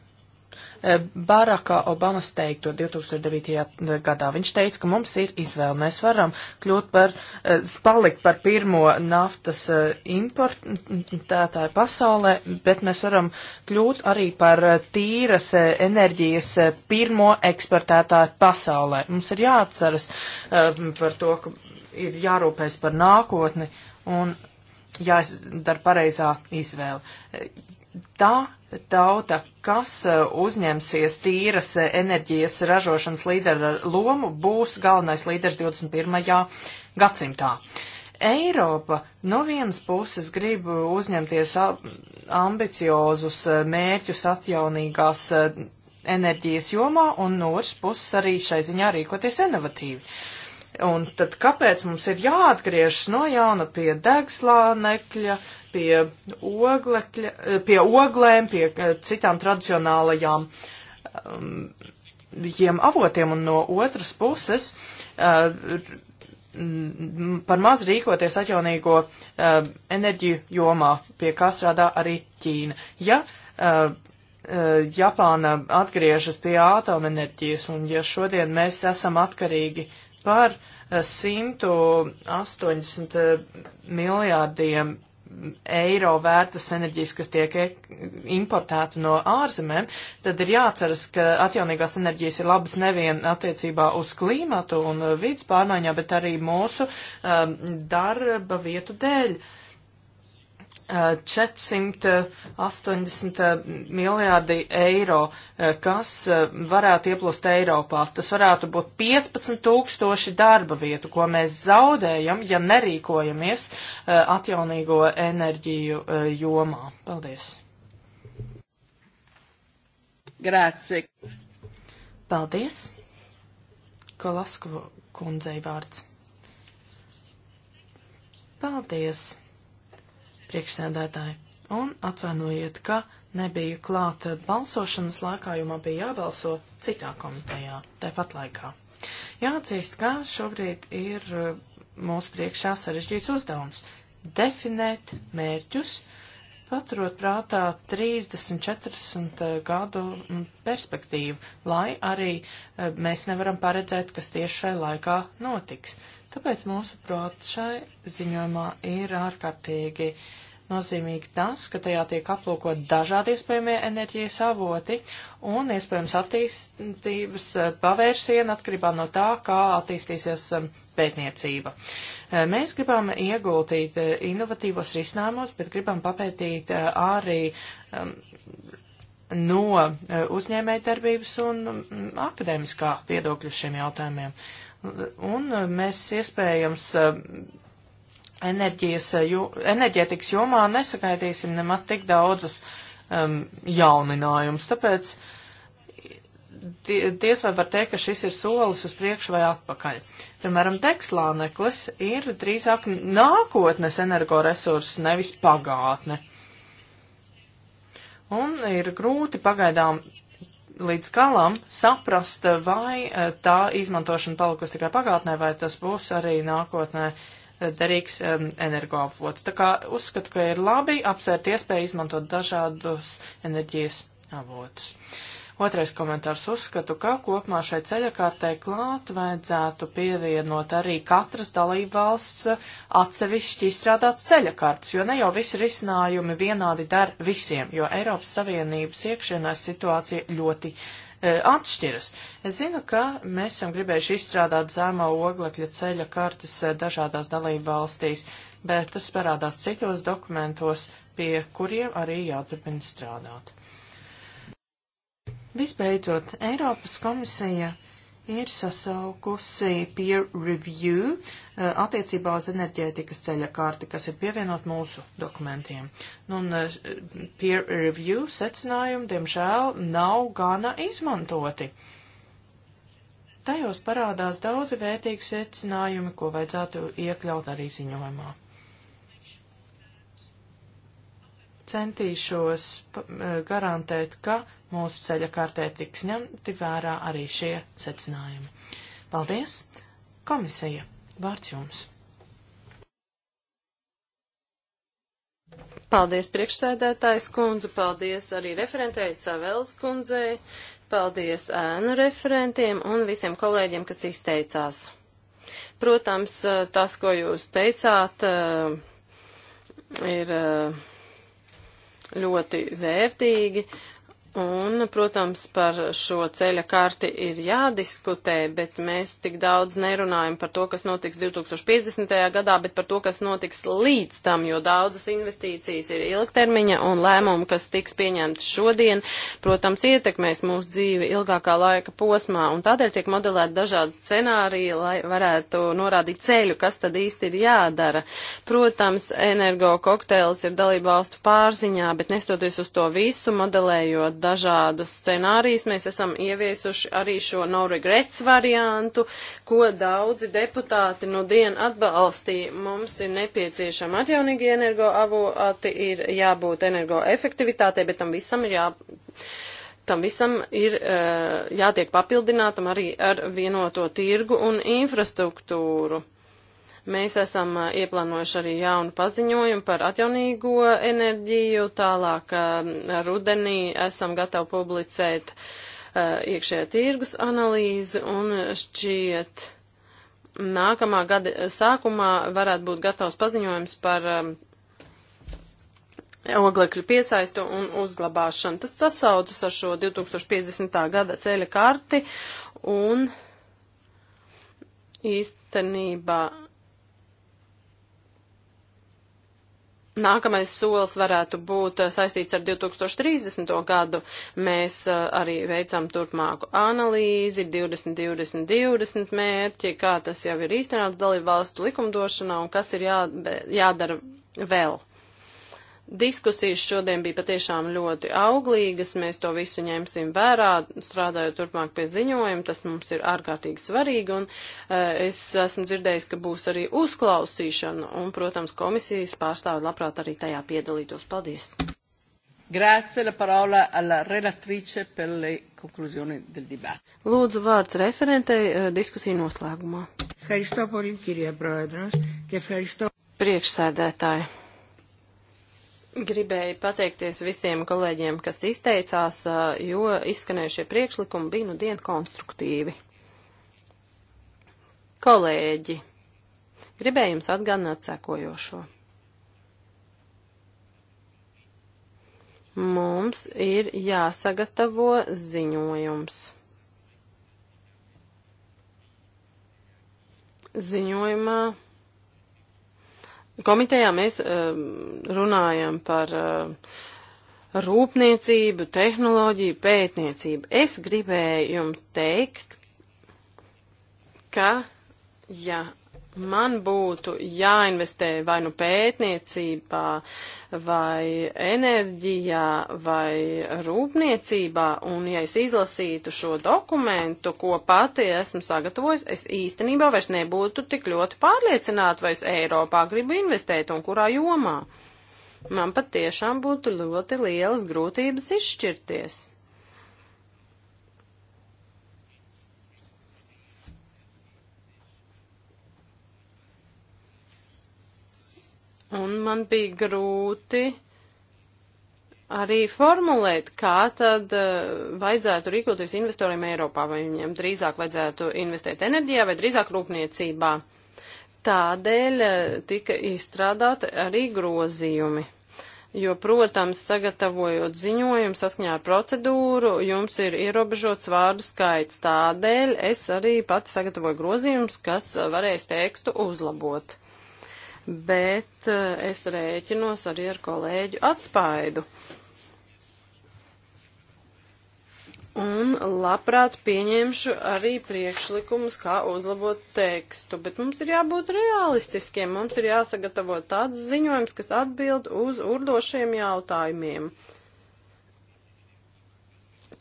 D: Eh, Baraka Obamas teikto 2009. gadā. Viņš teica, ka mums ir izvēle. Mēs varam kļūt par, eh, palikt par pirmo naftas eh, importētāju pasaulē, bet mēs varam kļūt arī par tīras enerģijas pirmo eksportētāju pasaulē. Mums ir jāatceras par to, ka ir jārūpēs par nākotni un jāizdara pareizā izvēle tā tauta, kas uh, uzņemsies tīras uh, enerģijas ražošanas līdera lomu, būs galvenais līderis 21. gadsimtā. Eiropa no vienas puses grib uzņemties ambiciozus uh, mērķus atjaunīgās enerģijas jomā, un no otras puses arī šai ziņā rīkoties inovatīvi. Un tad kāpēc mums ir jāatgriežas no jauna pie degslānekļa, pie, oglekļa, pie oglēm, pie eh, citām tradicionālajām um, avotiem un no otras puses uh, par maz rīkoties atjaunīgo uh, enerģiju jomā, pie kā strādā arī Ķīna. Ja uh, Japāna atgriežas pie ātomenerģijas, un ja šodien mēs esam atkarīgi par 180 eh, eh, miljārdiem mm, eiro vērtas enerģijas, kas tiek e, importēta no ārzemēm, tad ir jāceras, ka atjaunīgās enerģijas ir labas nevien attiecībā uz klimatu un eh, vidas pārmaiņā, bet arī mūsu um, darba vietu dēļ. Uh, 480 eh, miljārdi eiro, eh, kas eh, varētu ieplūst Eiropā. Tas varētu būt 15 tūkstoši darba vietu, ko mēs zaudējam, ja nerīkojamies atjaunīgo enerģiju jomā. Paldies! Grāci! Paldies! Kolasku kundzei vārds. Paldies! priekšsēdētāji. Un atvainojiet, ka nebija klāta balsošanas laikā, jo man bija jābalso citā komitejā tāpat laikā. Jāatzīst, ka šobrīd ir uh, mūsu priekšā sarežģīts uzdevums - definēt mērķus, paturot prātā 30, 40 uh, gadu mm, perspektīvu, lai arī uh, mēs nevaram paredzēt, kas tieši šai laikā notiks. Tāpēc mūsu prāt šai ziņojumā ir ārkārtīgi uh, nozīmīgi tas, ka tajā tiek aplūkot dažādi iespējamie enerģijas avoti un iespējams attīstības eh, pavērsiena atkarībā no tā, kā attīstīsies eh, pētniecība. Eh, mēs gribam ieguldīt inovatīvos risinājumos, bet gribam papētīt arī ehm, no uzņēmējdarbības un mm, akadēmiskā viedokļa šiem jautājumiem. Un mēs iespējams enerģijas, eh, jū, enerģētikas jomā nesagaidīsim nemaz tik daudzas um, jauninājumus. Tāpēc diez vai var teikt, ka šis ir solis uz priekšu vai atpakaļ. Piemēram, tekslāneklis ir drīzāk nākotnes energoresurss, nevis pagātne. Un ir grūti pagaidām līdz galam saprast, vai eh, tā izmantošana palikusi tikai pagātnē, vai tas būs arī nākotnē uh, derīgs um, energoavots. Tā kā uzskatu, ka ir labi apsvērt iespēju izmantot dažādus enerģijas avotus. Otrais komentārs uzskatu, ka kopumā šai ceļakārtai klāt vajadzētu pievienot arī katras dalībvalsts atsevišķi izstrādāts ceļakārtas, jo ne jau visi risinājumi vienādi dar visiem, jo Eiropas Savienības iekšienē situācija ļoti E, atšķiras. Es zinu, ka mēs esam gribējuši izstrādāt zemo oglekļa ceļa kartes e, dažādās dalību valstīs, bet tas parādās citos dokumentos, pie kuriem arī jāturpina strādāt. Visbeidzot, Eiropas komisija ir sasaukusi peer review eh, attiecībā uz enerģētikas ceļa karti, kas ir pievienot mūsu dokumentiem. Nu, un eh, peer review secinājumi, diemžēl, nav gana izmantoti. Tajos parādās daudzi vērtīgi secinājumi, ko vajadzētu iekļaut arī ziņojumā. centīšos e, garantēt, ka mūsu ceļa kārtē tiks ņemti vērā arī šie
B: secinājumi. Paldies! Komisija, vārds jums! Paldies priekšsēdētājs kundze, paldies arī referentēji Cavēls kundzei, paldies ēnu referentiem un visiem kolēģiem, kas izteicās. Protams, tas, ko jūs teicāt, e, ir e, ļoti vērtīgi Un, protams, par šo ceļa karti ir jādiskutē, bet mēs tik daudz nerunājam par to, kas notiks 2050. gadā, bet par to, kas notiks līdz tam, jo daudzas investīcijas ir ilgtermiņa un lēmumi, kas tiks pieņemti šodien, protams, ietekmēs mūsu dzīvi ilgākā laika posmā. Un tādēļ tiek modelēti dažādi scenāriji, lai varētu norādīt ceļu, kas tad īsti ir jādara. Protams, energo kokteils ir dalība valstu pārziņā, bet nestoties uz to visu, modelējot dažādus scenārijus. Mēs esam ieviesuši arī šo no regrets variantu, ko daudzi deputāti no diena atbalstīja. Mums ir nepieciešama atjaunīgi energoavoti, ir jābūt energoefektivitātei, bet tam visam ir jā. Tam visam ir uh, jātiek papildinātam arī ar vienoto tirgu un infrastruktūru. Mēs esam ieplānojuši arī jaunu paziņojumu par atjaunīgo enerģiju, tālāk rudenī esam gatavi publicēt iekšējā tirgus analīzi un šķiet nākamā gada sākumā varētu būt gatavs paziņojums par oglekļu piesaistu un uzglabāšanu. Tas sasaucas ar šo 2050. gada ceļa karti un īstenībā Nākamais solis varētu būt uh, saistīts ar 2030. gadu. Mēs uh, arī veicam turpmāku analīzi, 20, 20, 20 mērķi, kā tas jau ir īstenots dalību valstu likumdošanā un kas ir jā, jādara vēl. Diskusijas šodien bija patiešām ļoti auglīgas, mēs to visu ņemsim vērā, strādājot turpmāk pie ziņojuma, tas mums ir ārkārtīgi svarīgi, un e, es esmu dzirdējis, ka būs arī uzklausīšana, un, protams, komisijas pārstāvi labprāt arī tajā piedalītos. Paldies!
A: Grazie, la parola alla relatrice per le conclusioni del dibattito.
B: Lūdzu vārds referentei e, diskusiju noslēgumā. Priekšsēdētāji. Gribēju pateikties visiem kolēģiem, kas izteicās, jo izskanējušie priekšlikumi bija nu dienu konstruktīvi. Kolēģi, gribēju jums atgādināt sekojošo. Mums ir jāsagatavo ziņojums. Ziņojumā komitejā mēs eh, runājam par eh, rūpniecību, tehnoloģiju, pētniecību. Es gribēju jums teikt, ka, ja man būtu jāinvestē vai nu pētniecībā, vai enerģijā, vai rūpniecībā, un ja es izlasītu šo dokumentu, ko pati esmu sagatavojis, es īstenībā vairs nebūtu tik ļoti pārliecināta, vai es Eiropā gribu investēt un kurā jomā. Man pat tiešām būtu ļoti lielas grūtības izšķirties. Un man bija grūti arī formulēt, kā tad uh, vajadzētu rīkoties investoriem Eiropā, vai viņiem drīzāk vajadzētu investēt enerģijā vai drīzāk rūpniecībā. Tādēļ uh, tika izstrādāti arī grozījumi. Jo, protams, sagatavojot ziņojumu saskaņā ar procedūru, jums ir ierobežots vārdu skaits. Tādēļ es arī pati sagatavoju grozījumus, kas eh, varēs tekstu uzlabot bet eh, es rēķinos arī ar kolēģu atspaidu. Un labprāt pieņemšu arī priekšlikumus, kā uzlabot tekstu, bet mums ir jābūt realistiskiem, mums ir jāsagatavo tāds ziņojums, kas atbild uz urdošiem jautājumiem.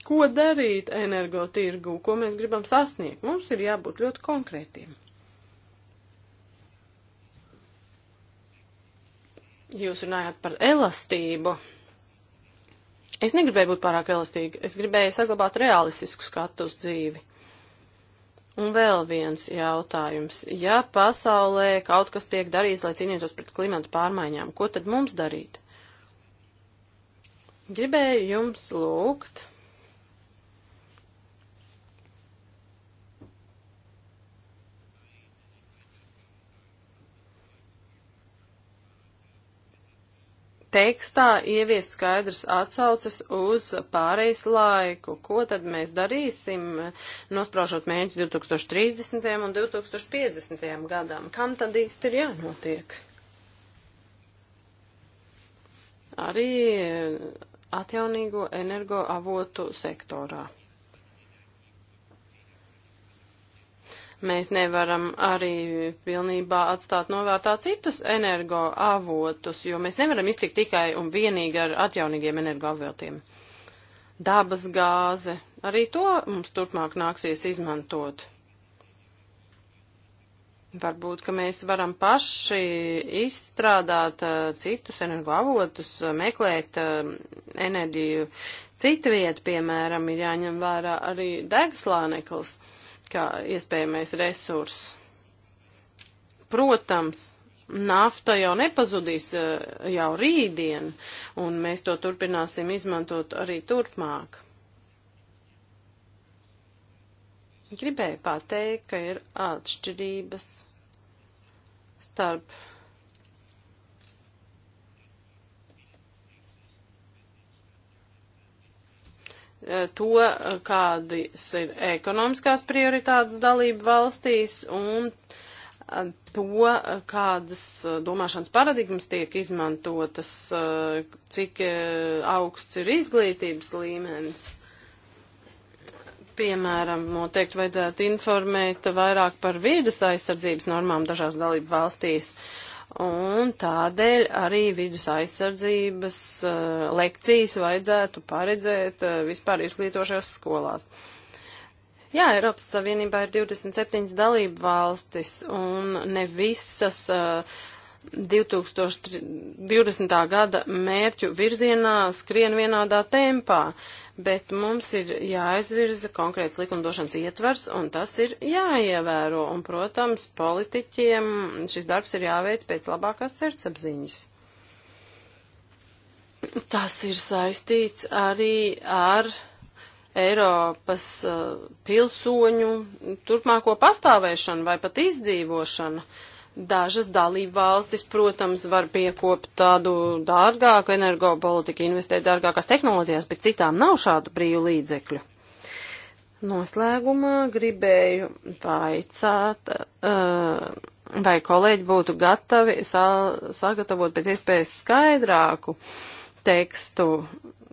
B: Ko darīt energotirgu, ko mēs gribam sasniegt? Mums ir jābūt ļoti konkrētiem. Jūs runājāt par elastību. Es negribēju būt pārāk elastīga. Es gribēju saglabāt realistisku skatu uz dzīvi. Un vēl viens jautājums. Ja pasaulē kaut kas tiek darīts, lai cīnītos pret klimatu pārmaiņām, ko tad mums darīt? Gribēju jums lūgt tekstā ieviest skaidrs atsaucas uz pārejas laiku. Ko tad mēs darīsim, nospraužot mērķus 2030. un 2050. gadam? Kam tad īsti ir jānotiek? Arī atjaunīgo energoavotu sektorā. Mēs nevaram arī pilnībā atstāt novērtā citus energoavotus, jo mēs nevaram iztikt tikai un vienīgi ar atjaunīgiem energoavotiem. Dabas gāze, arī to mums turpmāk nāksies izmantot. Varbūt, ka mēs varam paši izstrādāt uh, citus energoavotus, uh, meklēt uh, enerģiju citu vietu, piemēram, ir jāņem vērā arī degslāneklis. Uh, kā iespējamais resurss. Protams, nafta jau nepazudīs eh, jau rītdien, un mēs to turpināsim izmantot arī turpmāk. Gribēju pateikt, ka ir atšķirības starp to, kādas ir ekonomiskās prioritātes dalību valstīs un to, kādas uh, domāšanas paradigmas tiek izmantotas, uh, cik uh, augsts ir izglītības līmenis. Piemēram, noteikti vajadzētu informēt vairāk par vīdes aizsardzības normām dažās dalību valstīs. Uh, Un tādēļ arī vidus aizsardzības uh, lekcijas vajadzētu paredzēt uh, vispār izglītošās skolās. Jā, Eiropas Savienībā ir 27 dalību valstis, un ne visas uh, 2020. gada mērķu virzienā skrien vienādā tempā, bet mums ir jāizvirza konkrēts likumdošanas ietvers, un tas ir jāievēro, un, protams, politiķiem šis darbs ir jāveic pēc labākās sirdsapziņas. Tas ir saistīts arī ar Eiropas uh, pilsoņu turpmāko pastāvēšanu vai pat izdzīvošanu. Uh, Dažas dalībvalstis, protams, var piekopt tādu dārgāku energopolitiku, investēt dārgākās tehnoloģijās, bet citām nav šādu brīvu līdzekļu. Noslēgumā gribēju vaicāt, eh, vai kolēģi būtu gatavi sagatavot pēc iespējas skaidrāku tekstu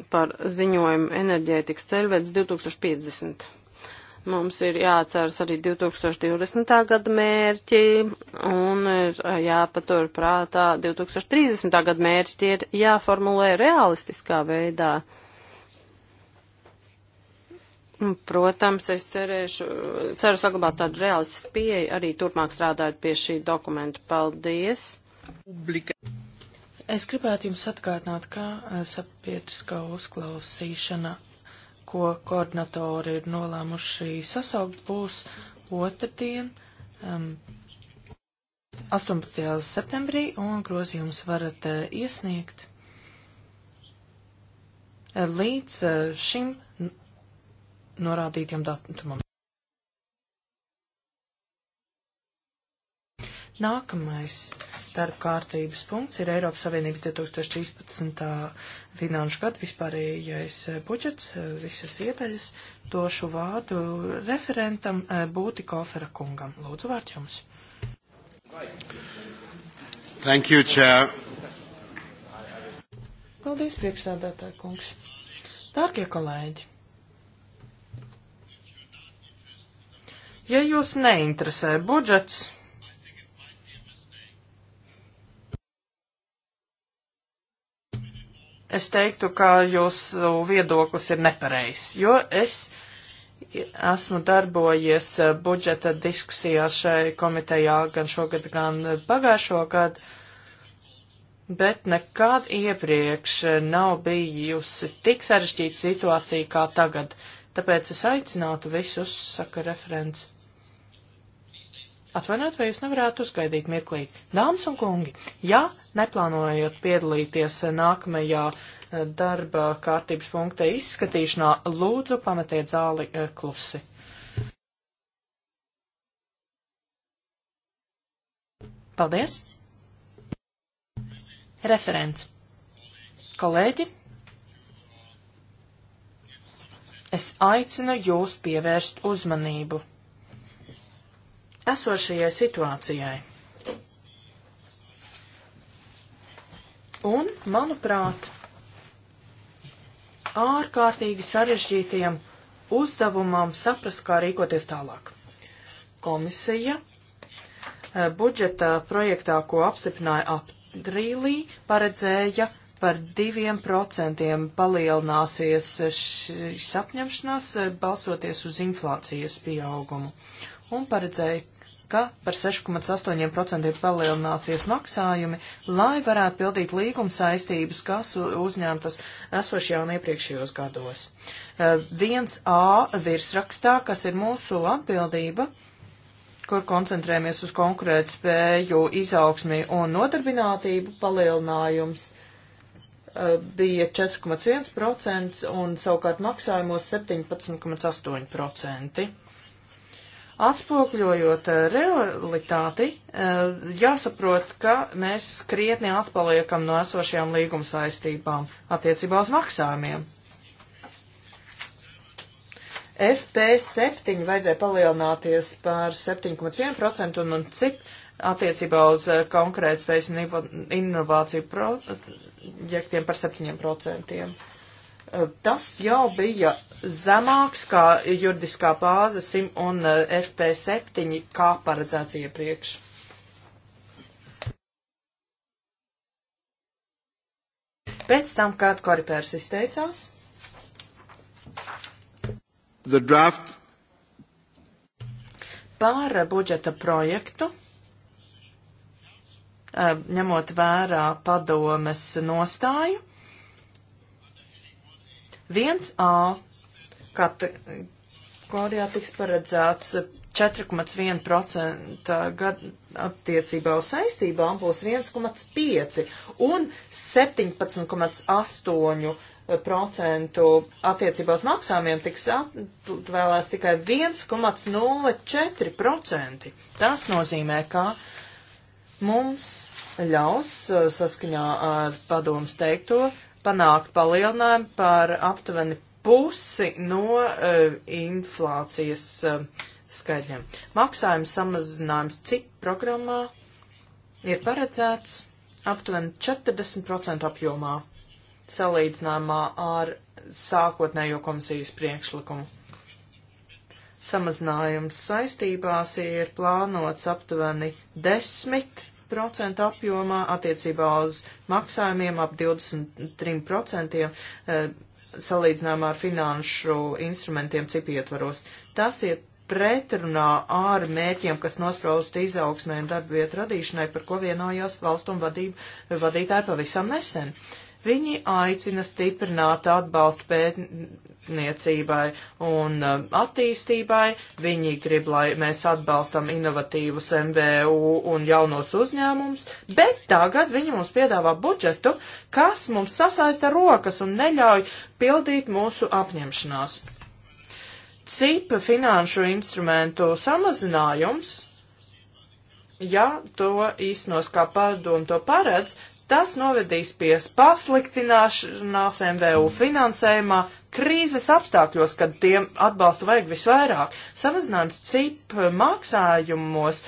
B: par ziņojumu enerģētikas ceļvedis 2050. Mums ir jāatceras arī 2020. gada mērķi un ir jāpatur prātā 2030. gada mērķi, tie ir jāformulē realistiskā veidā. Protams, es cerēšu, ceru saglabāt tādu realistisku pieeju arī turpmāk strādājot pie šī dokumenta. Paldies! Publika.
D: Es gribētu jums atgādināt, kā eh, sabiedriskā uzklausīšana ko koordinatori ir nolēmuši sasaukt, būs otrdien, um, 18. septembrī, un grozījumus varat uh, iesniegt uh, līdz uh, šim norādītiem datumam. Nākamais darba kārtības punkts ir Eiropas Savienības 2013. finanšu gada vispārējais eh, budžets, eh, visas iedaļas. Došu vārdu referentam eh, Būti Kofera kungam. Lūdzu, vārds jums.
A: Thank you, Chair.
D: Paldies, priekšsādātāja kungs. Dārgie kolēģi! Ja jūs neinteresē budžets, es teiktu, ka jūsu viedoklis ir nepareizs, jo es esmu darbojies budžeta diskusijās šai komitejā gan šogad, gan pagājušo gadu, bet nekad iepriekš nav bijusi tik sarežģīta situācija kā tagad. Tāpēc es aicinātu visus, saka referents, Atvainojiet, vai jūs nevarētu uzgaidīt mirklīt? Dāmas un kungi, ja neplānojat piedalīties nākamajā eh, darba kārtības punkta izskatīšanā, lūdzu pametiet zāli eh, klusi. Paldies! Referents. Kolēģi, es aicinu jūs pievērst uzmanību esošajai situācijai. Un, manuprāt, ārkārtīgi sarežģītiem uzdevumam saprast, kā rīkoties tālāk. Komisija eh, budžeta projektā, ko apstiprināja aprīlī, paredzēja par diviem procentiem palielināsies šis apņemšanās, eh, balstoties uz inflācijas pieaugumu, un paredzēja ka par 6,8% palielināsies maksājumi, lai varētu pildīt līguma saistības, kas uzņemtas esošajā un iepriekšējos gados. 1A e, virsrakstā, kas ir mūsu atbildība, kur koncentrējamies uz konkurētspēju, izaugsmi un nodarbinātību palielinājums e, bija 4,1% un savukārt maksājumos 17,8%. Atspokļojot eh, realitāti, eh, jāsaprot, ka mēs krietni atpaliekam no esošajām līguma saistībām attiecībā uz maksājumiem. FP7 vajadzēja palielināties par 7,1% un, un cik attiecībā uz eh, konkrētspējas un inovāciju projektiem par 7%. Tas jau bija zemāks kā juridiskā bāze SIM un eh, FP7, kā paredzēts iepriekš. Pēc tam, kad Koripērs izteicās, draft... par budžeta projektu, eh, ņemot vērā padomes nostāju, 1A kategorijā tiks paredzēts 4,1% gad attiecībā uz saistībām būs 1,5 un 17,8 procentu attiecībā uz maksājumiem tiks atvēlēts tikai 1,04%. Tas nozīmē, ka mums ļaus uh, saskaņā ar padomus teikto panākt palielinājumu par aptuveni pusi no uh, inflācijas uh, eh, skaidriem. Maksājuma samazinājums CIP programmā ir paredzēts aptuveni 40% apjomā salīdzinājumā ar sākotnējo komisijas priekšlikumu. Samazinājums saistībās ir plānots aptuveni 10 procentu apjomā, attiecībā uz maksājumiem ap 23 procentiem eh, salīdzinājumā ar finanšu instrumentiem cip ietvaros. Tas iet pretrunā ar mērķiem, kas nosprausti izaugsmē un darbvietu radīšanai, par ko vienojās valstu un vadību, vadītāji pavisam nesen. Uh, Viņi aicina stiprināt atbalstu pētniecībai un uh, attīstībai. Viņi grib, lai mēs atbalstam inovatīvus MVU un jaunos uzņēmumus, bet tagad viņi mums piedāvā budžetu, kas mums sasaista rokas un neļauj pildīt mūsu apņemšanās. CIP finanšu instrumentu samazinājums ja to īstenos kā padomu to paredz, Tas novedīs pie pasliktināšanās MVU finansējumā krīzes apstākļos, kad tiem atbalstu vajag visvairāk. Samazinājums CIP maksājumos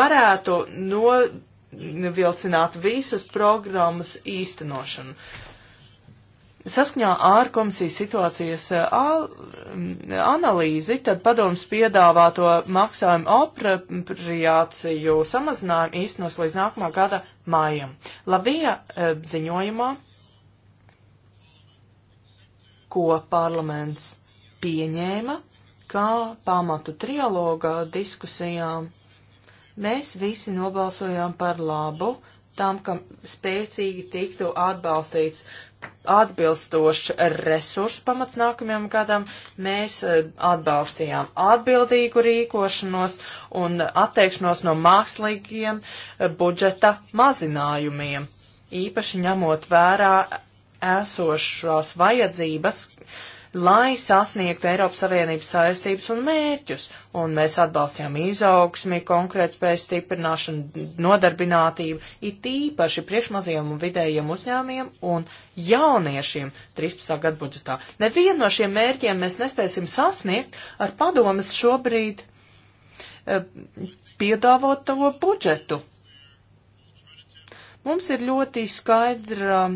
D: varētu novilcināt visas programmas īstenošanu. Uh, Saskaņā ar komisijas situācijas eh, analīzi, tad padoms piedāvāto maksājumu apropriāciju samazinājumu īstenos līdz nākamā gada maijam. Labija eh, ziņojumā, ko parlaments pieņēma kā pamatu trialogā diskusijām, mēs visi nobalsojām par labu tam, kam spēcīgi tiktu atbalstīts atbilstošs resursu pamats nākamajam gadam, mēs eh, atbalstījām atbildīgu rīkošanos un atteikšanos no mākslīgiem eh, budžeta mazinājumiem, īpaši ņemot vērā esošās vajadzības, uh, lai sasniegtu Eiropas Savienības saistības un mērķus, un mēs atbalstījām izaugsmi, konkrētspēju stiprināšanu, nodarbinātību, it īpaši priekšmazajiem un vidējiem uzņēmiem un jauniešiem 13. gadu budžetā. Nevienu no šiem mērķiem mēs nespēsim sasniegt ar padomas šobrīd e, piedāvoto budžetu. Mums ir ļoti skaidra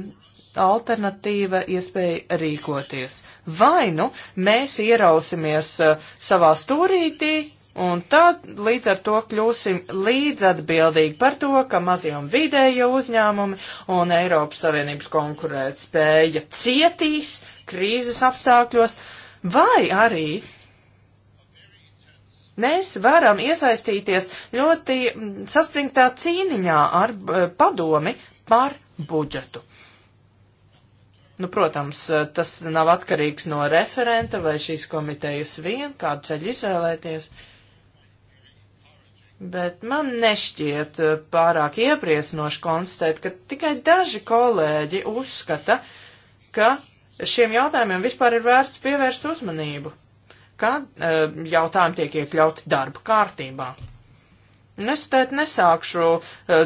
D: alternatīva iespēja rīkoties. Vai nu mēs ierausimies uh, savā stūrītī, un tad līdz ar to kļūsim līdzatbildīgi par to, ka mazie un vidējie uzņēmumi un Eiropas Savienības konkurēt spēja cietīs krīzes apstākļos, vai arī mēs varam iesaistīties ļoti mm, saspringtā cīniņā ar eh, padomi par budžetu. Nu, protams, eh, tas nav atkarīgs no referenta vai šīs komitejas vien, kādu ceļu izvēlēties. Bet man nešķiet eh, pārāk iepriecinoši konstatēt, ka tikai daži kolēģi uzskata, ka šiem jautājumiem vispār ir vērts pievērst uzmanību, kā e, eh, jautājumi tiek iekļauti darba kārtībā. Un nu, es tēt nesākšu uh,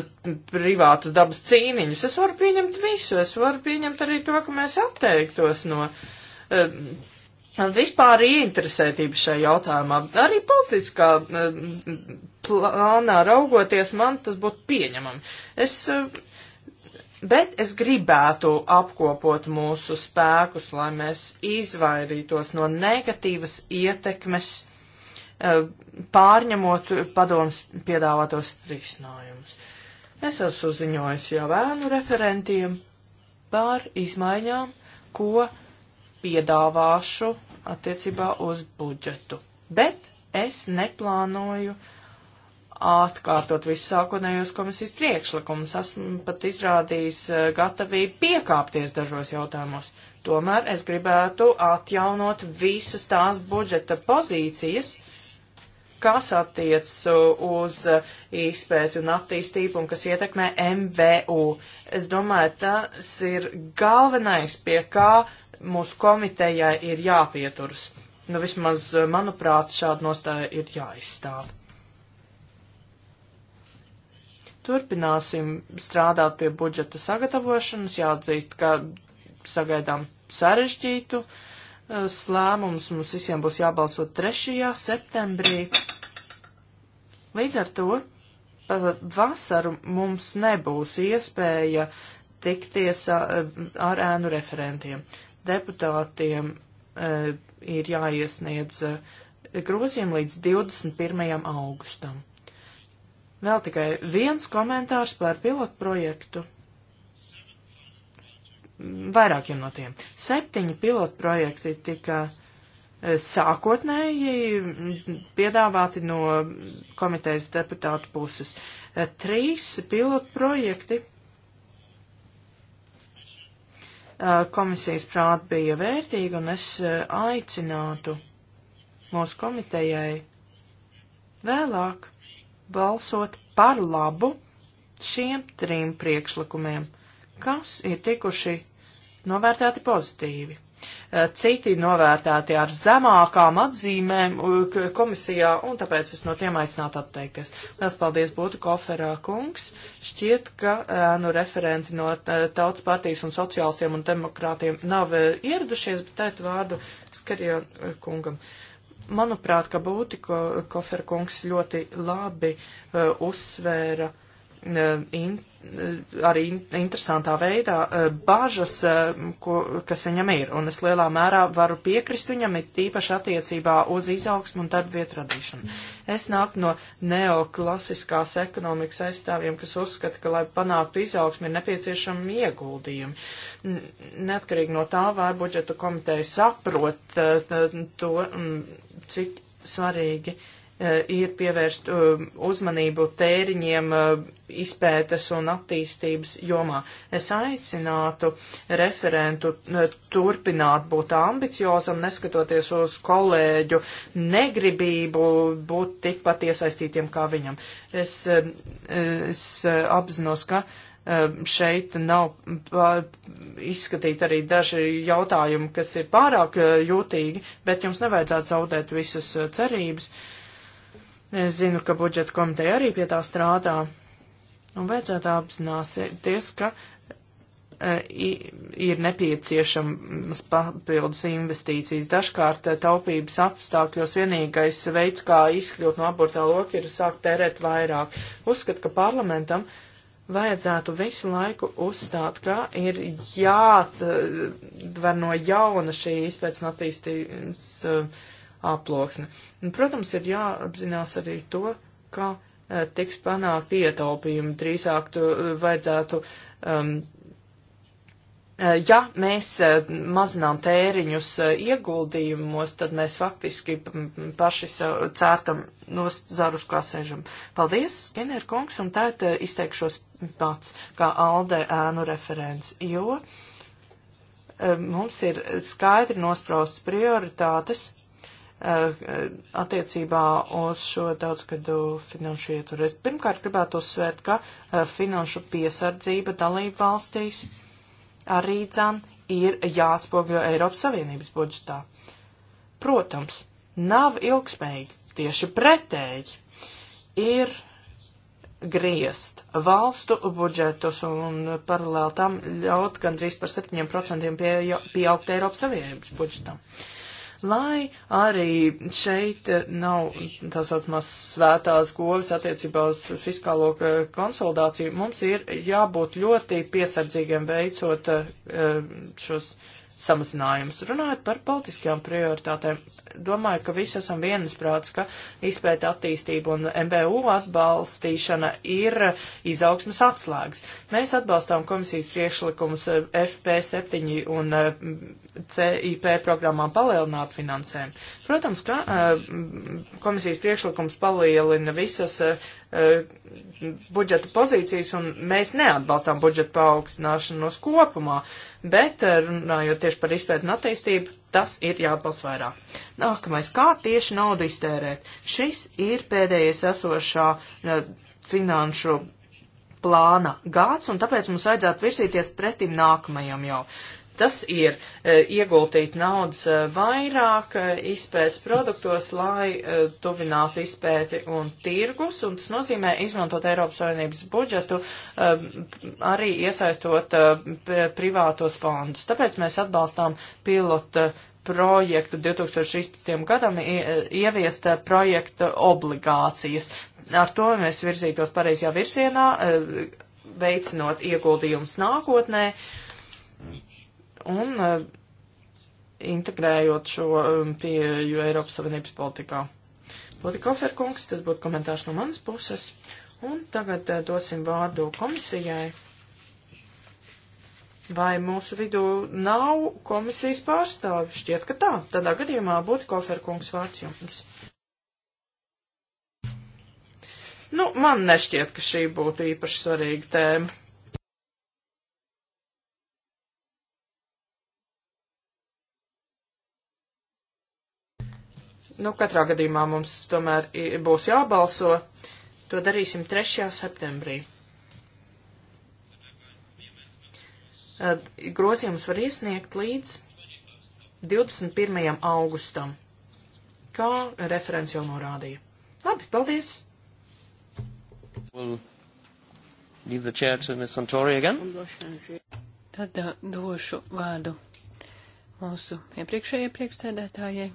D: privātas dabas cīniņus. Es varu pieņemt visu. Es varu pieņemt arī to, ka mēs atteiktos no uh, vispār ieinteresētības šajā jautājumā. Arī politiskā uh, plānā raugoties man tas būtu pieņemami. Es, uh, bet es gribētu apkopot mūsu spēkus, lai mēs izvairītos no negatīvas ietekmes Eh, pārņemot padomus piedāvātos risinājumus. Es esmu ziņojis jau vēnu referentiem par izmaiņām, ko piedāvāšu attiecībā uz budžetu. Bet es neplānoju atkārtot visus sākotnējos komisijas priekšlikumus. Esmu pat izrādījis eh, gatavību piekāpties dažos jautājumos. Tomēr es gribētu atjaunot visas tās budžeta pozīcijas, uh, kas attiec uz izpēti un attīstību un kas ietekmē MVU. Es domāju, tas ir galvenais, pie kā mūsu komitejai ir jāpieturas. Nu, vismaz, manuprāt, šāda nostāja ir jāizstāv. Turpināsim strādāt pie budžeta sagatavošanas, jāatzīst, ka sagaidām sarežģītu uh, slēmums. Mums visiem būs jābalso 3. septembrī. Līdz ar to vasaru mums nebūs iespēja tikties ar ēnu referentiem. Deputātiem e, ir jāiesniedz e, grozījumi līdz 21. augustam. Vēl tikai viens komentārs par pilotu projektu vairākiem no tiem. Septiņi pilotprojekti tika eh, sākotnēji piedāvāti no komitejas deputātu puses. Eh, trīs pilotprojekti eh, komisijas prāt bija vērtīgi, un es aicinātu mūsu komitejai vēlāk balsot par labu šiem trim priekšlikumiem, kas ir tikuši novērtēti pozitīvi. Eh, citi novērtēti ar zemākām atzīmēm komisijā, un tāpēc es no tiem aicinātu atteikties. Lielas paldies būtu Koferā kungs. Šķiet, ka eh, nu, referenti no eh, Tautas partijas un sociālistiem un demokrātiem nav ieradušies, bet tēt vārdu Skarion kungam. Manuprāt, ka būti, ko Kofer kungs ļoti labi uh, uzsvēra uh, Eh, arī interesantā veidā eh, bažas, eh, ko, kas viņam ir, un es lielā mērā varu piekrist viņam, it īpaši attiecībā uz izaugsmu un darba vietu radīšanu. Es nāku no neoklasiskās ekonomikas aizstāvjiem, kas uzskata, ka, lai panāktu izaugsmu, ir nepieciešami ieguldījumi. Neatkarīgi no tā, vai budžeta komiteja saprot to, mm, cik svarīgi ir E, ir pievērst e, uzmanību tēriņiem e, izpētes un attīstības jomā. Es aicinātu referentu turpināt būt ambiciozam, neskatoties uz kolēģu negribību būt tikpat iesaistītiem kā viņam. Es, es apzinos, ka šeit nav izskatīt arī daži jautājumi, kas ir pārāk jūtīgi, bet jums nevajadzētu zaudēt visas cerības. Uh, Es zinu, ka budžeta komiteja arī pie tā strādā. Un vajadzētu apzināties, ka e, ir nepieciešamas papildus investīcijas. Dažkārt e, taupības apstākļos vienīgais veids, kā izkļūt no abortā loka, ir sākt tērēt vairāk. Uzskat, ka parlamentam vajadzētu visu laiku uzstāt, ka ir jāatver no jauna šī izpēc un attīstības e, aploksne. Un, protams, ir jāapzinās arī to, ka e, tiks panākt ietaupījumi. Drīzāk tu e, vajadzētu, um, e, ja mēs mazinām tēriņus ieguldījumos, tad mēs faktiski paši cērtam nost zarus, kā sēžam. Paldies, Skener kungs, un tēt izteikšos pats kā Alde ēnu referents, jo um, mums ir skaidri nospraustas prioritātes Uh, attiecībā uz šo daudzgadu finanšu ietvaru. Es pirmkārt gribētu uzsvērt, ka uh, finanšu piesardzība dalību valstīs arī dzan ir jāatspogļo Eiropas Savienības budžetā. Protams, nav ilgspējīgi, tieši pretēji ir griezt valstu budžetus un paralēli tam ļaut gandrīz par 7% pieaugt Eiropas Savienības budžetam. Uh, lai arī šeit nav tā saucamās svētās govas attiecībā uz fiskālo konsolidāciju. Mums ir jābūt ļoti piesardzīgiem veicot eh, šos samazinājums. Runājot par politiskajām prioritātēm, domāju, ka visi esam vienasprāts, ka izpēta attīstība un MBU atbalstīšana ir izaugsmas atslēgas. Mēs atbalstām komisijas priekšlikumus eh, FP7 un eh, CIP programmām palielināt finansēm. Protams, ka eh, komisijas priekšlikums palielina visas budžeta pozīcijas, un mēs neatbalstām budžeta paaugstināšanos kopumā. Uh, bet eh, runājot tieši par izpētu un attīstību, tas ir jāatbalsta vairāk. Nākamais, kā tieši naudu iztērēt? Šis ir pēdējais esošā eh, finanšu plāna gads, un tāpēc mums vajadzētu virsīties pretim nākamajam jau tas ir e, ieguldīt naudas e, vairāk e, izpētes produktos, lai tuvinātu izpēti un tirgus, un tas nozīmē izmantot Eiropas Savienības budžetu, arī iesaistot privātos fondus. Tāpēc mēs atbalstām pilota projektu 2016. gadam ieviest projektu obligācijas. Ar to mēs virzītos pareizajā virsienā, veicinot ieguldījumus nākotnē. Uh, un eh, integrējot šo um, pieju Eiropas Savienības politikā. Politikofer kungs, tas būtu komentārs no manas puses, un tagad eh, dosim vārdu komisijai. Vai mūsu vidū nav komisijas pārstāvi? Šķiet, ka tā. Tādā gadījumā būtu kofer kungs vārds jums. Nu, man nešķiet, ka šī būtu īpaši svarīga tēma. Nu, katrā gadījumā mums tomēr būs jābalso. To darīsim 3. septembrī. Grozījums var iesniegt līdz 21. augustam, kā referents jau norādīja. Labi, paldies!
B: We'll leave the chair to Ms. Santori again.
C: Tad došu vārdu mūsu iepriekšējai priekšsēdētājai.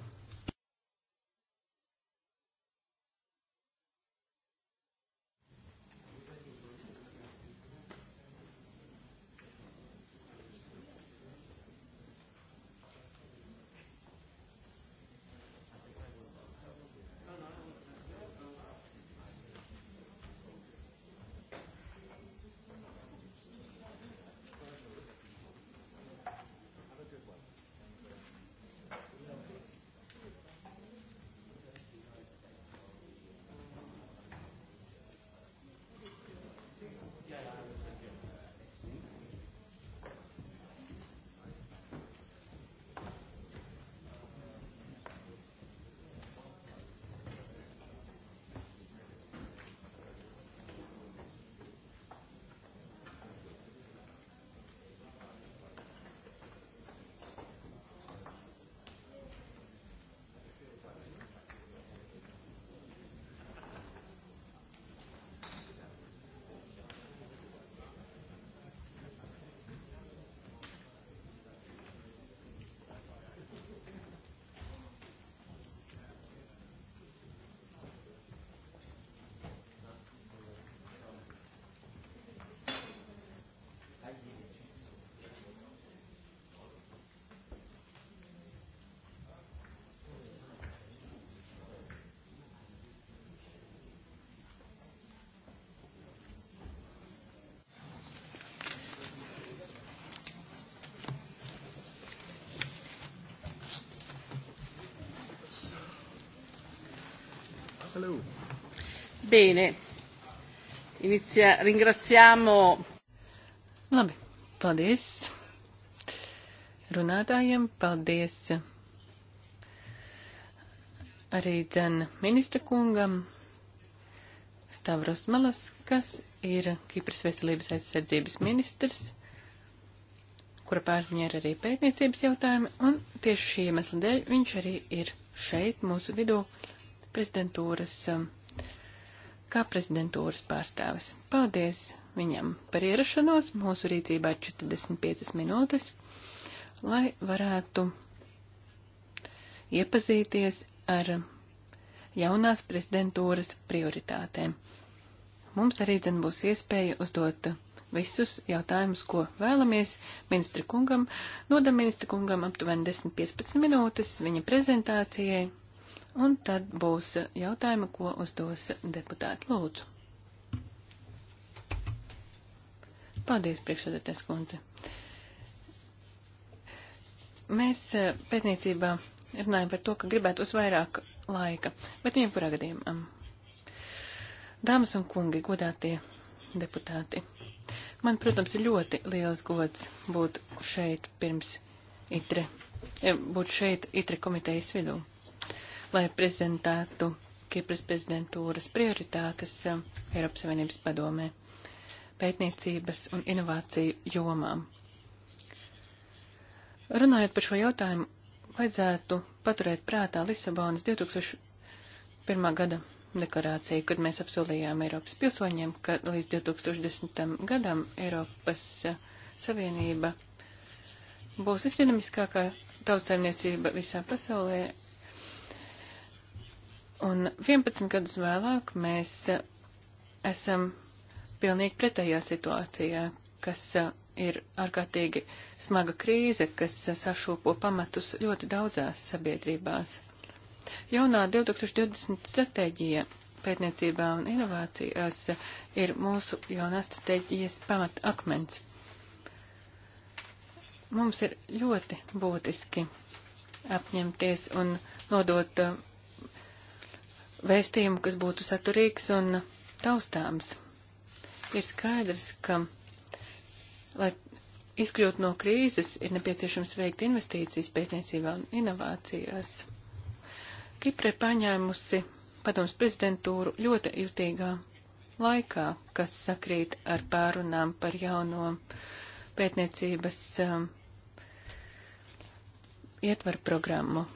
C: Hello.
A: Bene. Inizia, ringraziamo. Labi,
C: paldies runātājiem, paldies arī dzen ministra kungam Stavros Malas, kas ir Kipras veselības aizsardzības ministrs, kura pārziņā ir arī pētniecības jautājumi, un tieši šī iemesla dēļ viņš arī ir šeit mūsu vidū prezidentūras, um, kā prezidentūras pārstāvis. Paldies viņam par ierašanos. Mūsu rīcībā 45 minūtes, lai varētu iepazīties ar jaunās prezidentūras prioritātēm. Mums arī dzen būs iespēja uzdot visus jautājumus, ko vēlamies ministra kungam. Nodam ministra kungam aptuveni 10-15 minūtes viņa prezentācijai, un tad būs jautājumi, ko uzdos deputāti lūdzu. Paldies, priekšsēdētājs kundze. Mēs eh, pētniecībā runājam par to, ka gribētu uz vairāk laika, bet viņam nu, kurā gadījumā. Dāmas un kungi, godātie deputāti, man, protams, ir ļoti liels gods būt šeit pirms itre, eh, būt šeit itre komitejas vidū lai prezentētu Kipras prezidentūras prioritātes eh, Eiropas Savienības padomē pētniecības un inovāciju jomām. Runājot par šo jautājumu, vajadzētu paturēt prātā Lisabonas 2001. gada deklarāciju, kad mēs apsolījām Eiropas pilsoņiem, ka līdz 2010. gadam Eiropas eh, Savienība būs visdinamiskākā tautsaimniecība visā pasaulē Un 11 gadus vēlāk mēs esam pilnīgi pretējā situācijā, kas ir ārkārtīgi smaga krīze, kas sašūpo pamatus ļoti daudzās sabiedrībās. Jaunā 2020 stratēģija pētniecībā un inovācijās ir mūsu jaunās stratēģijas pamata akmens. Mums ir ļoti būtiski apņemties un nodot vēstījumu, kas būtu saturīgs un taustāms. Ir skaidrs, ka, lai izkļūt no krīzes, ir nepieciešams veikt investīcijas pētniecībā un inovācijās. Kipre paņēmusi padoms prezidentūru ļoti jutīgā laikā, kas sakrīt ar pārunām par jauno pētniecības um, ietvaru programmu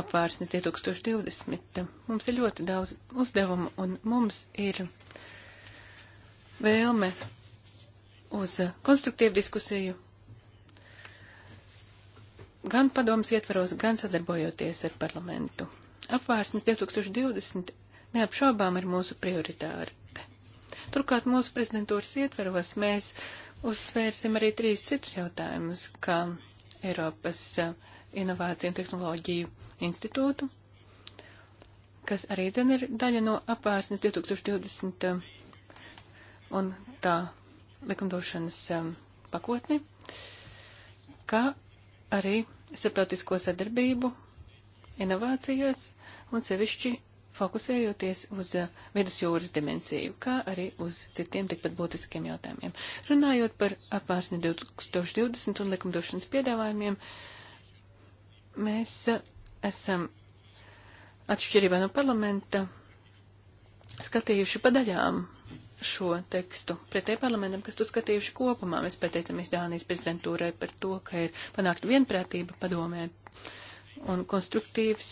C: apvārsni 2020. Mums ir ļoti daudz uzdevumu un mums ir vēlme uz konstruktīvu diskusiju gan padomas ietvaros, gan sadarbojoties ar parlamentu. Apvārsnes 2020 neapšaubām ir mūsu prioritāte. Turklāt mūsu prezidentūras ietvaros mēs uzsvērsim arī trīs citus jautājumus, kā Eiropas uh, inovāciju un tehnoloģiju institūtu, kas arī ten ir daļa no apvērsnes 2020 eh, un tā likumdošanas eh, pakotni, kā arī starptautisko sadarbību, inovācijas un sevišķi fokusējoties uz eh, vidusjūras dimensiju, kā arī uz citiem tikpat būtiskiem jautājumiem. Runājot par apvārsni 2020 un likumdošanas piedāvājumiem, mēs esam atšķirībā no parlamenta skatījuši pa daļām šo tekstu pretēji parlamentam, kas to skatījuši kopumā. Mēs pateicamies Dānijas prezidentūrai par to, ka ir panākta vienprātība padomē un konstruktīvs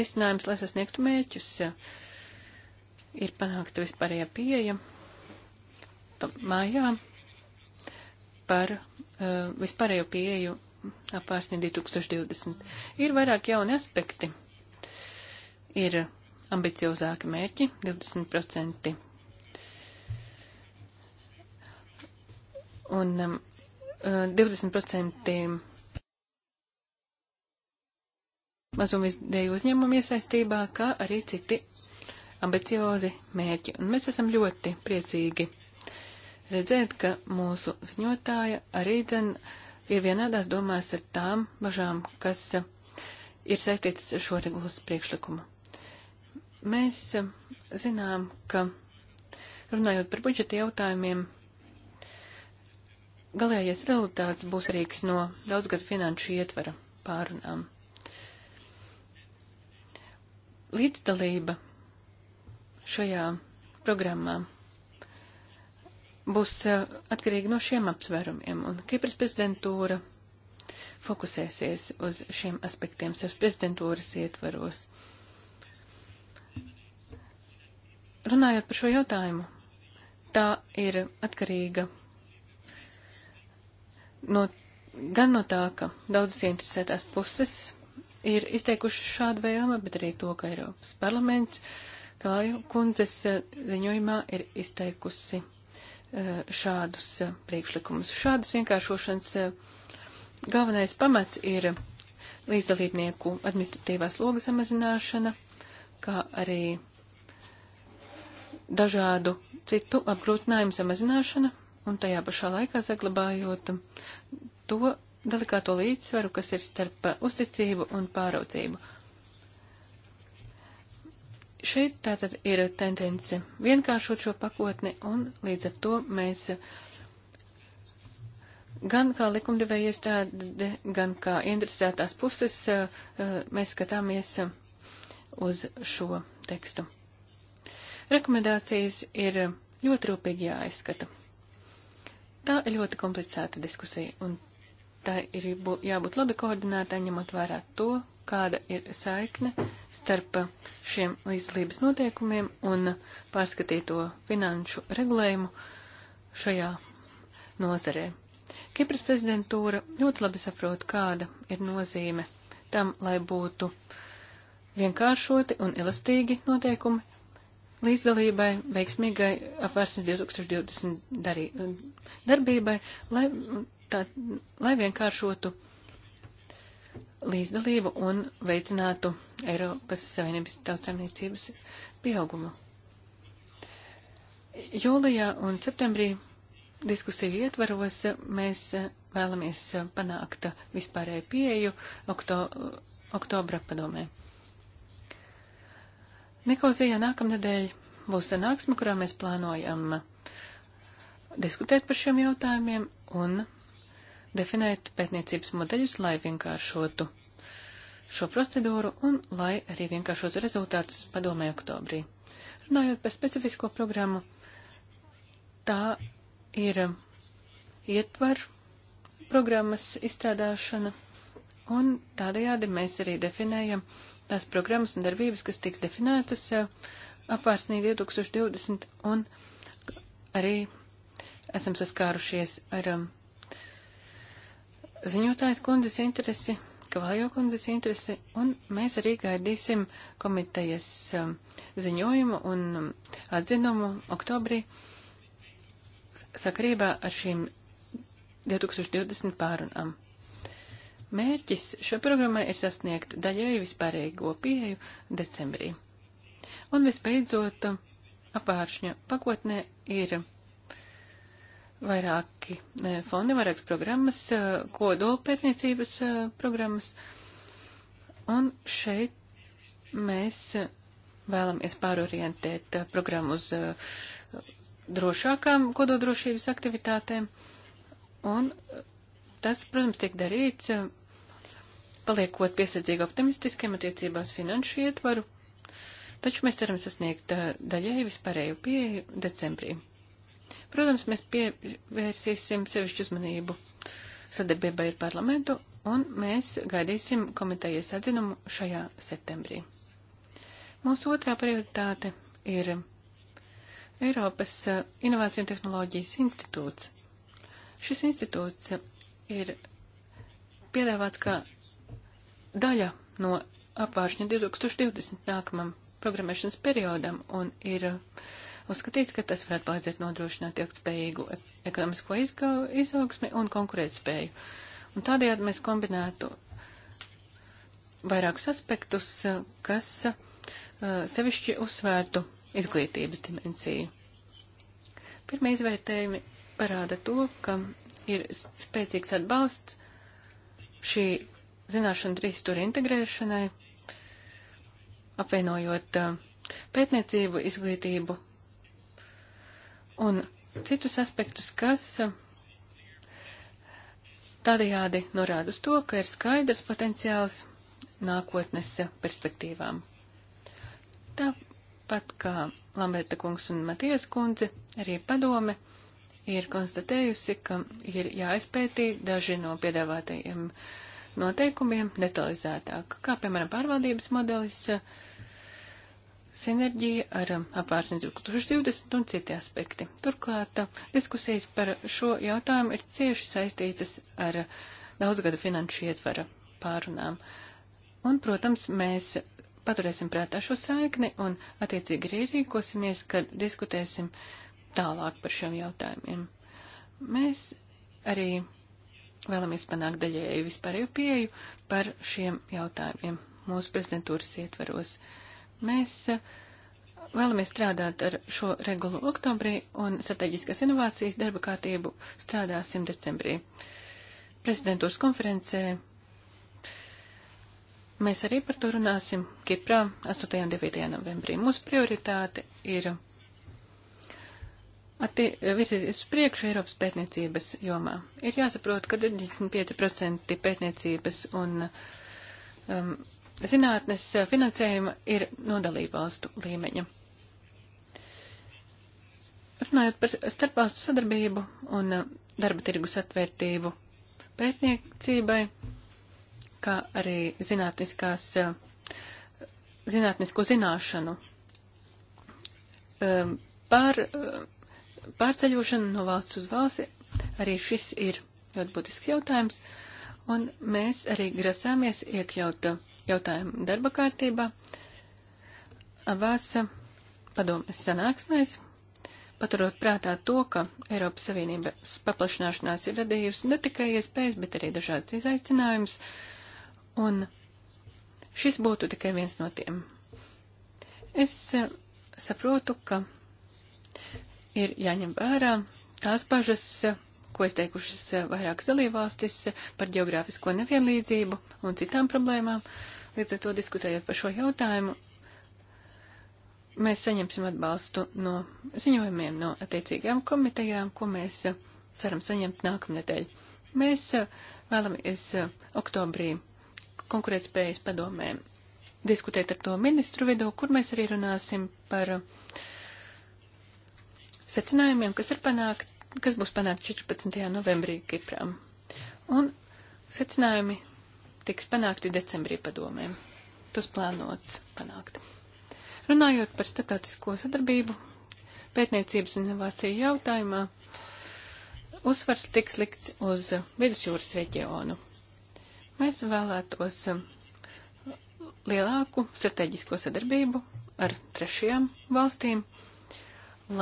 C: risinājums, lai sasniegtu mērķus. Ir panākta vispārējā pieeja pa mājā par uh, vispārējo pieeju apvērsni 2020. Ir vairāk jauni aspekti. Ir ambiciozāki mērķi, 20%. Un um, 20% uh, mazumizdēju uzņēmumu iesaistībā, kā arī citi ambiciozi mērķi. Un mēs esam ļoti priecīgi redzēt, ka mūsu ziņotāja arī dzen uh, ir vienādās domās ar tām bažām, kas ir saistītas ar šo regulas priekšlikumu. Mēs zinām, ka runājot par budžeta jautājumiem, galējais rezultāts būs rīks no daudzgad finanšu ietvara pārunām. Līdzdalība šajā programmā būs eh, atkarīgi no šiem apsvērumiem, un Kipras prezidentūra fokusēsies uz šiem aspektiem savas prezidentūras ietvaros. Runājot par šo jautājumu, tā ir atkarīga no, gan no tā, ka daudzas interesētās puses ir izteikuši šādu vēlmi, bet arī to, ka Eiropas parlaments, kā jau kundzes eh, ziņojumā, ir izteikusi Eh, šādus eh, priekšlikumus. Šādas vienkāršošanas eh, galvenais pamats ir līdzdalībnieku administratīvās logas samazināšana, kā arī dažādu citu apgrūtinājumu samazināšana un tajā pašā laikā saglabājot to delikāto līdzsvaru, kas ir starp uzticību un pāraudzību. Šeit tātad ir tendence vienkāršot šo pakotni, un līdz ar to mēs gan kā likumdevēja iestāde, gan kā interesētās puses eh, mēs skatāmies uz šo tekstu. Rekomendācijas ir ļoti rūpīgi jāizskata. Tā ir ļoti komplicēta diskusija, un tā ir jābūt labi koordinētā, ņemot vērā to, kāda ir saikne starp šiem līdzdalības noteikumiem un pārskatīto finanšu regulējumu šajā nozarē. Kipras prezidentūra ļoti labi saprot, kāda ir nozīme tam, lai būtu vienkāršoti un elastīgi noteikumi līdzdalībai, veiksmīgai apvērsnes 2020 darī, darbībai, lai, tā, lai vienkāršotu līdzdalību un veicinātu Eiropas Savienības tautsēmniecības pieaugumu. Jūlijā un septembrī diskusiju ietvaros mēs vēlamies panākt vispārēju pieeju okto, oktobra padomē. Nikozijā nākamnedēļ būs sanāksme, kurā mēs plānojam diskutēt par šiem jautājumiem un definēt pētniecības modeļus, lai vienkāršotu šo procedūru un lai arī vienkāršotu rezultātus padomē oktobrī. Runājot par specifisko programmu, tā ir ietvar programmas izstrādāšana un tādējādi mēs arī definējam tās programmas un darbības, kas tiks definētas eh, apvārsnī 2020 un arī esam saskārušies ar um, ziņotājas kundzes interesi, Kavaljo kundzes interesi, un mēs arī gaidīsim komitejas um, ziņojumu un um, atzinumu oktobrī sakarībā ar šīm 2020 pārunām. Mērķis šo programmai ir sasniegt daļēji vispārējo pieeju decembrī. Un visbeidzot, apvāršņa pakotnē ir vairāki e, fondi, vairākas programmas, e, kodolpētniecības e, programmas. Un šeit mēs vēlamies pārorientēt programmu uz drošākām kododrošības aktivitātēm. Un tas, protams, tiek darīts, paliekot piesardzīgi optimistiskiem attiecībās finanšu ietvaru. Taču mēs ceram sasniegt daļēji vispārēju pieeju decembrī. Protams, mēs pievērsīsim sevišķu uzmanību sadarbībai ar parlamentu, un mēs gaidīsim komitejas atzinumu šajā septembrī. Mūsu otrā prioritāte ir Eiropas uh, Inovācija un tehnoloģijas institūts. Šis institūts ir piedāvāts kā daļa no apvāršņa 2020 nākamam programmēšanas periodam un ir uh, uzskatīts, ka tas varētu palīdzēt nodrošināt ilgspējīgu ekonomisko izaugsmi un konkurētspēju. Un tādējādi mēs kombinētu vairākus aspektus, kas uh, sevišķi uzsvērtu izglītības dimensiju. Pirmie izvērtējumi parāda to, ka ir spēcīgs atbalsts šī zināšanu trīs stūra integrēšanai, apvienojot uh, pētniecību, izglītību un citus aspektus, kas tādējādi norāda uz to, ka ir skaidrs potenciāls nākotnes perspektīvām. Tāpat kā Lamberta kungs un Matijas kundze, arī padome ir konstatējusi, ka ir jāizpētī daži no piedāvātajiem noteikumiem detalizētāk, kā piemēram pārvaldības modelis, uh, sinerģija ar um, apvērsni 2020 un citi aspekti. Turklāt um, diskusijas par šo jautājumu ir cieši saistītas ar um, daudzgada finanšu ietvara pārunām. Un, protams, mēs paturēsim prātā šo saikni un attiecīgi arī rīkosimies, kad diskutēsim tālāk par šiem jautājumiem. Mēs arī vēlamies panākt daļēju vispārēju pieju par šiem jautājumiem mūsu prezidentūras ietvaros. Uh, Mēs eh, vēlamies strādāt ar šo regulu oktobrī un strateģiskas inovācijas darba kārtību strādāsim decembrī. Prezidentūras konferencē mēs arī par to runāsim Kiprā 8. un 9. novembrī. Mūsu prioritāte ir Atti, virzīties uz priekšu Eiropas pētniecības jomā. Ir jāsaprot, ka 95% pētniecības un um, zinātnes finansējuma ir no dalībvalstu līmeņa. Runājot par starpvalstu sadarbību un uh, darba tirgus atvērtību pētniecībai, kā arī zinātniskās, uh, zinātnisko zināšanu um, pār, uh, pārceļošanu no valsts uz valsti, arī šis ir ļoti būtisks jautājums, un mēs arī grasāmies iekļaut jautājumu darba kārtībā. Abās padomjas sanāksmēs, paturot prātā to, ka Eiropas Savienības paplašanāšanās ir radījusi ne tikai iespējas, bet arī dažādas izaicinājumus, un šis būtu tikai viens no tiem. Es eh, saprotu, ka ir jāņem vērā tās bažas, ko es teikušas eh, vairākas dalībvalstis eh, par geogrāfisko nevienlīdzību un citām problēmām. Uh, Līdz ar to diskutējot par šo jautājumu, mēs saņemsim atbalstu no ziņojumiem no attiecīgām komitejām, ko mēs uh, ceram saņemt nākamnedēļ. Mēs uh, vēlamies uh, oktobrī konkurētspējas padomē diskutēt ar to ministru vidū, kur mēs arī runāsim par secinājumiem, kas ir panākt, kas būs panākt 14. novembrī Kiprām. Un secinājumi tiks panākti decembrī padomēm. Tas plānots panākt. Runājot par starptautisko sadarbību, pētniecības un inovāciju jautājumā, uzsvars tiks likts uz vidusjūras reģionu. Mēs vēlētos lielāku strateģisko sadarbību ar trešajām valstīm,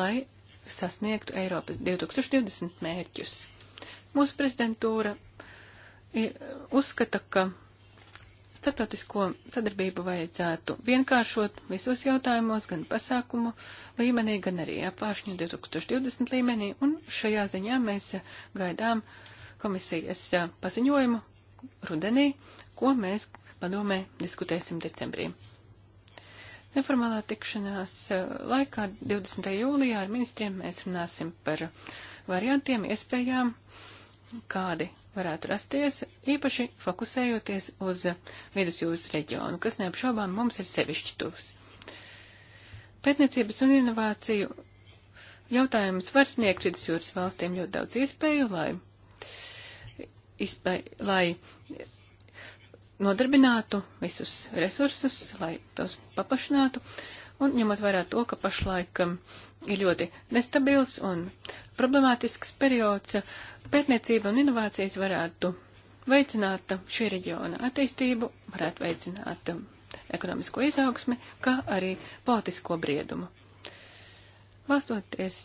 C: lai sasniegtu Eiropas 2020 mērķus. Mūsu prezidentūra uzskata, ka starptautisko sadarbību vajadzētu vienkāršot visos jautājumos, gan pasākumu līmenī, gan arī apāšņu 2020 līmenī, un šajā ziņā mēs gaidām komisijas paziņojumu rudenī, ko mēs padomē diskutēsim decembrī. Neformālā tikšanās laikā 20. jūlijā ar ministriem mēs runāsim par variantiem, iespējām, kādi varētu rasties, īpaši fokusējoties uz vidusjūras reģionu, kas neapšaubām mums ir sevišķi tuvs. Pētniecības un inovāciju jautājums var sniegt vidusjūras valstīm ļoti daudz iespēju, lai, izpēj, lai nodarbinātu visus resursus, lai tos paplašinātu, un ņemot vērā to, ka pašlaik um, ir ļoti nestabils un problemātisks periods, Pētniecība un inovācijas varētu veicināt šī reģiona attīstību, varētu veicināt ekonomisko izaugsmi, kā arī politisko briedumu. Balstoties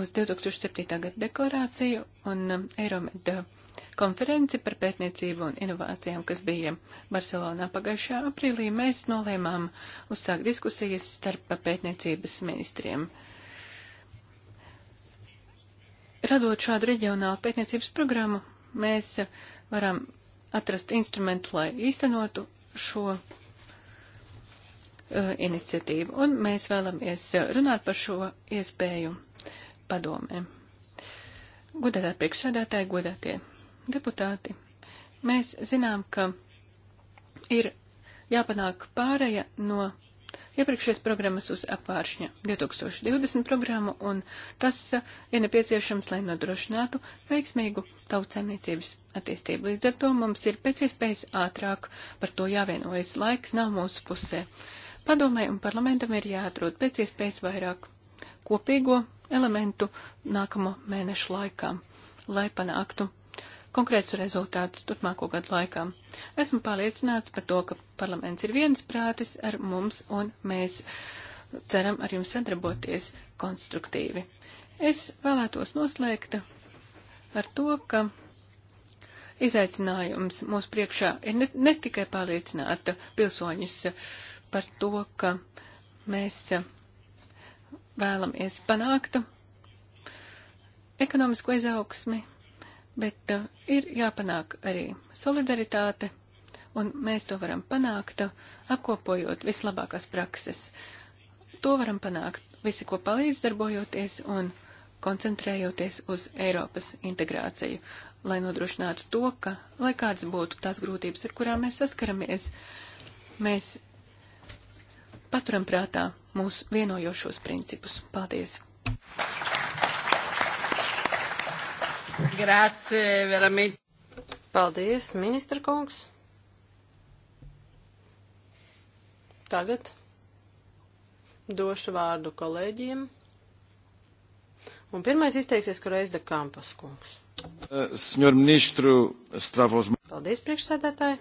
C: uz 2007. gada deklarāciju un Eiromed konferenci par pētniecību un inovācijām, kas bija Barcelonā pagājušā aprīlī, mēs nolēmām uzsākt diskusijas starp pētniecības ministriem. Uh, Radot šādu reģionālu pētniecības programmu, mēs varam atrast instrumentu, lai īstenotu šo uh, iniciatīvu, un mēs vēlamies runāt par šo iespēju padomē. Godētā priekšsēdētāji, godētie deputāti, mēs zinām, ka ir jāpanāk pāreja no iepriekšējās programmas uz apvāršņa 2020 programmu, un tas eh, ir nepieciešams, lai nodrošinātu veiksmīgu tautsēmniecības attīstību. Līdz ar to mums ir pēc iespējas ātrāk par to jāvienojas. Laiks nav mūsu pusē. Padomē un parlamentam ir jāatrod pēc iespējas vairāk kopīgo elementu nākamo mēnešu laikā, lai panāktu konkrētus rezultātus turpmāko gadu laikā. Esmu pārliecināts par to, ka parlaments ir viensprātis ar mums un mēs ceram ar jums sadarboties konstruktīvi. Es vēlētos noslēgt ar to, ka izaicinājums mūsu priekšā ir ne, ne tikai pārliecināt pilsoņus par to, ka mēs vēlamies panākt ekonomisko izaugsmi, Bet uh, ir jāpanāk arī solidaritāte, un mēs to varam panākt, uh, apkopojot vislabākās prakses. To varam panākt visi, ko palīdz darbojoties un koncentrējoties uz Eiropas integrāciju, lai nodrošinātu to, ka, lai kādas būtu tās grūtības, ar kurām mēs saskaramies, mēs paturam prātā mūsu vienojošos principus. Paldies!
B: Grācie, veramente. Paldies, ministra kungs. Tagad došu vārdu kolēģiem. Un pirmais izteiksies, kur reizda Kampas kungs.
D: Eh, Senjor ministru Stravos.
B: Paldies, priekšsēdētāji.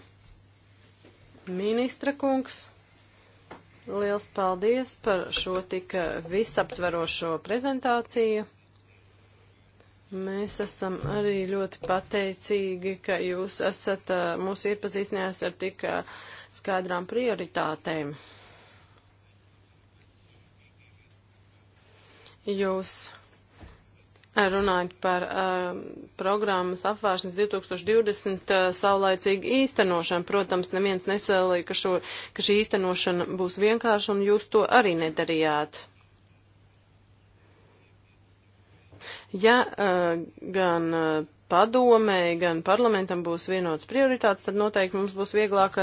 B: Ministra kungs. Liels paldies par šo tik visaptverošo prezentāciju. Mēs esam arī ļoti pateicīgi, ka jūs esat mūs iepazīstinājis ar tik skaidrām prioritātēm. Jūs runājat par uh, programmas apvāršanas 2020 uh, saulaicīgu īstenošanu. Protams, neviens nesvēlīja, ka, šo, ka šī īstenošana būs vienkārša, un jūs to arī nedarījāt. Ja gan padomēji, gan parlamentam būs vienotas prioritātes, tad noteikti mums būs vieglāk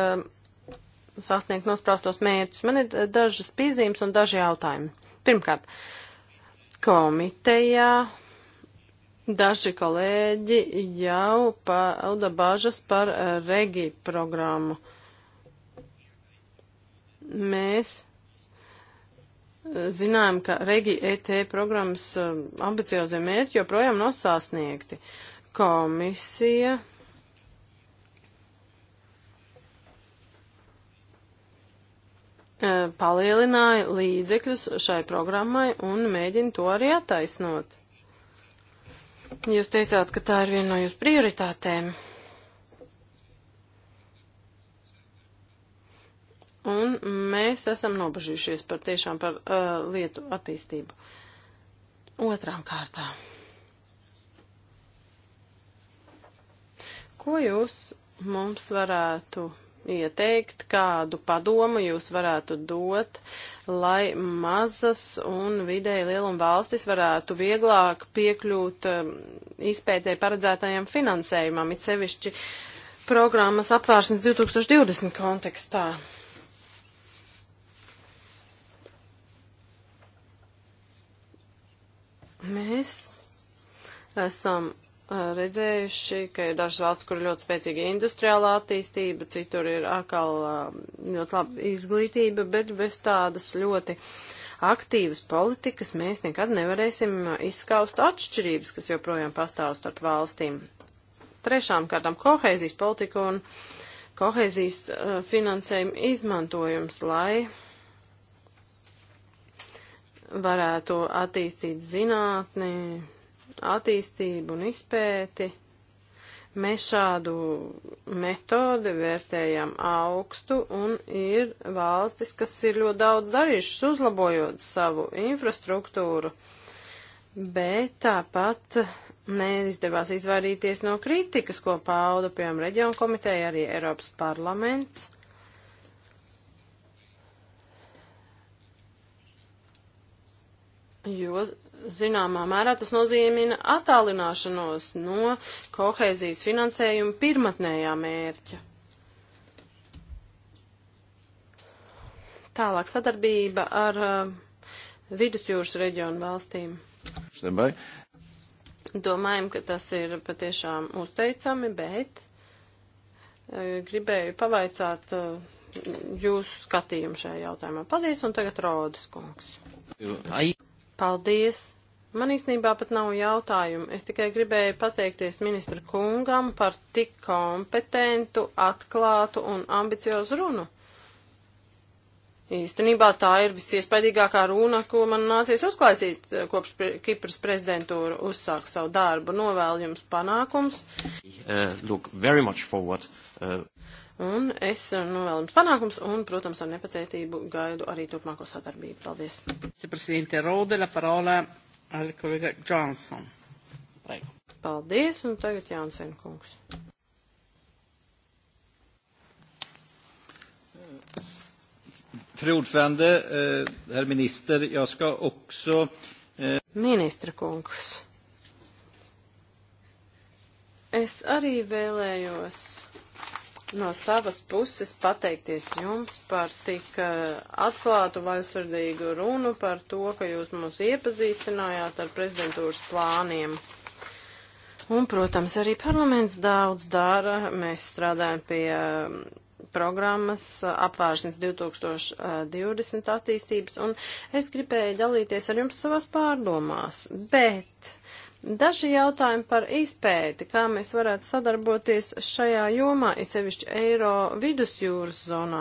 B: sasniegt nosprāstos mērķus. Man ir dažas piezīmes un daži jautājumi. Pirmkārt, komitejā daži kolēģi jau pauda bažas par regi programmu. Mēs zinājām, ka Regi ET programmas um, ambiciozie mērķi joprojām nav sasniegti. Komisija uh, palielināja līdzekļus šai programmai un mēģina to arī attaisnot. Jūs teicāt, ka tā ir viena no jūsu prioritātēm. un mēs esam nobežījušies par tiešām par uh, lietu attīstību. Otrām kārtām. Ko jūs mums varētu ieteikt, kādu padomu jūs varētu dot, lai mazas un vidēji lieluma valstis varētu vieglāk piekļūt uh, izpētē paredzētajam finansējumam, it sevišķi programmas apvārsnes 2020 kontekstā? Mēs esam redzējuši, ka ir dažas valsts, kur ir ļoti spēcīga industriālā attīstība, citur ir atkal ļoti laba izglītība, bet bez tādas ļoti aktīvas politikas mēs nekad nevarēsim izskaust atšķirības, kas joprojām pastāv starp valstīm. Trešām kārtām kohēzijas politika un kohēzijas finansējuma izmantojums, lai varētu attīstīt zinātni, attīstību un izpēti. Mēs šādu metodi vērtējam augstu un ir valstis, kas ir ļoti daudz darījušas, uzlabojot savu infrastruktūru, bet tāpat neizdevās izvairīties no kritikas, ko pauda, piemēram, reģionu komiteja, arī Eiropas parlaments jo zināmā mērā tas nozīmina attālināšanos no kohēzijas finansējuma pirmatnējā mērķa. Tālāk sadarbība ar uh, vidusjūras reģionu valstīm. Štabai. Domājam, ka tas ir patiešām uzteicami, bet uh, gribēju pavaicāt uh, jūsu skatījumu šajā jautājumā. Paldies, un tagad Rodas kungs. Ai. Paldies! Man īstenībā pat nav jautājumu. Es tikai gribēju pateikties ministra kungam par tik kompetentu, atklātu un ambiciozu runu. Īstenībā tā ir visiespaidīgākā runa, ko man nācies uzklausīt, eh, kopš Kipras prezidentūra uzsāk savu darbu. Novēlu jums panākums. Uh, look very much forward. Uh... Un es uh, novēlu nu, jums panākums un, protams, ar nepacietību gaidu arī turpmāko sadarbību. Paldies. Paldies, un tagad Jānsen kungs. Fru ordförande, eh, herr minister, jag ska också... Eh, Ministra kungs. Es arī vēlējos no savas puses pateikties jums par tik eh, atklātu vaisardīgu runu, par to, ka jūs mūs iepazīstinājāt ar prezidentūras plāniem. Un, protams, arī parlaments daudz dara. Mēs strādājam pie eh, programmas eh, apvāršanas 2020 attīstības, un es gribēju dalīties ar jums savās pārdomās, bet Daži jautājumi par izpēti, kā mēs varētu sadarboties šajā jomā, ir sevišķi Eiro vidusjūras zonā.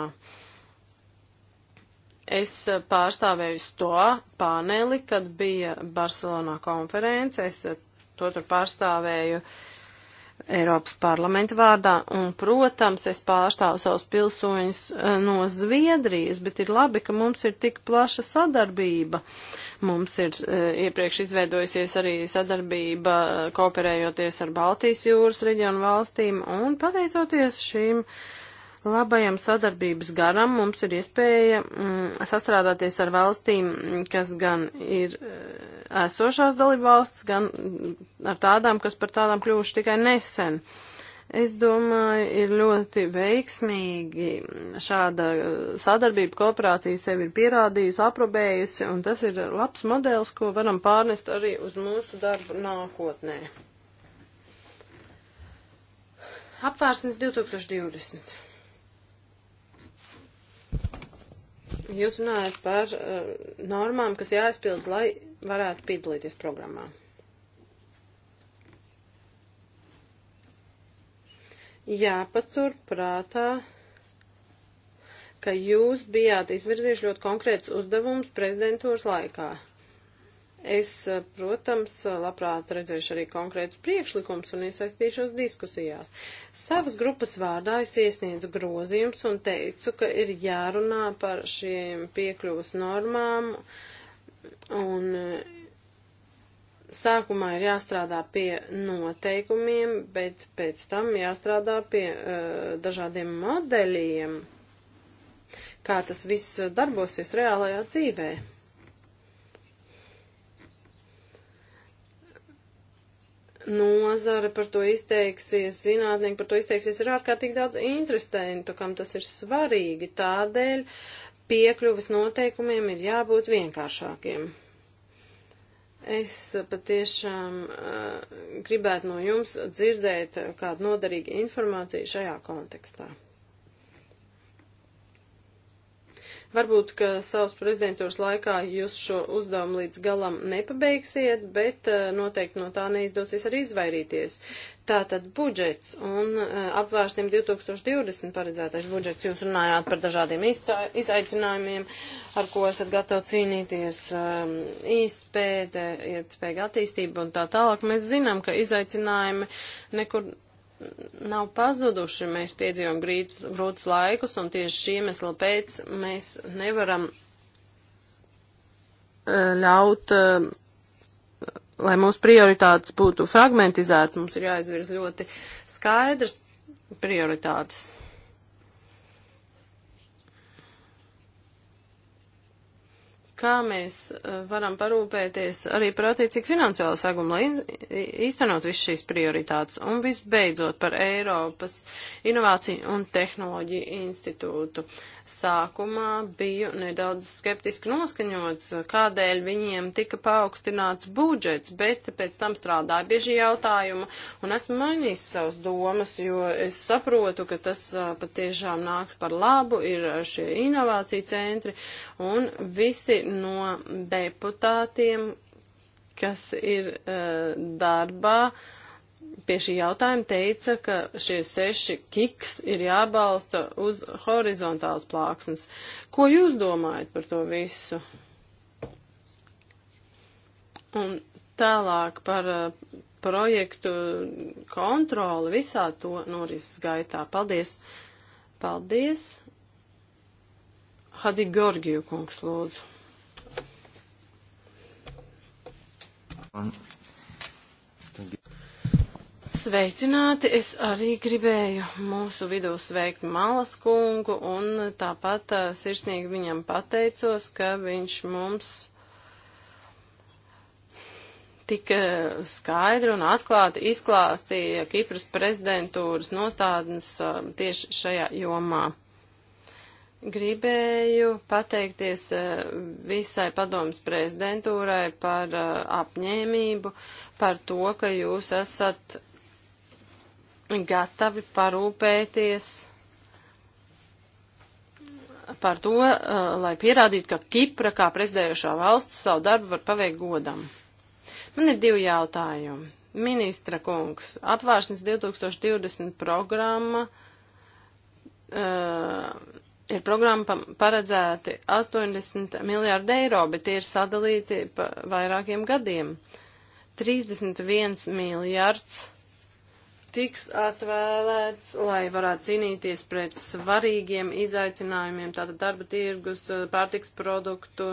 B: Es pārstāvēju to paneli, kad bija Barcelonā konference, es to tur pārstāvēju uh, Eiropas parlamenta vārdā, un, protams, es pārstāvu savus pilsoņus eh, no Zviedrijas, bet ir labi, ka mums ir tik plaša sadarbība. Mums ir eh, iepriekš izveidojusies arī sadarbība, eh, kooperējoties ar Baltijas jūras reģionu valstīm, un pateicoties šīm uh, labajam sadarbības garam mums ir iespēja mm, sastrādāties ar valstīm, mm, kas gan ir eh, esošās dalībvalsts, gan mm, ar tādām, kas par tādām kļuvuši tikai nesen. Es domāju, ir ļoti veiksmīgi mm, šāda eh, sadarbība, kooperācija sevi ir pierādījusi, aprobējusi, un tas ir labs modelis, ko varam pārnest arī uz mūsu darbu nākotnē. Apvērsnes 2020. Jūs runājat par uh, normām, kas jāizpild, lai varētu piedalīties programmā. Jāpatur prātā, ka jūs bijāt izvirzījuši ļoti konkrēts uzdevums prezidentūras laikā. Es, eh, protams, eh, labprāt redzēšu arī konkrētus priekšlikumus un iesaistīšos diskusijās. Savas grupas vārdā es iesniedzu grozījums un teicu, ka ir jārunā par šiem piekļuvas normām un eh, sākumā ir jāstrādā pie noteikumiem, bet pēc tam jāstrādā pie uh, dažādiem modeļiem, kā tas viss darbosies reālajā dzīvē. nozara par to izteiksies, zinātnieki par to izteiksies, ir ārkārtīgi daudz interesantu, kam tas ir svarīgi. Tādēļ piekļuvis noteikumiem ir jābūt vienkāršākiem. Es patiešām uh, gribētu no jums dzirdēt kādu noderīgu informāciju šajā kontekstā. Varbūt, ka savas prezidentūras laikā jūs šo uzdevumu līdz galam nepabeigsiet, bet eh, noteikti no tā neizdosies arī izvairīties. Tātad budžets un eh, apvērstiem 2020 paredzētais budžets. Jūs runājāt par dažādiem izaicinājumiem, ar ko esat gatavi cīnīties, īspēde, ehm, ietspēja attīstība un tā tālāk. Mēs zinām, ka izaicinājumi nekur nav pazuduši. Mēs piedzīvojam grūtus laikus, un tieši šī iemesla pēc mēs nevaram eh, ļaut, eh, lai mūsu prioritātes būtu fragmentizētas. Mums ir jāizvirz ļoti skaidrs prioritātes. kā mēs eh, varam parūpēties arī par attiecīgu finansiālu segumu, lai īstenot visu šīs prioritātes. Un visbeidzot par Eiropas Inovāciju un Tehnoloģiju institūtu. Sākumā biju nedaudz skeptiski noskaņots, kādēļ viņiem tika paaugstināts budžets, bet pēc tam strādāju pie šī jautājuma un esmu mainījis savas domas, jo es saprotu, ka tas eh, patiešām nāks par labu, ir šie inovāciju centri un visi no deputātiem, kas ir uh, darbā pie šī jautājuma, teica, ka šie seši kiks ir jābalsta uz horizontāls plāksnes. Ko jūs domājat par to visu? Un tālāk par uh, projektu kontroli visā to norises gaitā. Paldies! Paldies! Hadi Gorgiju kungs lūdzu. Sveicināti! Es arī gribēju mūsu vidū sveikt Malas kungu un tāpat uh, sirsnīgi viņam pateicos, ka viņš mums tik skaidri un atklāti izklāstīja Kipras prezidentūras nostādnes uh, tieši šajā jomā. Gribēju pateikties eh, visai padomas prezidentūrai par eh, apņēmību, par to, ka jūs esat gatavi parūpēties par to, eh, lai pierādītu, ka Kipra kā prezidējošā valsts savu darbu var paveikt godam. Man ir divi jautājumi. Ministra kungs, apvāršanas 2020 programma. Uh, ir programma paredzēti 80 miljārdi eiro, bet tie ir sadalīti pa vairākiem gadiem. 31 miljārds tiks atvēlēts, lai varētu cīnīties pret svarīgiem izaicinājumiem, tātad darba tirgus, pārtiks produktu,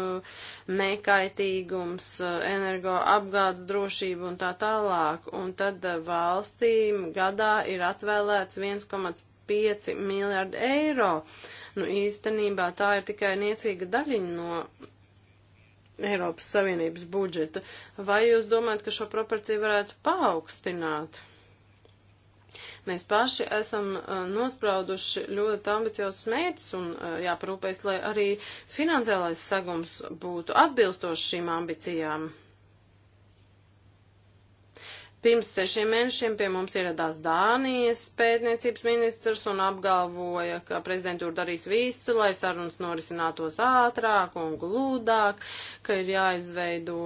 B: nekaitīgums, energo apgādes drošība un tā tālāk. Un tad valstīm gadā ir atvēlēts 1,5 5 miljārdi eiro. Nu, īstenībā tā ir tikai niecīga daļiņa no Eiropas Savienības budžeta. Vai jūs domājat, ka šo proporciju varētu paaugstināt? Mēs paši esam uh, nosprauduši ļoti ambiciozus mērķus un uh, jāparūpēs, lai arī finansiālais sagums būtu atbilstošs šīm ambicijām. Pirms sešiem mēnešiem pie mums ieradās Dānijas pētniecības ministrs un apgalvoja, ka prezidentūra darīs visu, lai sarunas norisinātos ātrāk un glūdāk, ka ir jāizveido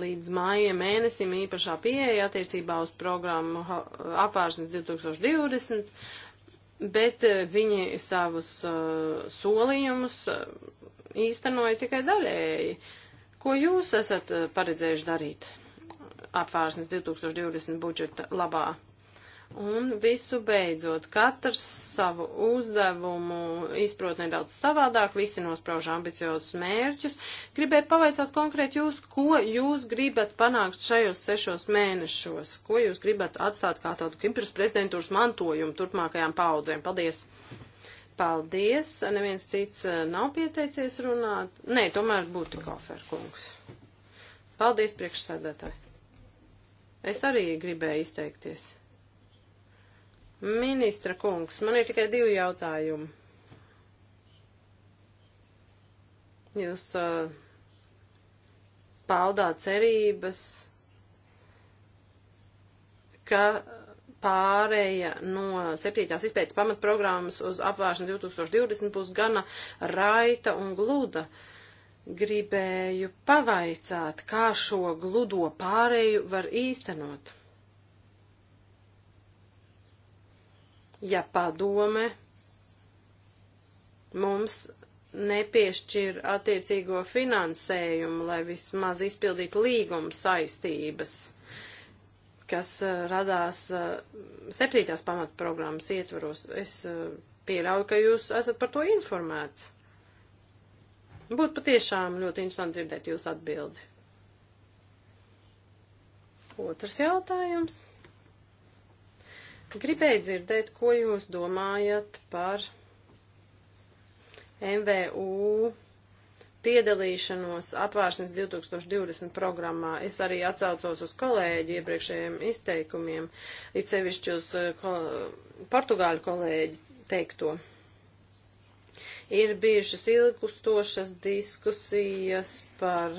B: līdz māja mēnesim īpašā pieeja attiecībā uz programmu apvārsnes 2020, bet eh, viņi savus uh, solījumus eh, īstenoja tikai daļēji. Ko jūs esat paredzējuši darīt? apvārsnes 2020 budžeta labā. Un visu beidzot, katrs savu uzdevumu izprot nedaudz savādāk, visi nosprauž ambiciozus mērķus. Gribēju pavaicāt konkrēti jūs, ko jūs gribat panākt šajos sešos mēnešos, ko jūs gribat atstāt kā tādu Kipras prezidentūras mantojumu turpmākajām paudzēm. Paldies! Paldies! Neviens cits eh, nav pieteicies runāt. Nē, tomēr būtu koferkungs. Paldies priekšsēdētāji! Es arī gribēju izteikties. Ministra kungs, man ir tikai divi jautājumi. Jūs uh, paudāt cerības, ka pārēja no 7. izpētes pamatprogrammas uz apvēršanu 2020 būs gana raita un gluda. Uh, gribēju pavaicāt, kā šo gludo pārēju var īstenot. Ja padome mums nepiešķir attiecīgo finansējumu, lai vismaz izpildītu līguma saistības, kas eh, radās eh, septītās pamatprogrammas ietvaros, es eh, pieļauju, ka jūs esat par to informēts. Būtu patiešām ļoti interesanti dzirdēt jūsu atbildi. Otrs jautājums. Gribēju dzirdēt, ko jūs domājat par MVU piedalīšanos apvārsnes 2020 programmā. Es arī atsaucos uz kolēģi iepriekšējiem izteikumiem, it sevišķi uz eh, ko, portugāļu kolēģi teikto. Ir bijušas ilgustošas diskusijas par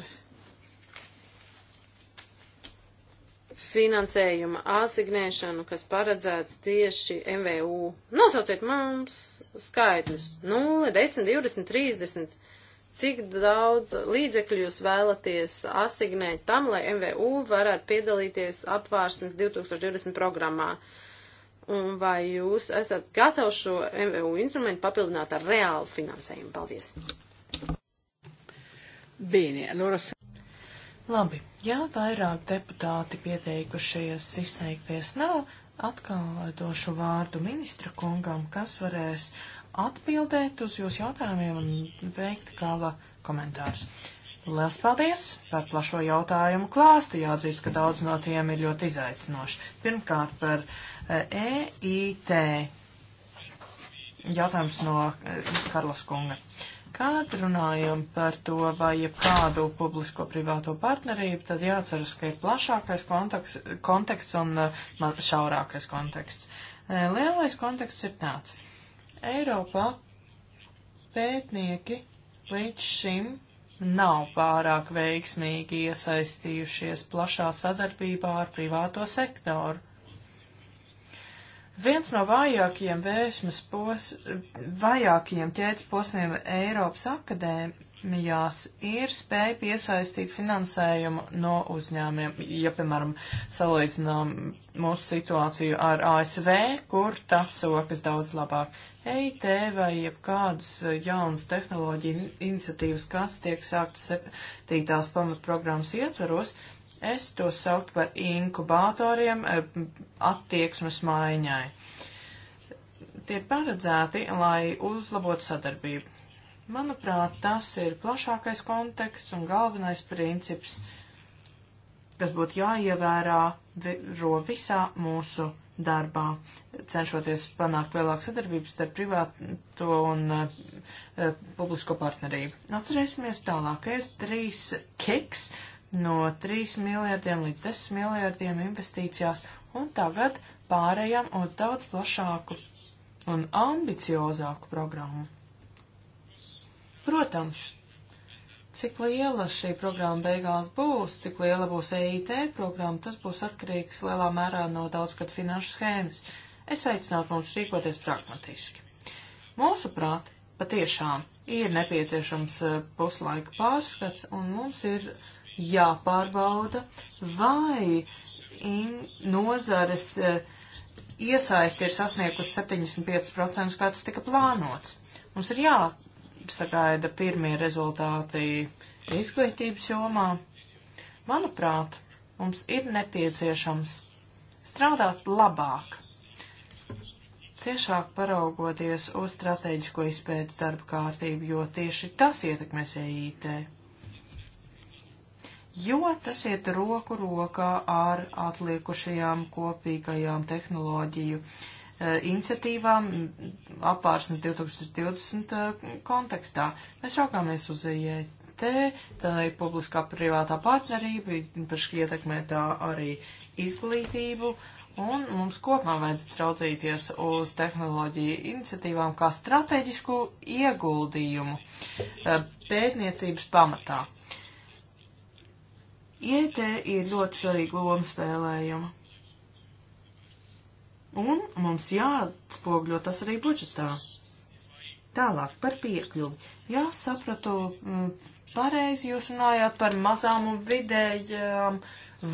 B: finansējuma asignēšanu, kas paredzēts tieši MVU. Nosauciet mums skaitļus - 0, 10, 20, 30. Cik daudz līdzekļu jūs vēlaties asignēt tam, lai MVU varētu piedalīties apvārsnes 2020 programmā? Uh, un vai jūs esat gatavi šo MVU instrumentu papildināt ar reālu finansējumu? Paldies!
D: Bīnie, Loras. Labi, jā, vairāk deputāti pieteikušies izteikties nav, atkal došu vārdu ministra kungam, kas varēs atbildēt uz jūsu jautājumiem un veikt gala komentārus. Lielas paldies par plašo jautājumu klāstu. Jāatzīst, ka daudz no tiem ir ļoti izaicinoši. Pirmkārt par EIT. Eh, e Jautājums no eh, Karlas kunga. Kad runājam par to vai jebkādu publisko-privāto partnerību, tad jāatceras, ka ir plašākais konteksts, konteksts un eh, šaurākais konteksts. Lielais konteksts ir tāds. Eiropā pētnieki līdz šim nav pārāk veiksmīgi iesaistījušies plašā sadarbībā ar privāto sektoru. Viens no vājākajiem vēsmas pos, vājākajiem ķēdes posmiem Eiropas akadēmija jās ir spēja piesaistīt finansējumu no uzņēmiem, ja, piemēram, salīdzinām mūsu situāciju ar ASV, kur tas sokas daudz labāk. EIT vai jebkādas jaunas tehnoloģija iniciatīvas, kas tiek sāktas septītās pamatprogrammas ietveros, es to saukt par inkubatoriem eh, attieksmes maiņai. Tie paredzēti, lai uzlabotu sadarbību Manuprāt, tas ir plašākais konteksts un galvenais princips, kas būtu jāievērā ro visā mūsu darbā, cenšoties panākt lielāku sadarbību starp privāto un uh, publisko partnerību. Atcerēsimies tālāk, ir trīs kiks no 3 miljardiem līdz 10 miljardiem investīcijās, un tagad pārējām uz daudz plašāku un ambiciozāku programmu. Protams, cik liela šī programma beigās būs, cik liela būs EIT programma, tas būs atkarīgs lielā mērā no daudzgad finanšu schēmas. Es aicinātu mums rīkoties pragmatiski. Mūsuprāt, patiešām ir nepieciešams eh, puslaika pārskats, un mums ir jāpārbauda, vai in, nozares eh, iesaisti ir sasniegusi 75%, kā tas tika plānots. Mums ir jā, jāsagaida pirmie rezultāti izglītības jomā. Manuprāt, mums ir nepieciešams strādāt labāk, ciešāk paraugoties uz strateģisko izpētes darba kārtību, jo tieši tas ietekmēs EIT. Jo tas iet roku rokā ar atliekušajām kopīgajām tehnoloģiju uh, Eh, iniciatīvām mm, apvārsnes 2020 eh, kontekstā. Mēs raugāmies uz IET, tā ir publiskā privātā partnerība, īpaši ietekmē tā arī izglītību, un mums kopumā vajadzētu traucīties uz tehnoloģiju iniciatīvām kā strateģisku ieguldījumu eh, pētniecības pamatā. IET ir ļoti svarīga loma spēlējuma Un mums jāatspogļo tas arī budžetā. Tālāk par piekļuvi. Jā, sapratu, mm, pareizi jūs runājāt par mazām un vidējām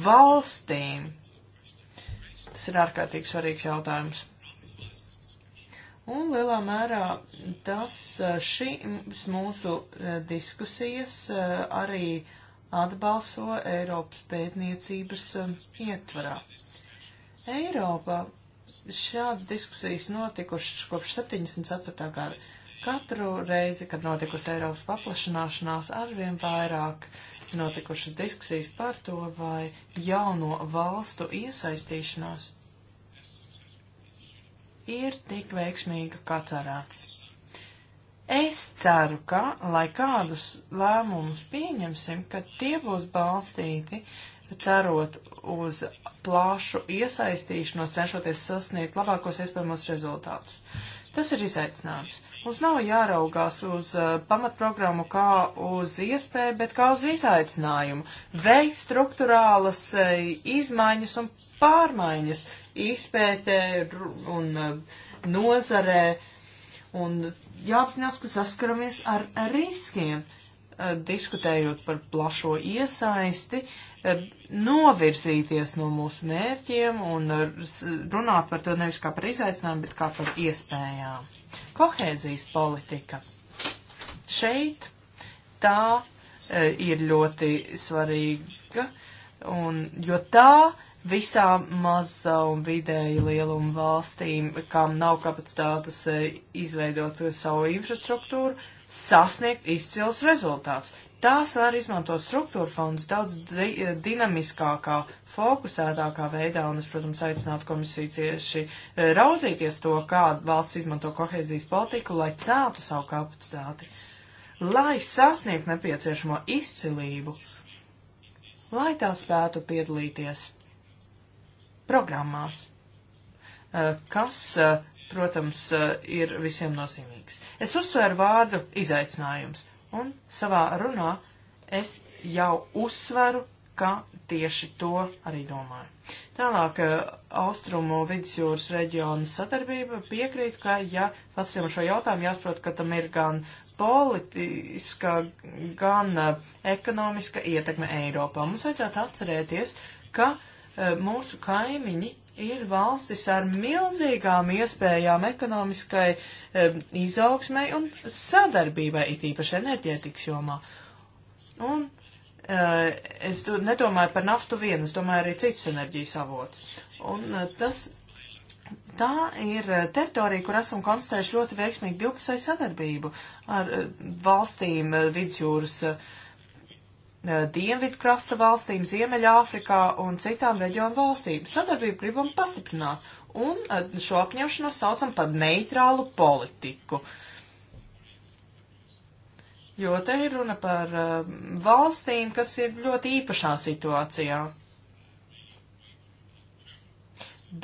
D: valstīm. Tas ir ārkārtīgi svarīgs jautājums. Un lielā mērā tas eh, šīs mūsu eh, diskusijas eh, arī atbalso Eiropas pētniecības ietvarā. Eiropa Šādas diskusijas notikušas kopš 74. gada. Katru reizi, kad notikusi Eiropas paplašanāšanās, arvien vairāk ir notikušas diskusijas par to, vai jauno valstu iesaistīšanās ir tik veiksmīga, kā cerēts. Es ceru, ka, lai kādus lēmumus pieņemsim, ka tie būs balstīti cerot uz plāšu iesaistīšanos, cenšoties sasniegt labākos iespējamos rezultātus. Tas ir izaicinājums. Mums nav jāraugās uz uh, pamatprogrammu kā uz iespēju, bet kā uz izaicinājumu. Veikt struktūrālas uh, izmaiņas un pārmaiņas izpētē un uh, nozarē. Un jāapzinās, ka saskaramies ar riskiem. Uh, Eh, diskutējot par plašo iesaisti, eh, novirzīties no mūsu mērķiem un eh, runāt par to nevis kā par izaicinājumu, bet kā par iespējām. Kohēzijas politika. Šeit tā ir ļoti svarīga, un, jo tā visām mazā un vidēji lieluma valstīm, kam nav kapacitātes izveidot savu infrastruktūru, sasniegt izcils rezultāts. Tās var izmantot struktūra fondus daudz di eh, dinamiskākā, fokusētākā veidā, un es, protams, aicinātu komisiju cieši eh, raudzīties to, kāda valsts izmanto kohēzijas politiku, lai celtu savu kapacitāti, lai sasniegtu nepieciešamo izcilību, lai tā spētu piedalīties programmās, eh, kas protams, eh, ir visiem nozīmīgs. Es uzsvēru vārdu izaicinājums, un savā runā es jau uzsveru, ka tieši to arī domāju. Tālāk, eh, austrumu vidusjūras reģiona sadarbība piekrīt, ka, ja paceļam šo jautājumu, jāsaprot, ka tam ir gan politiska, gan eh, ekonomiska ietekme Eiropā. Mums vajadzētu atcerēties, ka mūsu kaimiņi ir valstis ar milzīgām iespējām ekonomiskai e, izaugsmai un sadarbībai, it īpaši enerģētikas jomā. Un e, es nedomāju par naftu vienu, es domāju arī citus enerģijas avotus. Un e, tas, tā ir eh, teritorija, kur esam konstatējuši ļoti veiksmīgu divpusēju sadarbību ar e, valstīm e, vidusjūras. E, Eh, dienvidu krasta valstīm, Ziemeļāfrikā un citām reģionu valstīm. Sadarbību gribam pastiprināt un eh, šo apņemšanos saucam par neitrālu politiku. Jo te ir runa par eh, valstīm, kas ir ļoti īpašā situācijā.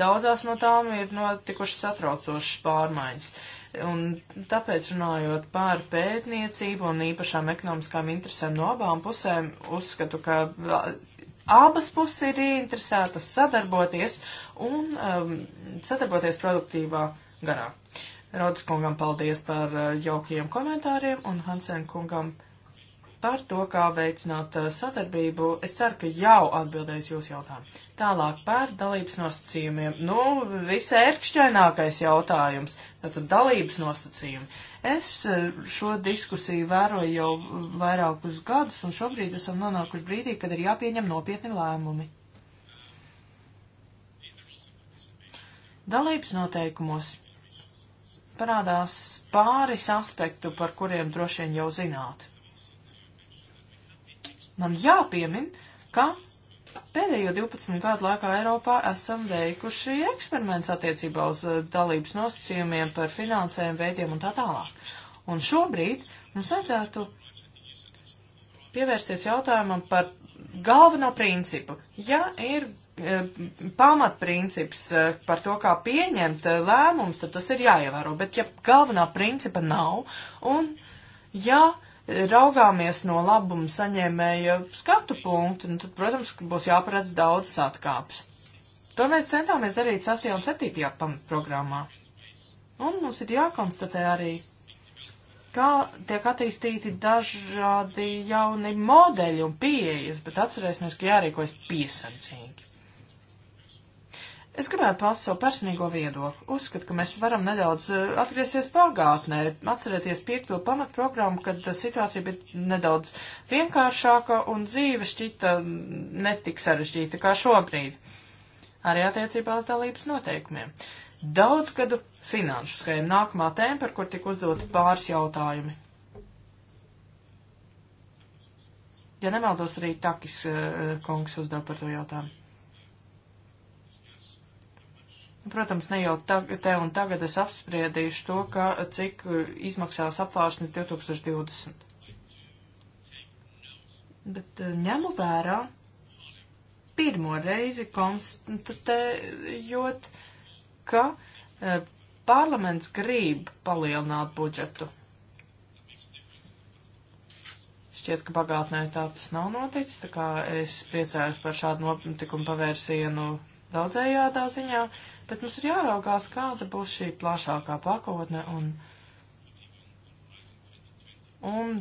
D: Daudzās no tām ir notikušas satraucošas pārmaiņas. Uh, Un tāpēc runājot par pētniecību un īpašām ekonomiskām interesēm no abām pusēm, uzskatu, ka abas puses ir interesētas sadarboties un um, sadarboties produktīvā garā. Rodas kungam paldies par uh, jaukajiem komentāriem un Hansen kungam uh, Par to, kā veicināt uh, sadarbību, es ceru, ka jau atbildēju jūsu jautājumu. Tālāk par dalības nosacījumiem. Nu, visai ērkšķainākais jautājums. Tātad dalības nosacījumi. Es uh, šo diskusiju vēroju jau vairākus gadus, un šobrīd esam nonākuši brīdī, kad ir jāpieņem nopietni lēmumi. Dalības noteikumos parādās pāris aspektu, par kuriem droši vien jau zināt man jāpiemin, ka pēdējo 12 gadu laikā Eiropā esam veikuši eksperiments attiecībā uz eh, dalības nosacījumiem par finansējumu veidiem un tā tālāk. Un šobrīd mums vajadzētu pievērsties jautājumam par galveno principu. Ja ir e, pamatprincips e, par to, kā pieņemt e, lēmumus, tad tas ir jāievēro. Bet ja galvenā principa nav, un ja uh, raugāmies no labuma saņēmēja skatu punktu, nu, tad, protams, būs jāparedz daudzas atkāpes. To mēs centāmies darīt 6. un 7. pamatprogrammā. Un mums ir jākonstatē arī, kā tiek attīstīti dažādi jauni modeļi un pieejas, bet atcerēsimies, ka jārīkojas piesardzīgi. Es gribētu paust savu personīgo viedokli. Uzskatu, ka mēs varam nedaudz eh, atgriezties pagātnē, atcerēties piekto pamatprogrammu, kad eh, situācija bija nedaudz vienkāršāka un dzīve šķita mm, netik sarežģīta kā šobrīd. Arī attiecībā uz dalības noteikumiem. Daudzgadu finanšu schēma nākamā tēma, par kur tika uzdoti pāris jautājumi. Ja nemaldos, arī Takis eh, kungs uzdev par to jautājumu. Protams, ne jau tag, te un tagad es apspriedīšu to, ka, cik uh, izmaksās apvārsnes 2020. Bet uh, ņemu vērā pirmo reizi konstatējot, ka uh, parlaments grib palielināt budžetu. Šķiet, ka pagātnē tā tas nav noticis, tā kā es priecājos par šādu notikumu pavērsienu daudzējādā ziņā, bet mums ir jāraugās, kāda būs šī plašākā pakotne un, un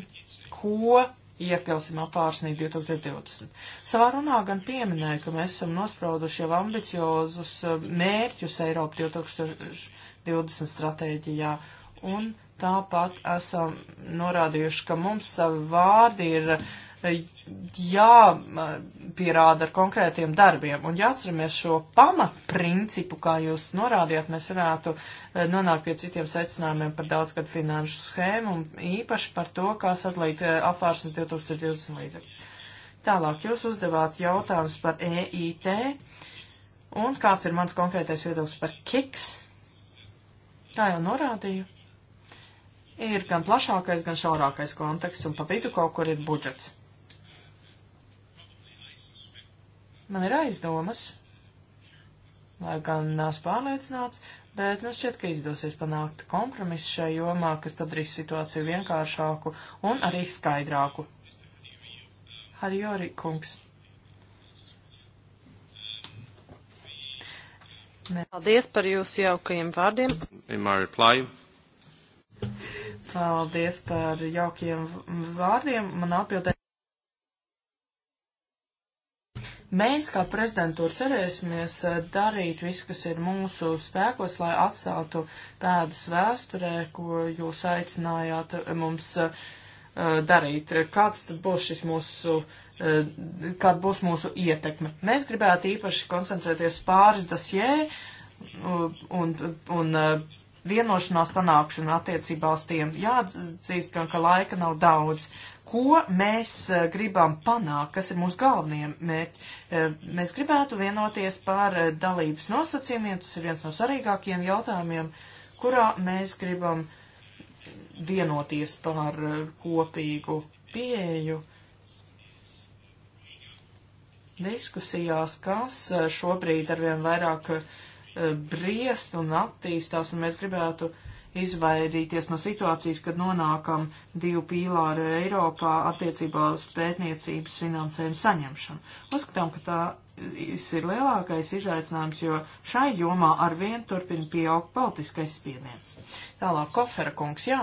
D: ko iekļausim apvārsnī 2020. Savā runā gan pieminēja, ka mēs esam nosprauduši jau ambiciozus eh, mērķus Eiropa 2020 stratēģijā, un tāpat esam norādījuši, ka mums savi vārdi ir eh, jāpierāda ar konkrētiem darbiem. Un jāatceramies šo pamatprincipu, kā jūs norādījāt, mēs varētu e, nonākt pie citiem secinājumiem par daudzgadu finanšu schēmu un īpaši par to, kā sadalīt e, apvārsnes 2020 līdzekļu. Tālāk jūs uzdevāt jautājumus par EIT un kāds ir mans konkrētais viedoklis par KIKS. Kā jau norādīju, ir gan plašākais, gan šaurākais konteksts un pa vidu kaut kur ir budžets. Man ir aizdomas, lai gan neesmu pārliecināts, bet nu šķiet, ka izdosies panākt kompromisu šai jomā, kas padarīs situāciju vienkāršāku un arī
B: skaidrāku. Harjori kungs. Paldies par jūsu jaukajiem vārdiem. Paldies par jaukajiem
D: vārdiem. Man atbildē Mēs, kā prezidentūra, cerēsimies eh, darīt visu, kas ir mūsu spēkos, lai atstātu pēdas vēsturē, ko jūs aicinājāt eh, mums uh, darīt. Kāds tad būs šis mūsu, uh, kāda būs mūsu ietekme? Mēs gribētu īpaši koncentrēties pāris dasjē un, un uh, vienošanās panākšanu attiecībā uz tiem. Jāatzīst gan, ka laika nav daudz ko mēs eh, gribam panākt, kas ir mūsu galvenie mērķi. Eh, mēs gribētu vienoties par eh, dalības nosacījumiem, tas ir viens no svarīgākajiem jautājumiem, kurā mēs gribam vienoties par kopīgu pieeju diskusijās, kas šobrīd arvien vairāk briest un attīstās, un mēs gribētu uh, izvairīties no situācijas, kad nonākam divu pīlāru Eiropā attiecībā uz pētniecības finansējumu saņemšanu. Uzskatām, ka tā ir lielākais izaicinājums, jo šai jomā arvien turpina pieaugt politiskais spiediens. Tālāk, Kofera kungs, jā.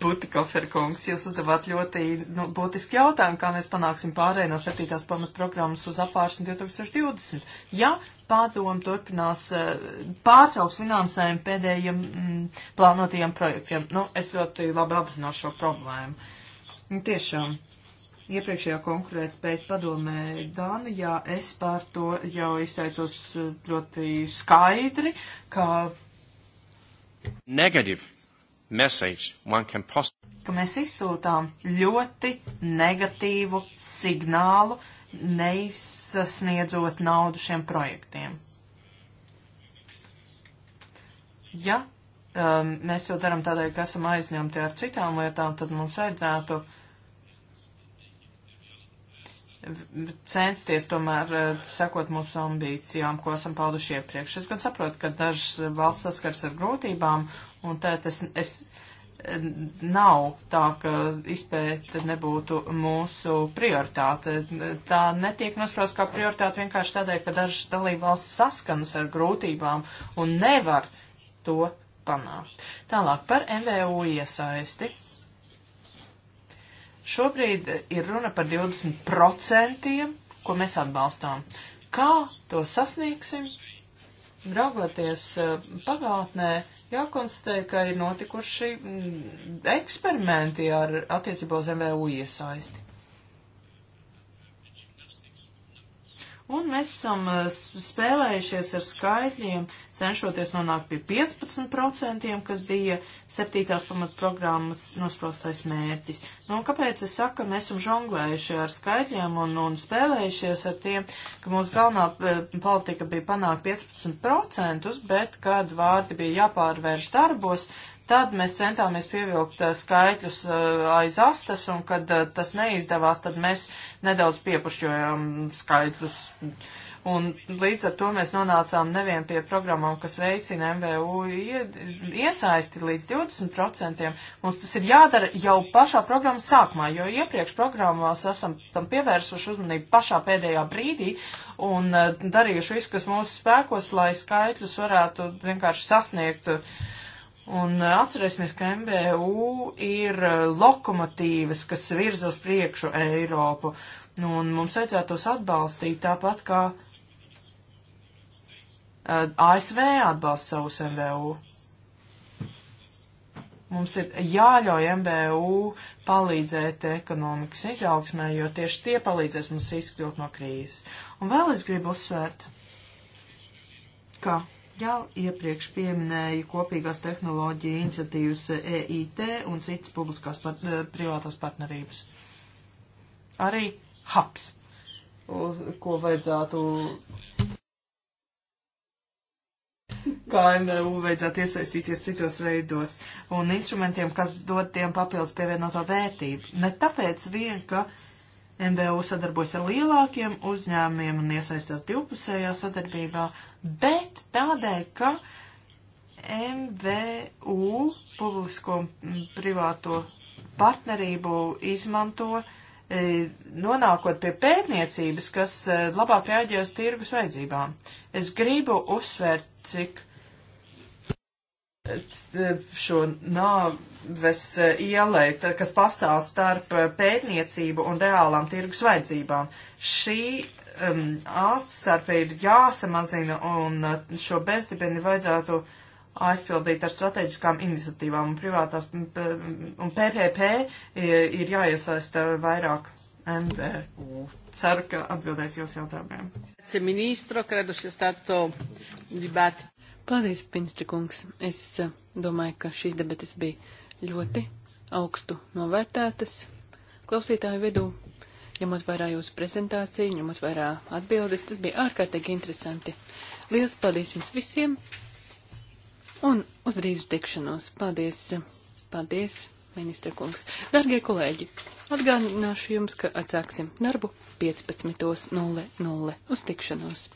D: Putikoferkungs, jūs uzdevāt ļoti nu, būtisku jautājumu, kā mēs panāksim pārēju no 7. pamatprogrammas uz apvārsni 2020. Ja pārdomu turpinās eh, pārtrauks finansējumu pēdējiem mm, plānotajiem projektiem, nu, es ļoti labi apzinos šo problēmu. Nu, tiešām. Iepriekšējā konkurētspējas padomē Dānijā es pār to jau izteicos eh, ļoti skaidri, ka. Negative message one can possibly. Ka mēs izsūtām ļoti negatīvu signālu, neizsniedzot naudu šiem projektiem. Ja um, mēs jau darām tādēļ, ka esam aizņemti ar citām lietām, tad mums vajadzētu censties tomēr uh, sekot mūsu ambīcijām, ko esam pauduši iepriekš. Es gan saprotu, ka dažas valsts saskars ar grūtībām Un tā tas es, nav tā, ka izpēta nebūtu mūsu prioritāte. Tā netiek nosprausta kā prioritāte vienkārši tādēļ, ka dažas dalībvalsts saskanas ar grūtībām un nevar to panākt. Tālāk par MVU iesaisti. Šobrīd ir runa par 20%, ko mēs atbalstām. Kā to sasniegsim? Raugoties eh, pagātnē, Jākonstatē, ka ir notikuši mm, eksperimenti ar attiecībā uz MVU iesaisti. Un mēs esam eh, spēlējušies ar skaitļiem, cenšoties nonākt pie 15%, kas bija septītās pamatprogrammas nosprostais mērķis. Nu, un kāpēc es saku, ka mēs esam žonglējuši ar skaitļiem un, un spēlējušies ar tiem, ka mūsu galvenā eh, politika bija panākt 15%, bet kad vārdi bija jāpārvērš darbos, Tad mēs centāmies pievilkt eh, skaitļus eh, aiz astes, un kad eh, tas neizdevās, tad mēs nedaudz piepušķojām skaitļus. Un līdz ar to mēs nonācām nevien pie programmām, kas veicina MVU iesaisti līdz 20%. Mums tas ir jādara jau pašā programmas sākumā, jo iepriekš programmās esam tam pievērsuši uzmanību pašā pēdējā brīdī un darījuši visu, kas mūsu spēkos, lai skaitļus varētu vienkārši sasniegt. Uh, Un eh, atcerēsimies, ka MBU ir eh, lokomotīvas, kas virza uz priekšu Eiropu, nu, un mums vajadzētu tos atbalstīt tāpat kā eh, ASV atbalsta savus MBU. Mums ir jāļauj MBU palīdzēt ekonomikas izaugsmē, jo tieši tie palīdzēs mums izkļūt no krīzes. Un vēl es gribu uzsvērt, ka Jau iepriekš pieminēju kopīgās tehnoloģija iniciatīvas EIT un citas publiskās part eh, privātās partnerības. Arī HAPS, ko vajadzētu KMU vajadzētu iesaistīties citos veidos un instrumentiem, kas dod tiem papildus pievienoto vērtību. Ne tāpēc vien, ka uh, MVU sadarbojas ar lielākiem uzņēmumiem un iesaistās divpusējā sadarbībā, bet tādēļ, ka MVU publisko un privāto partnerību izmanto e, nonākot pie pētniecības, kas e, labāk reaģē uz tirgus vajadzībām. Es gribu uzsvērt, cik šo nāves ielai, kas pastāv starp pētniecību un reālām tirgus vajadzībām. Šī um, atstarpe ir jāsamazina un uh, šo bezdibeni vajadzētu aizpildīt ar strateģiskām iniciatīvām un privātās un PPP ir jāiesaista vairāk MVU. Ceru, ka atbildēs jūsu jautājumiem. Ministro,
C: credo sia stato un dibattito. Paldies, Pinstrikungs. Es eh, domāju, ka šīs debatas bija ļoti augstu novērtētas klausītāju vidū. Ņemot vērā jūsu prezentāciju, ņemot vērā atbildes, tas bija ārkārtīgi interesanti. Lielas paldies jums visiem un uz drīzu tikšanos. Paldies, paldies, ministra kungs. Dargie kolēģi, atgādināšu jums, ka atsāksim darbu 15.00 uz tikšanos.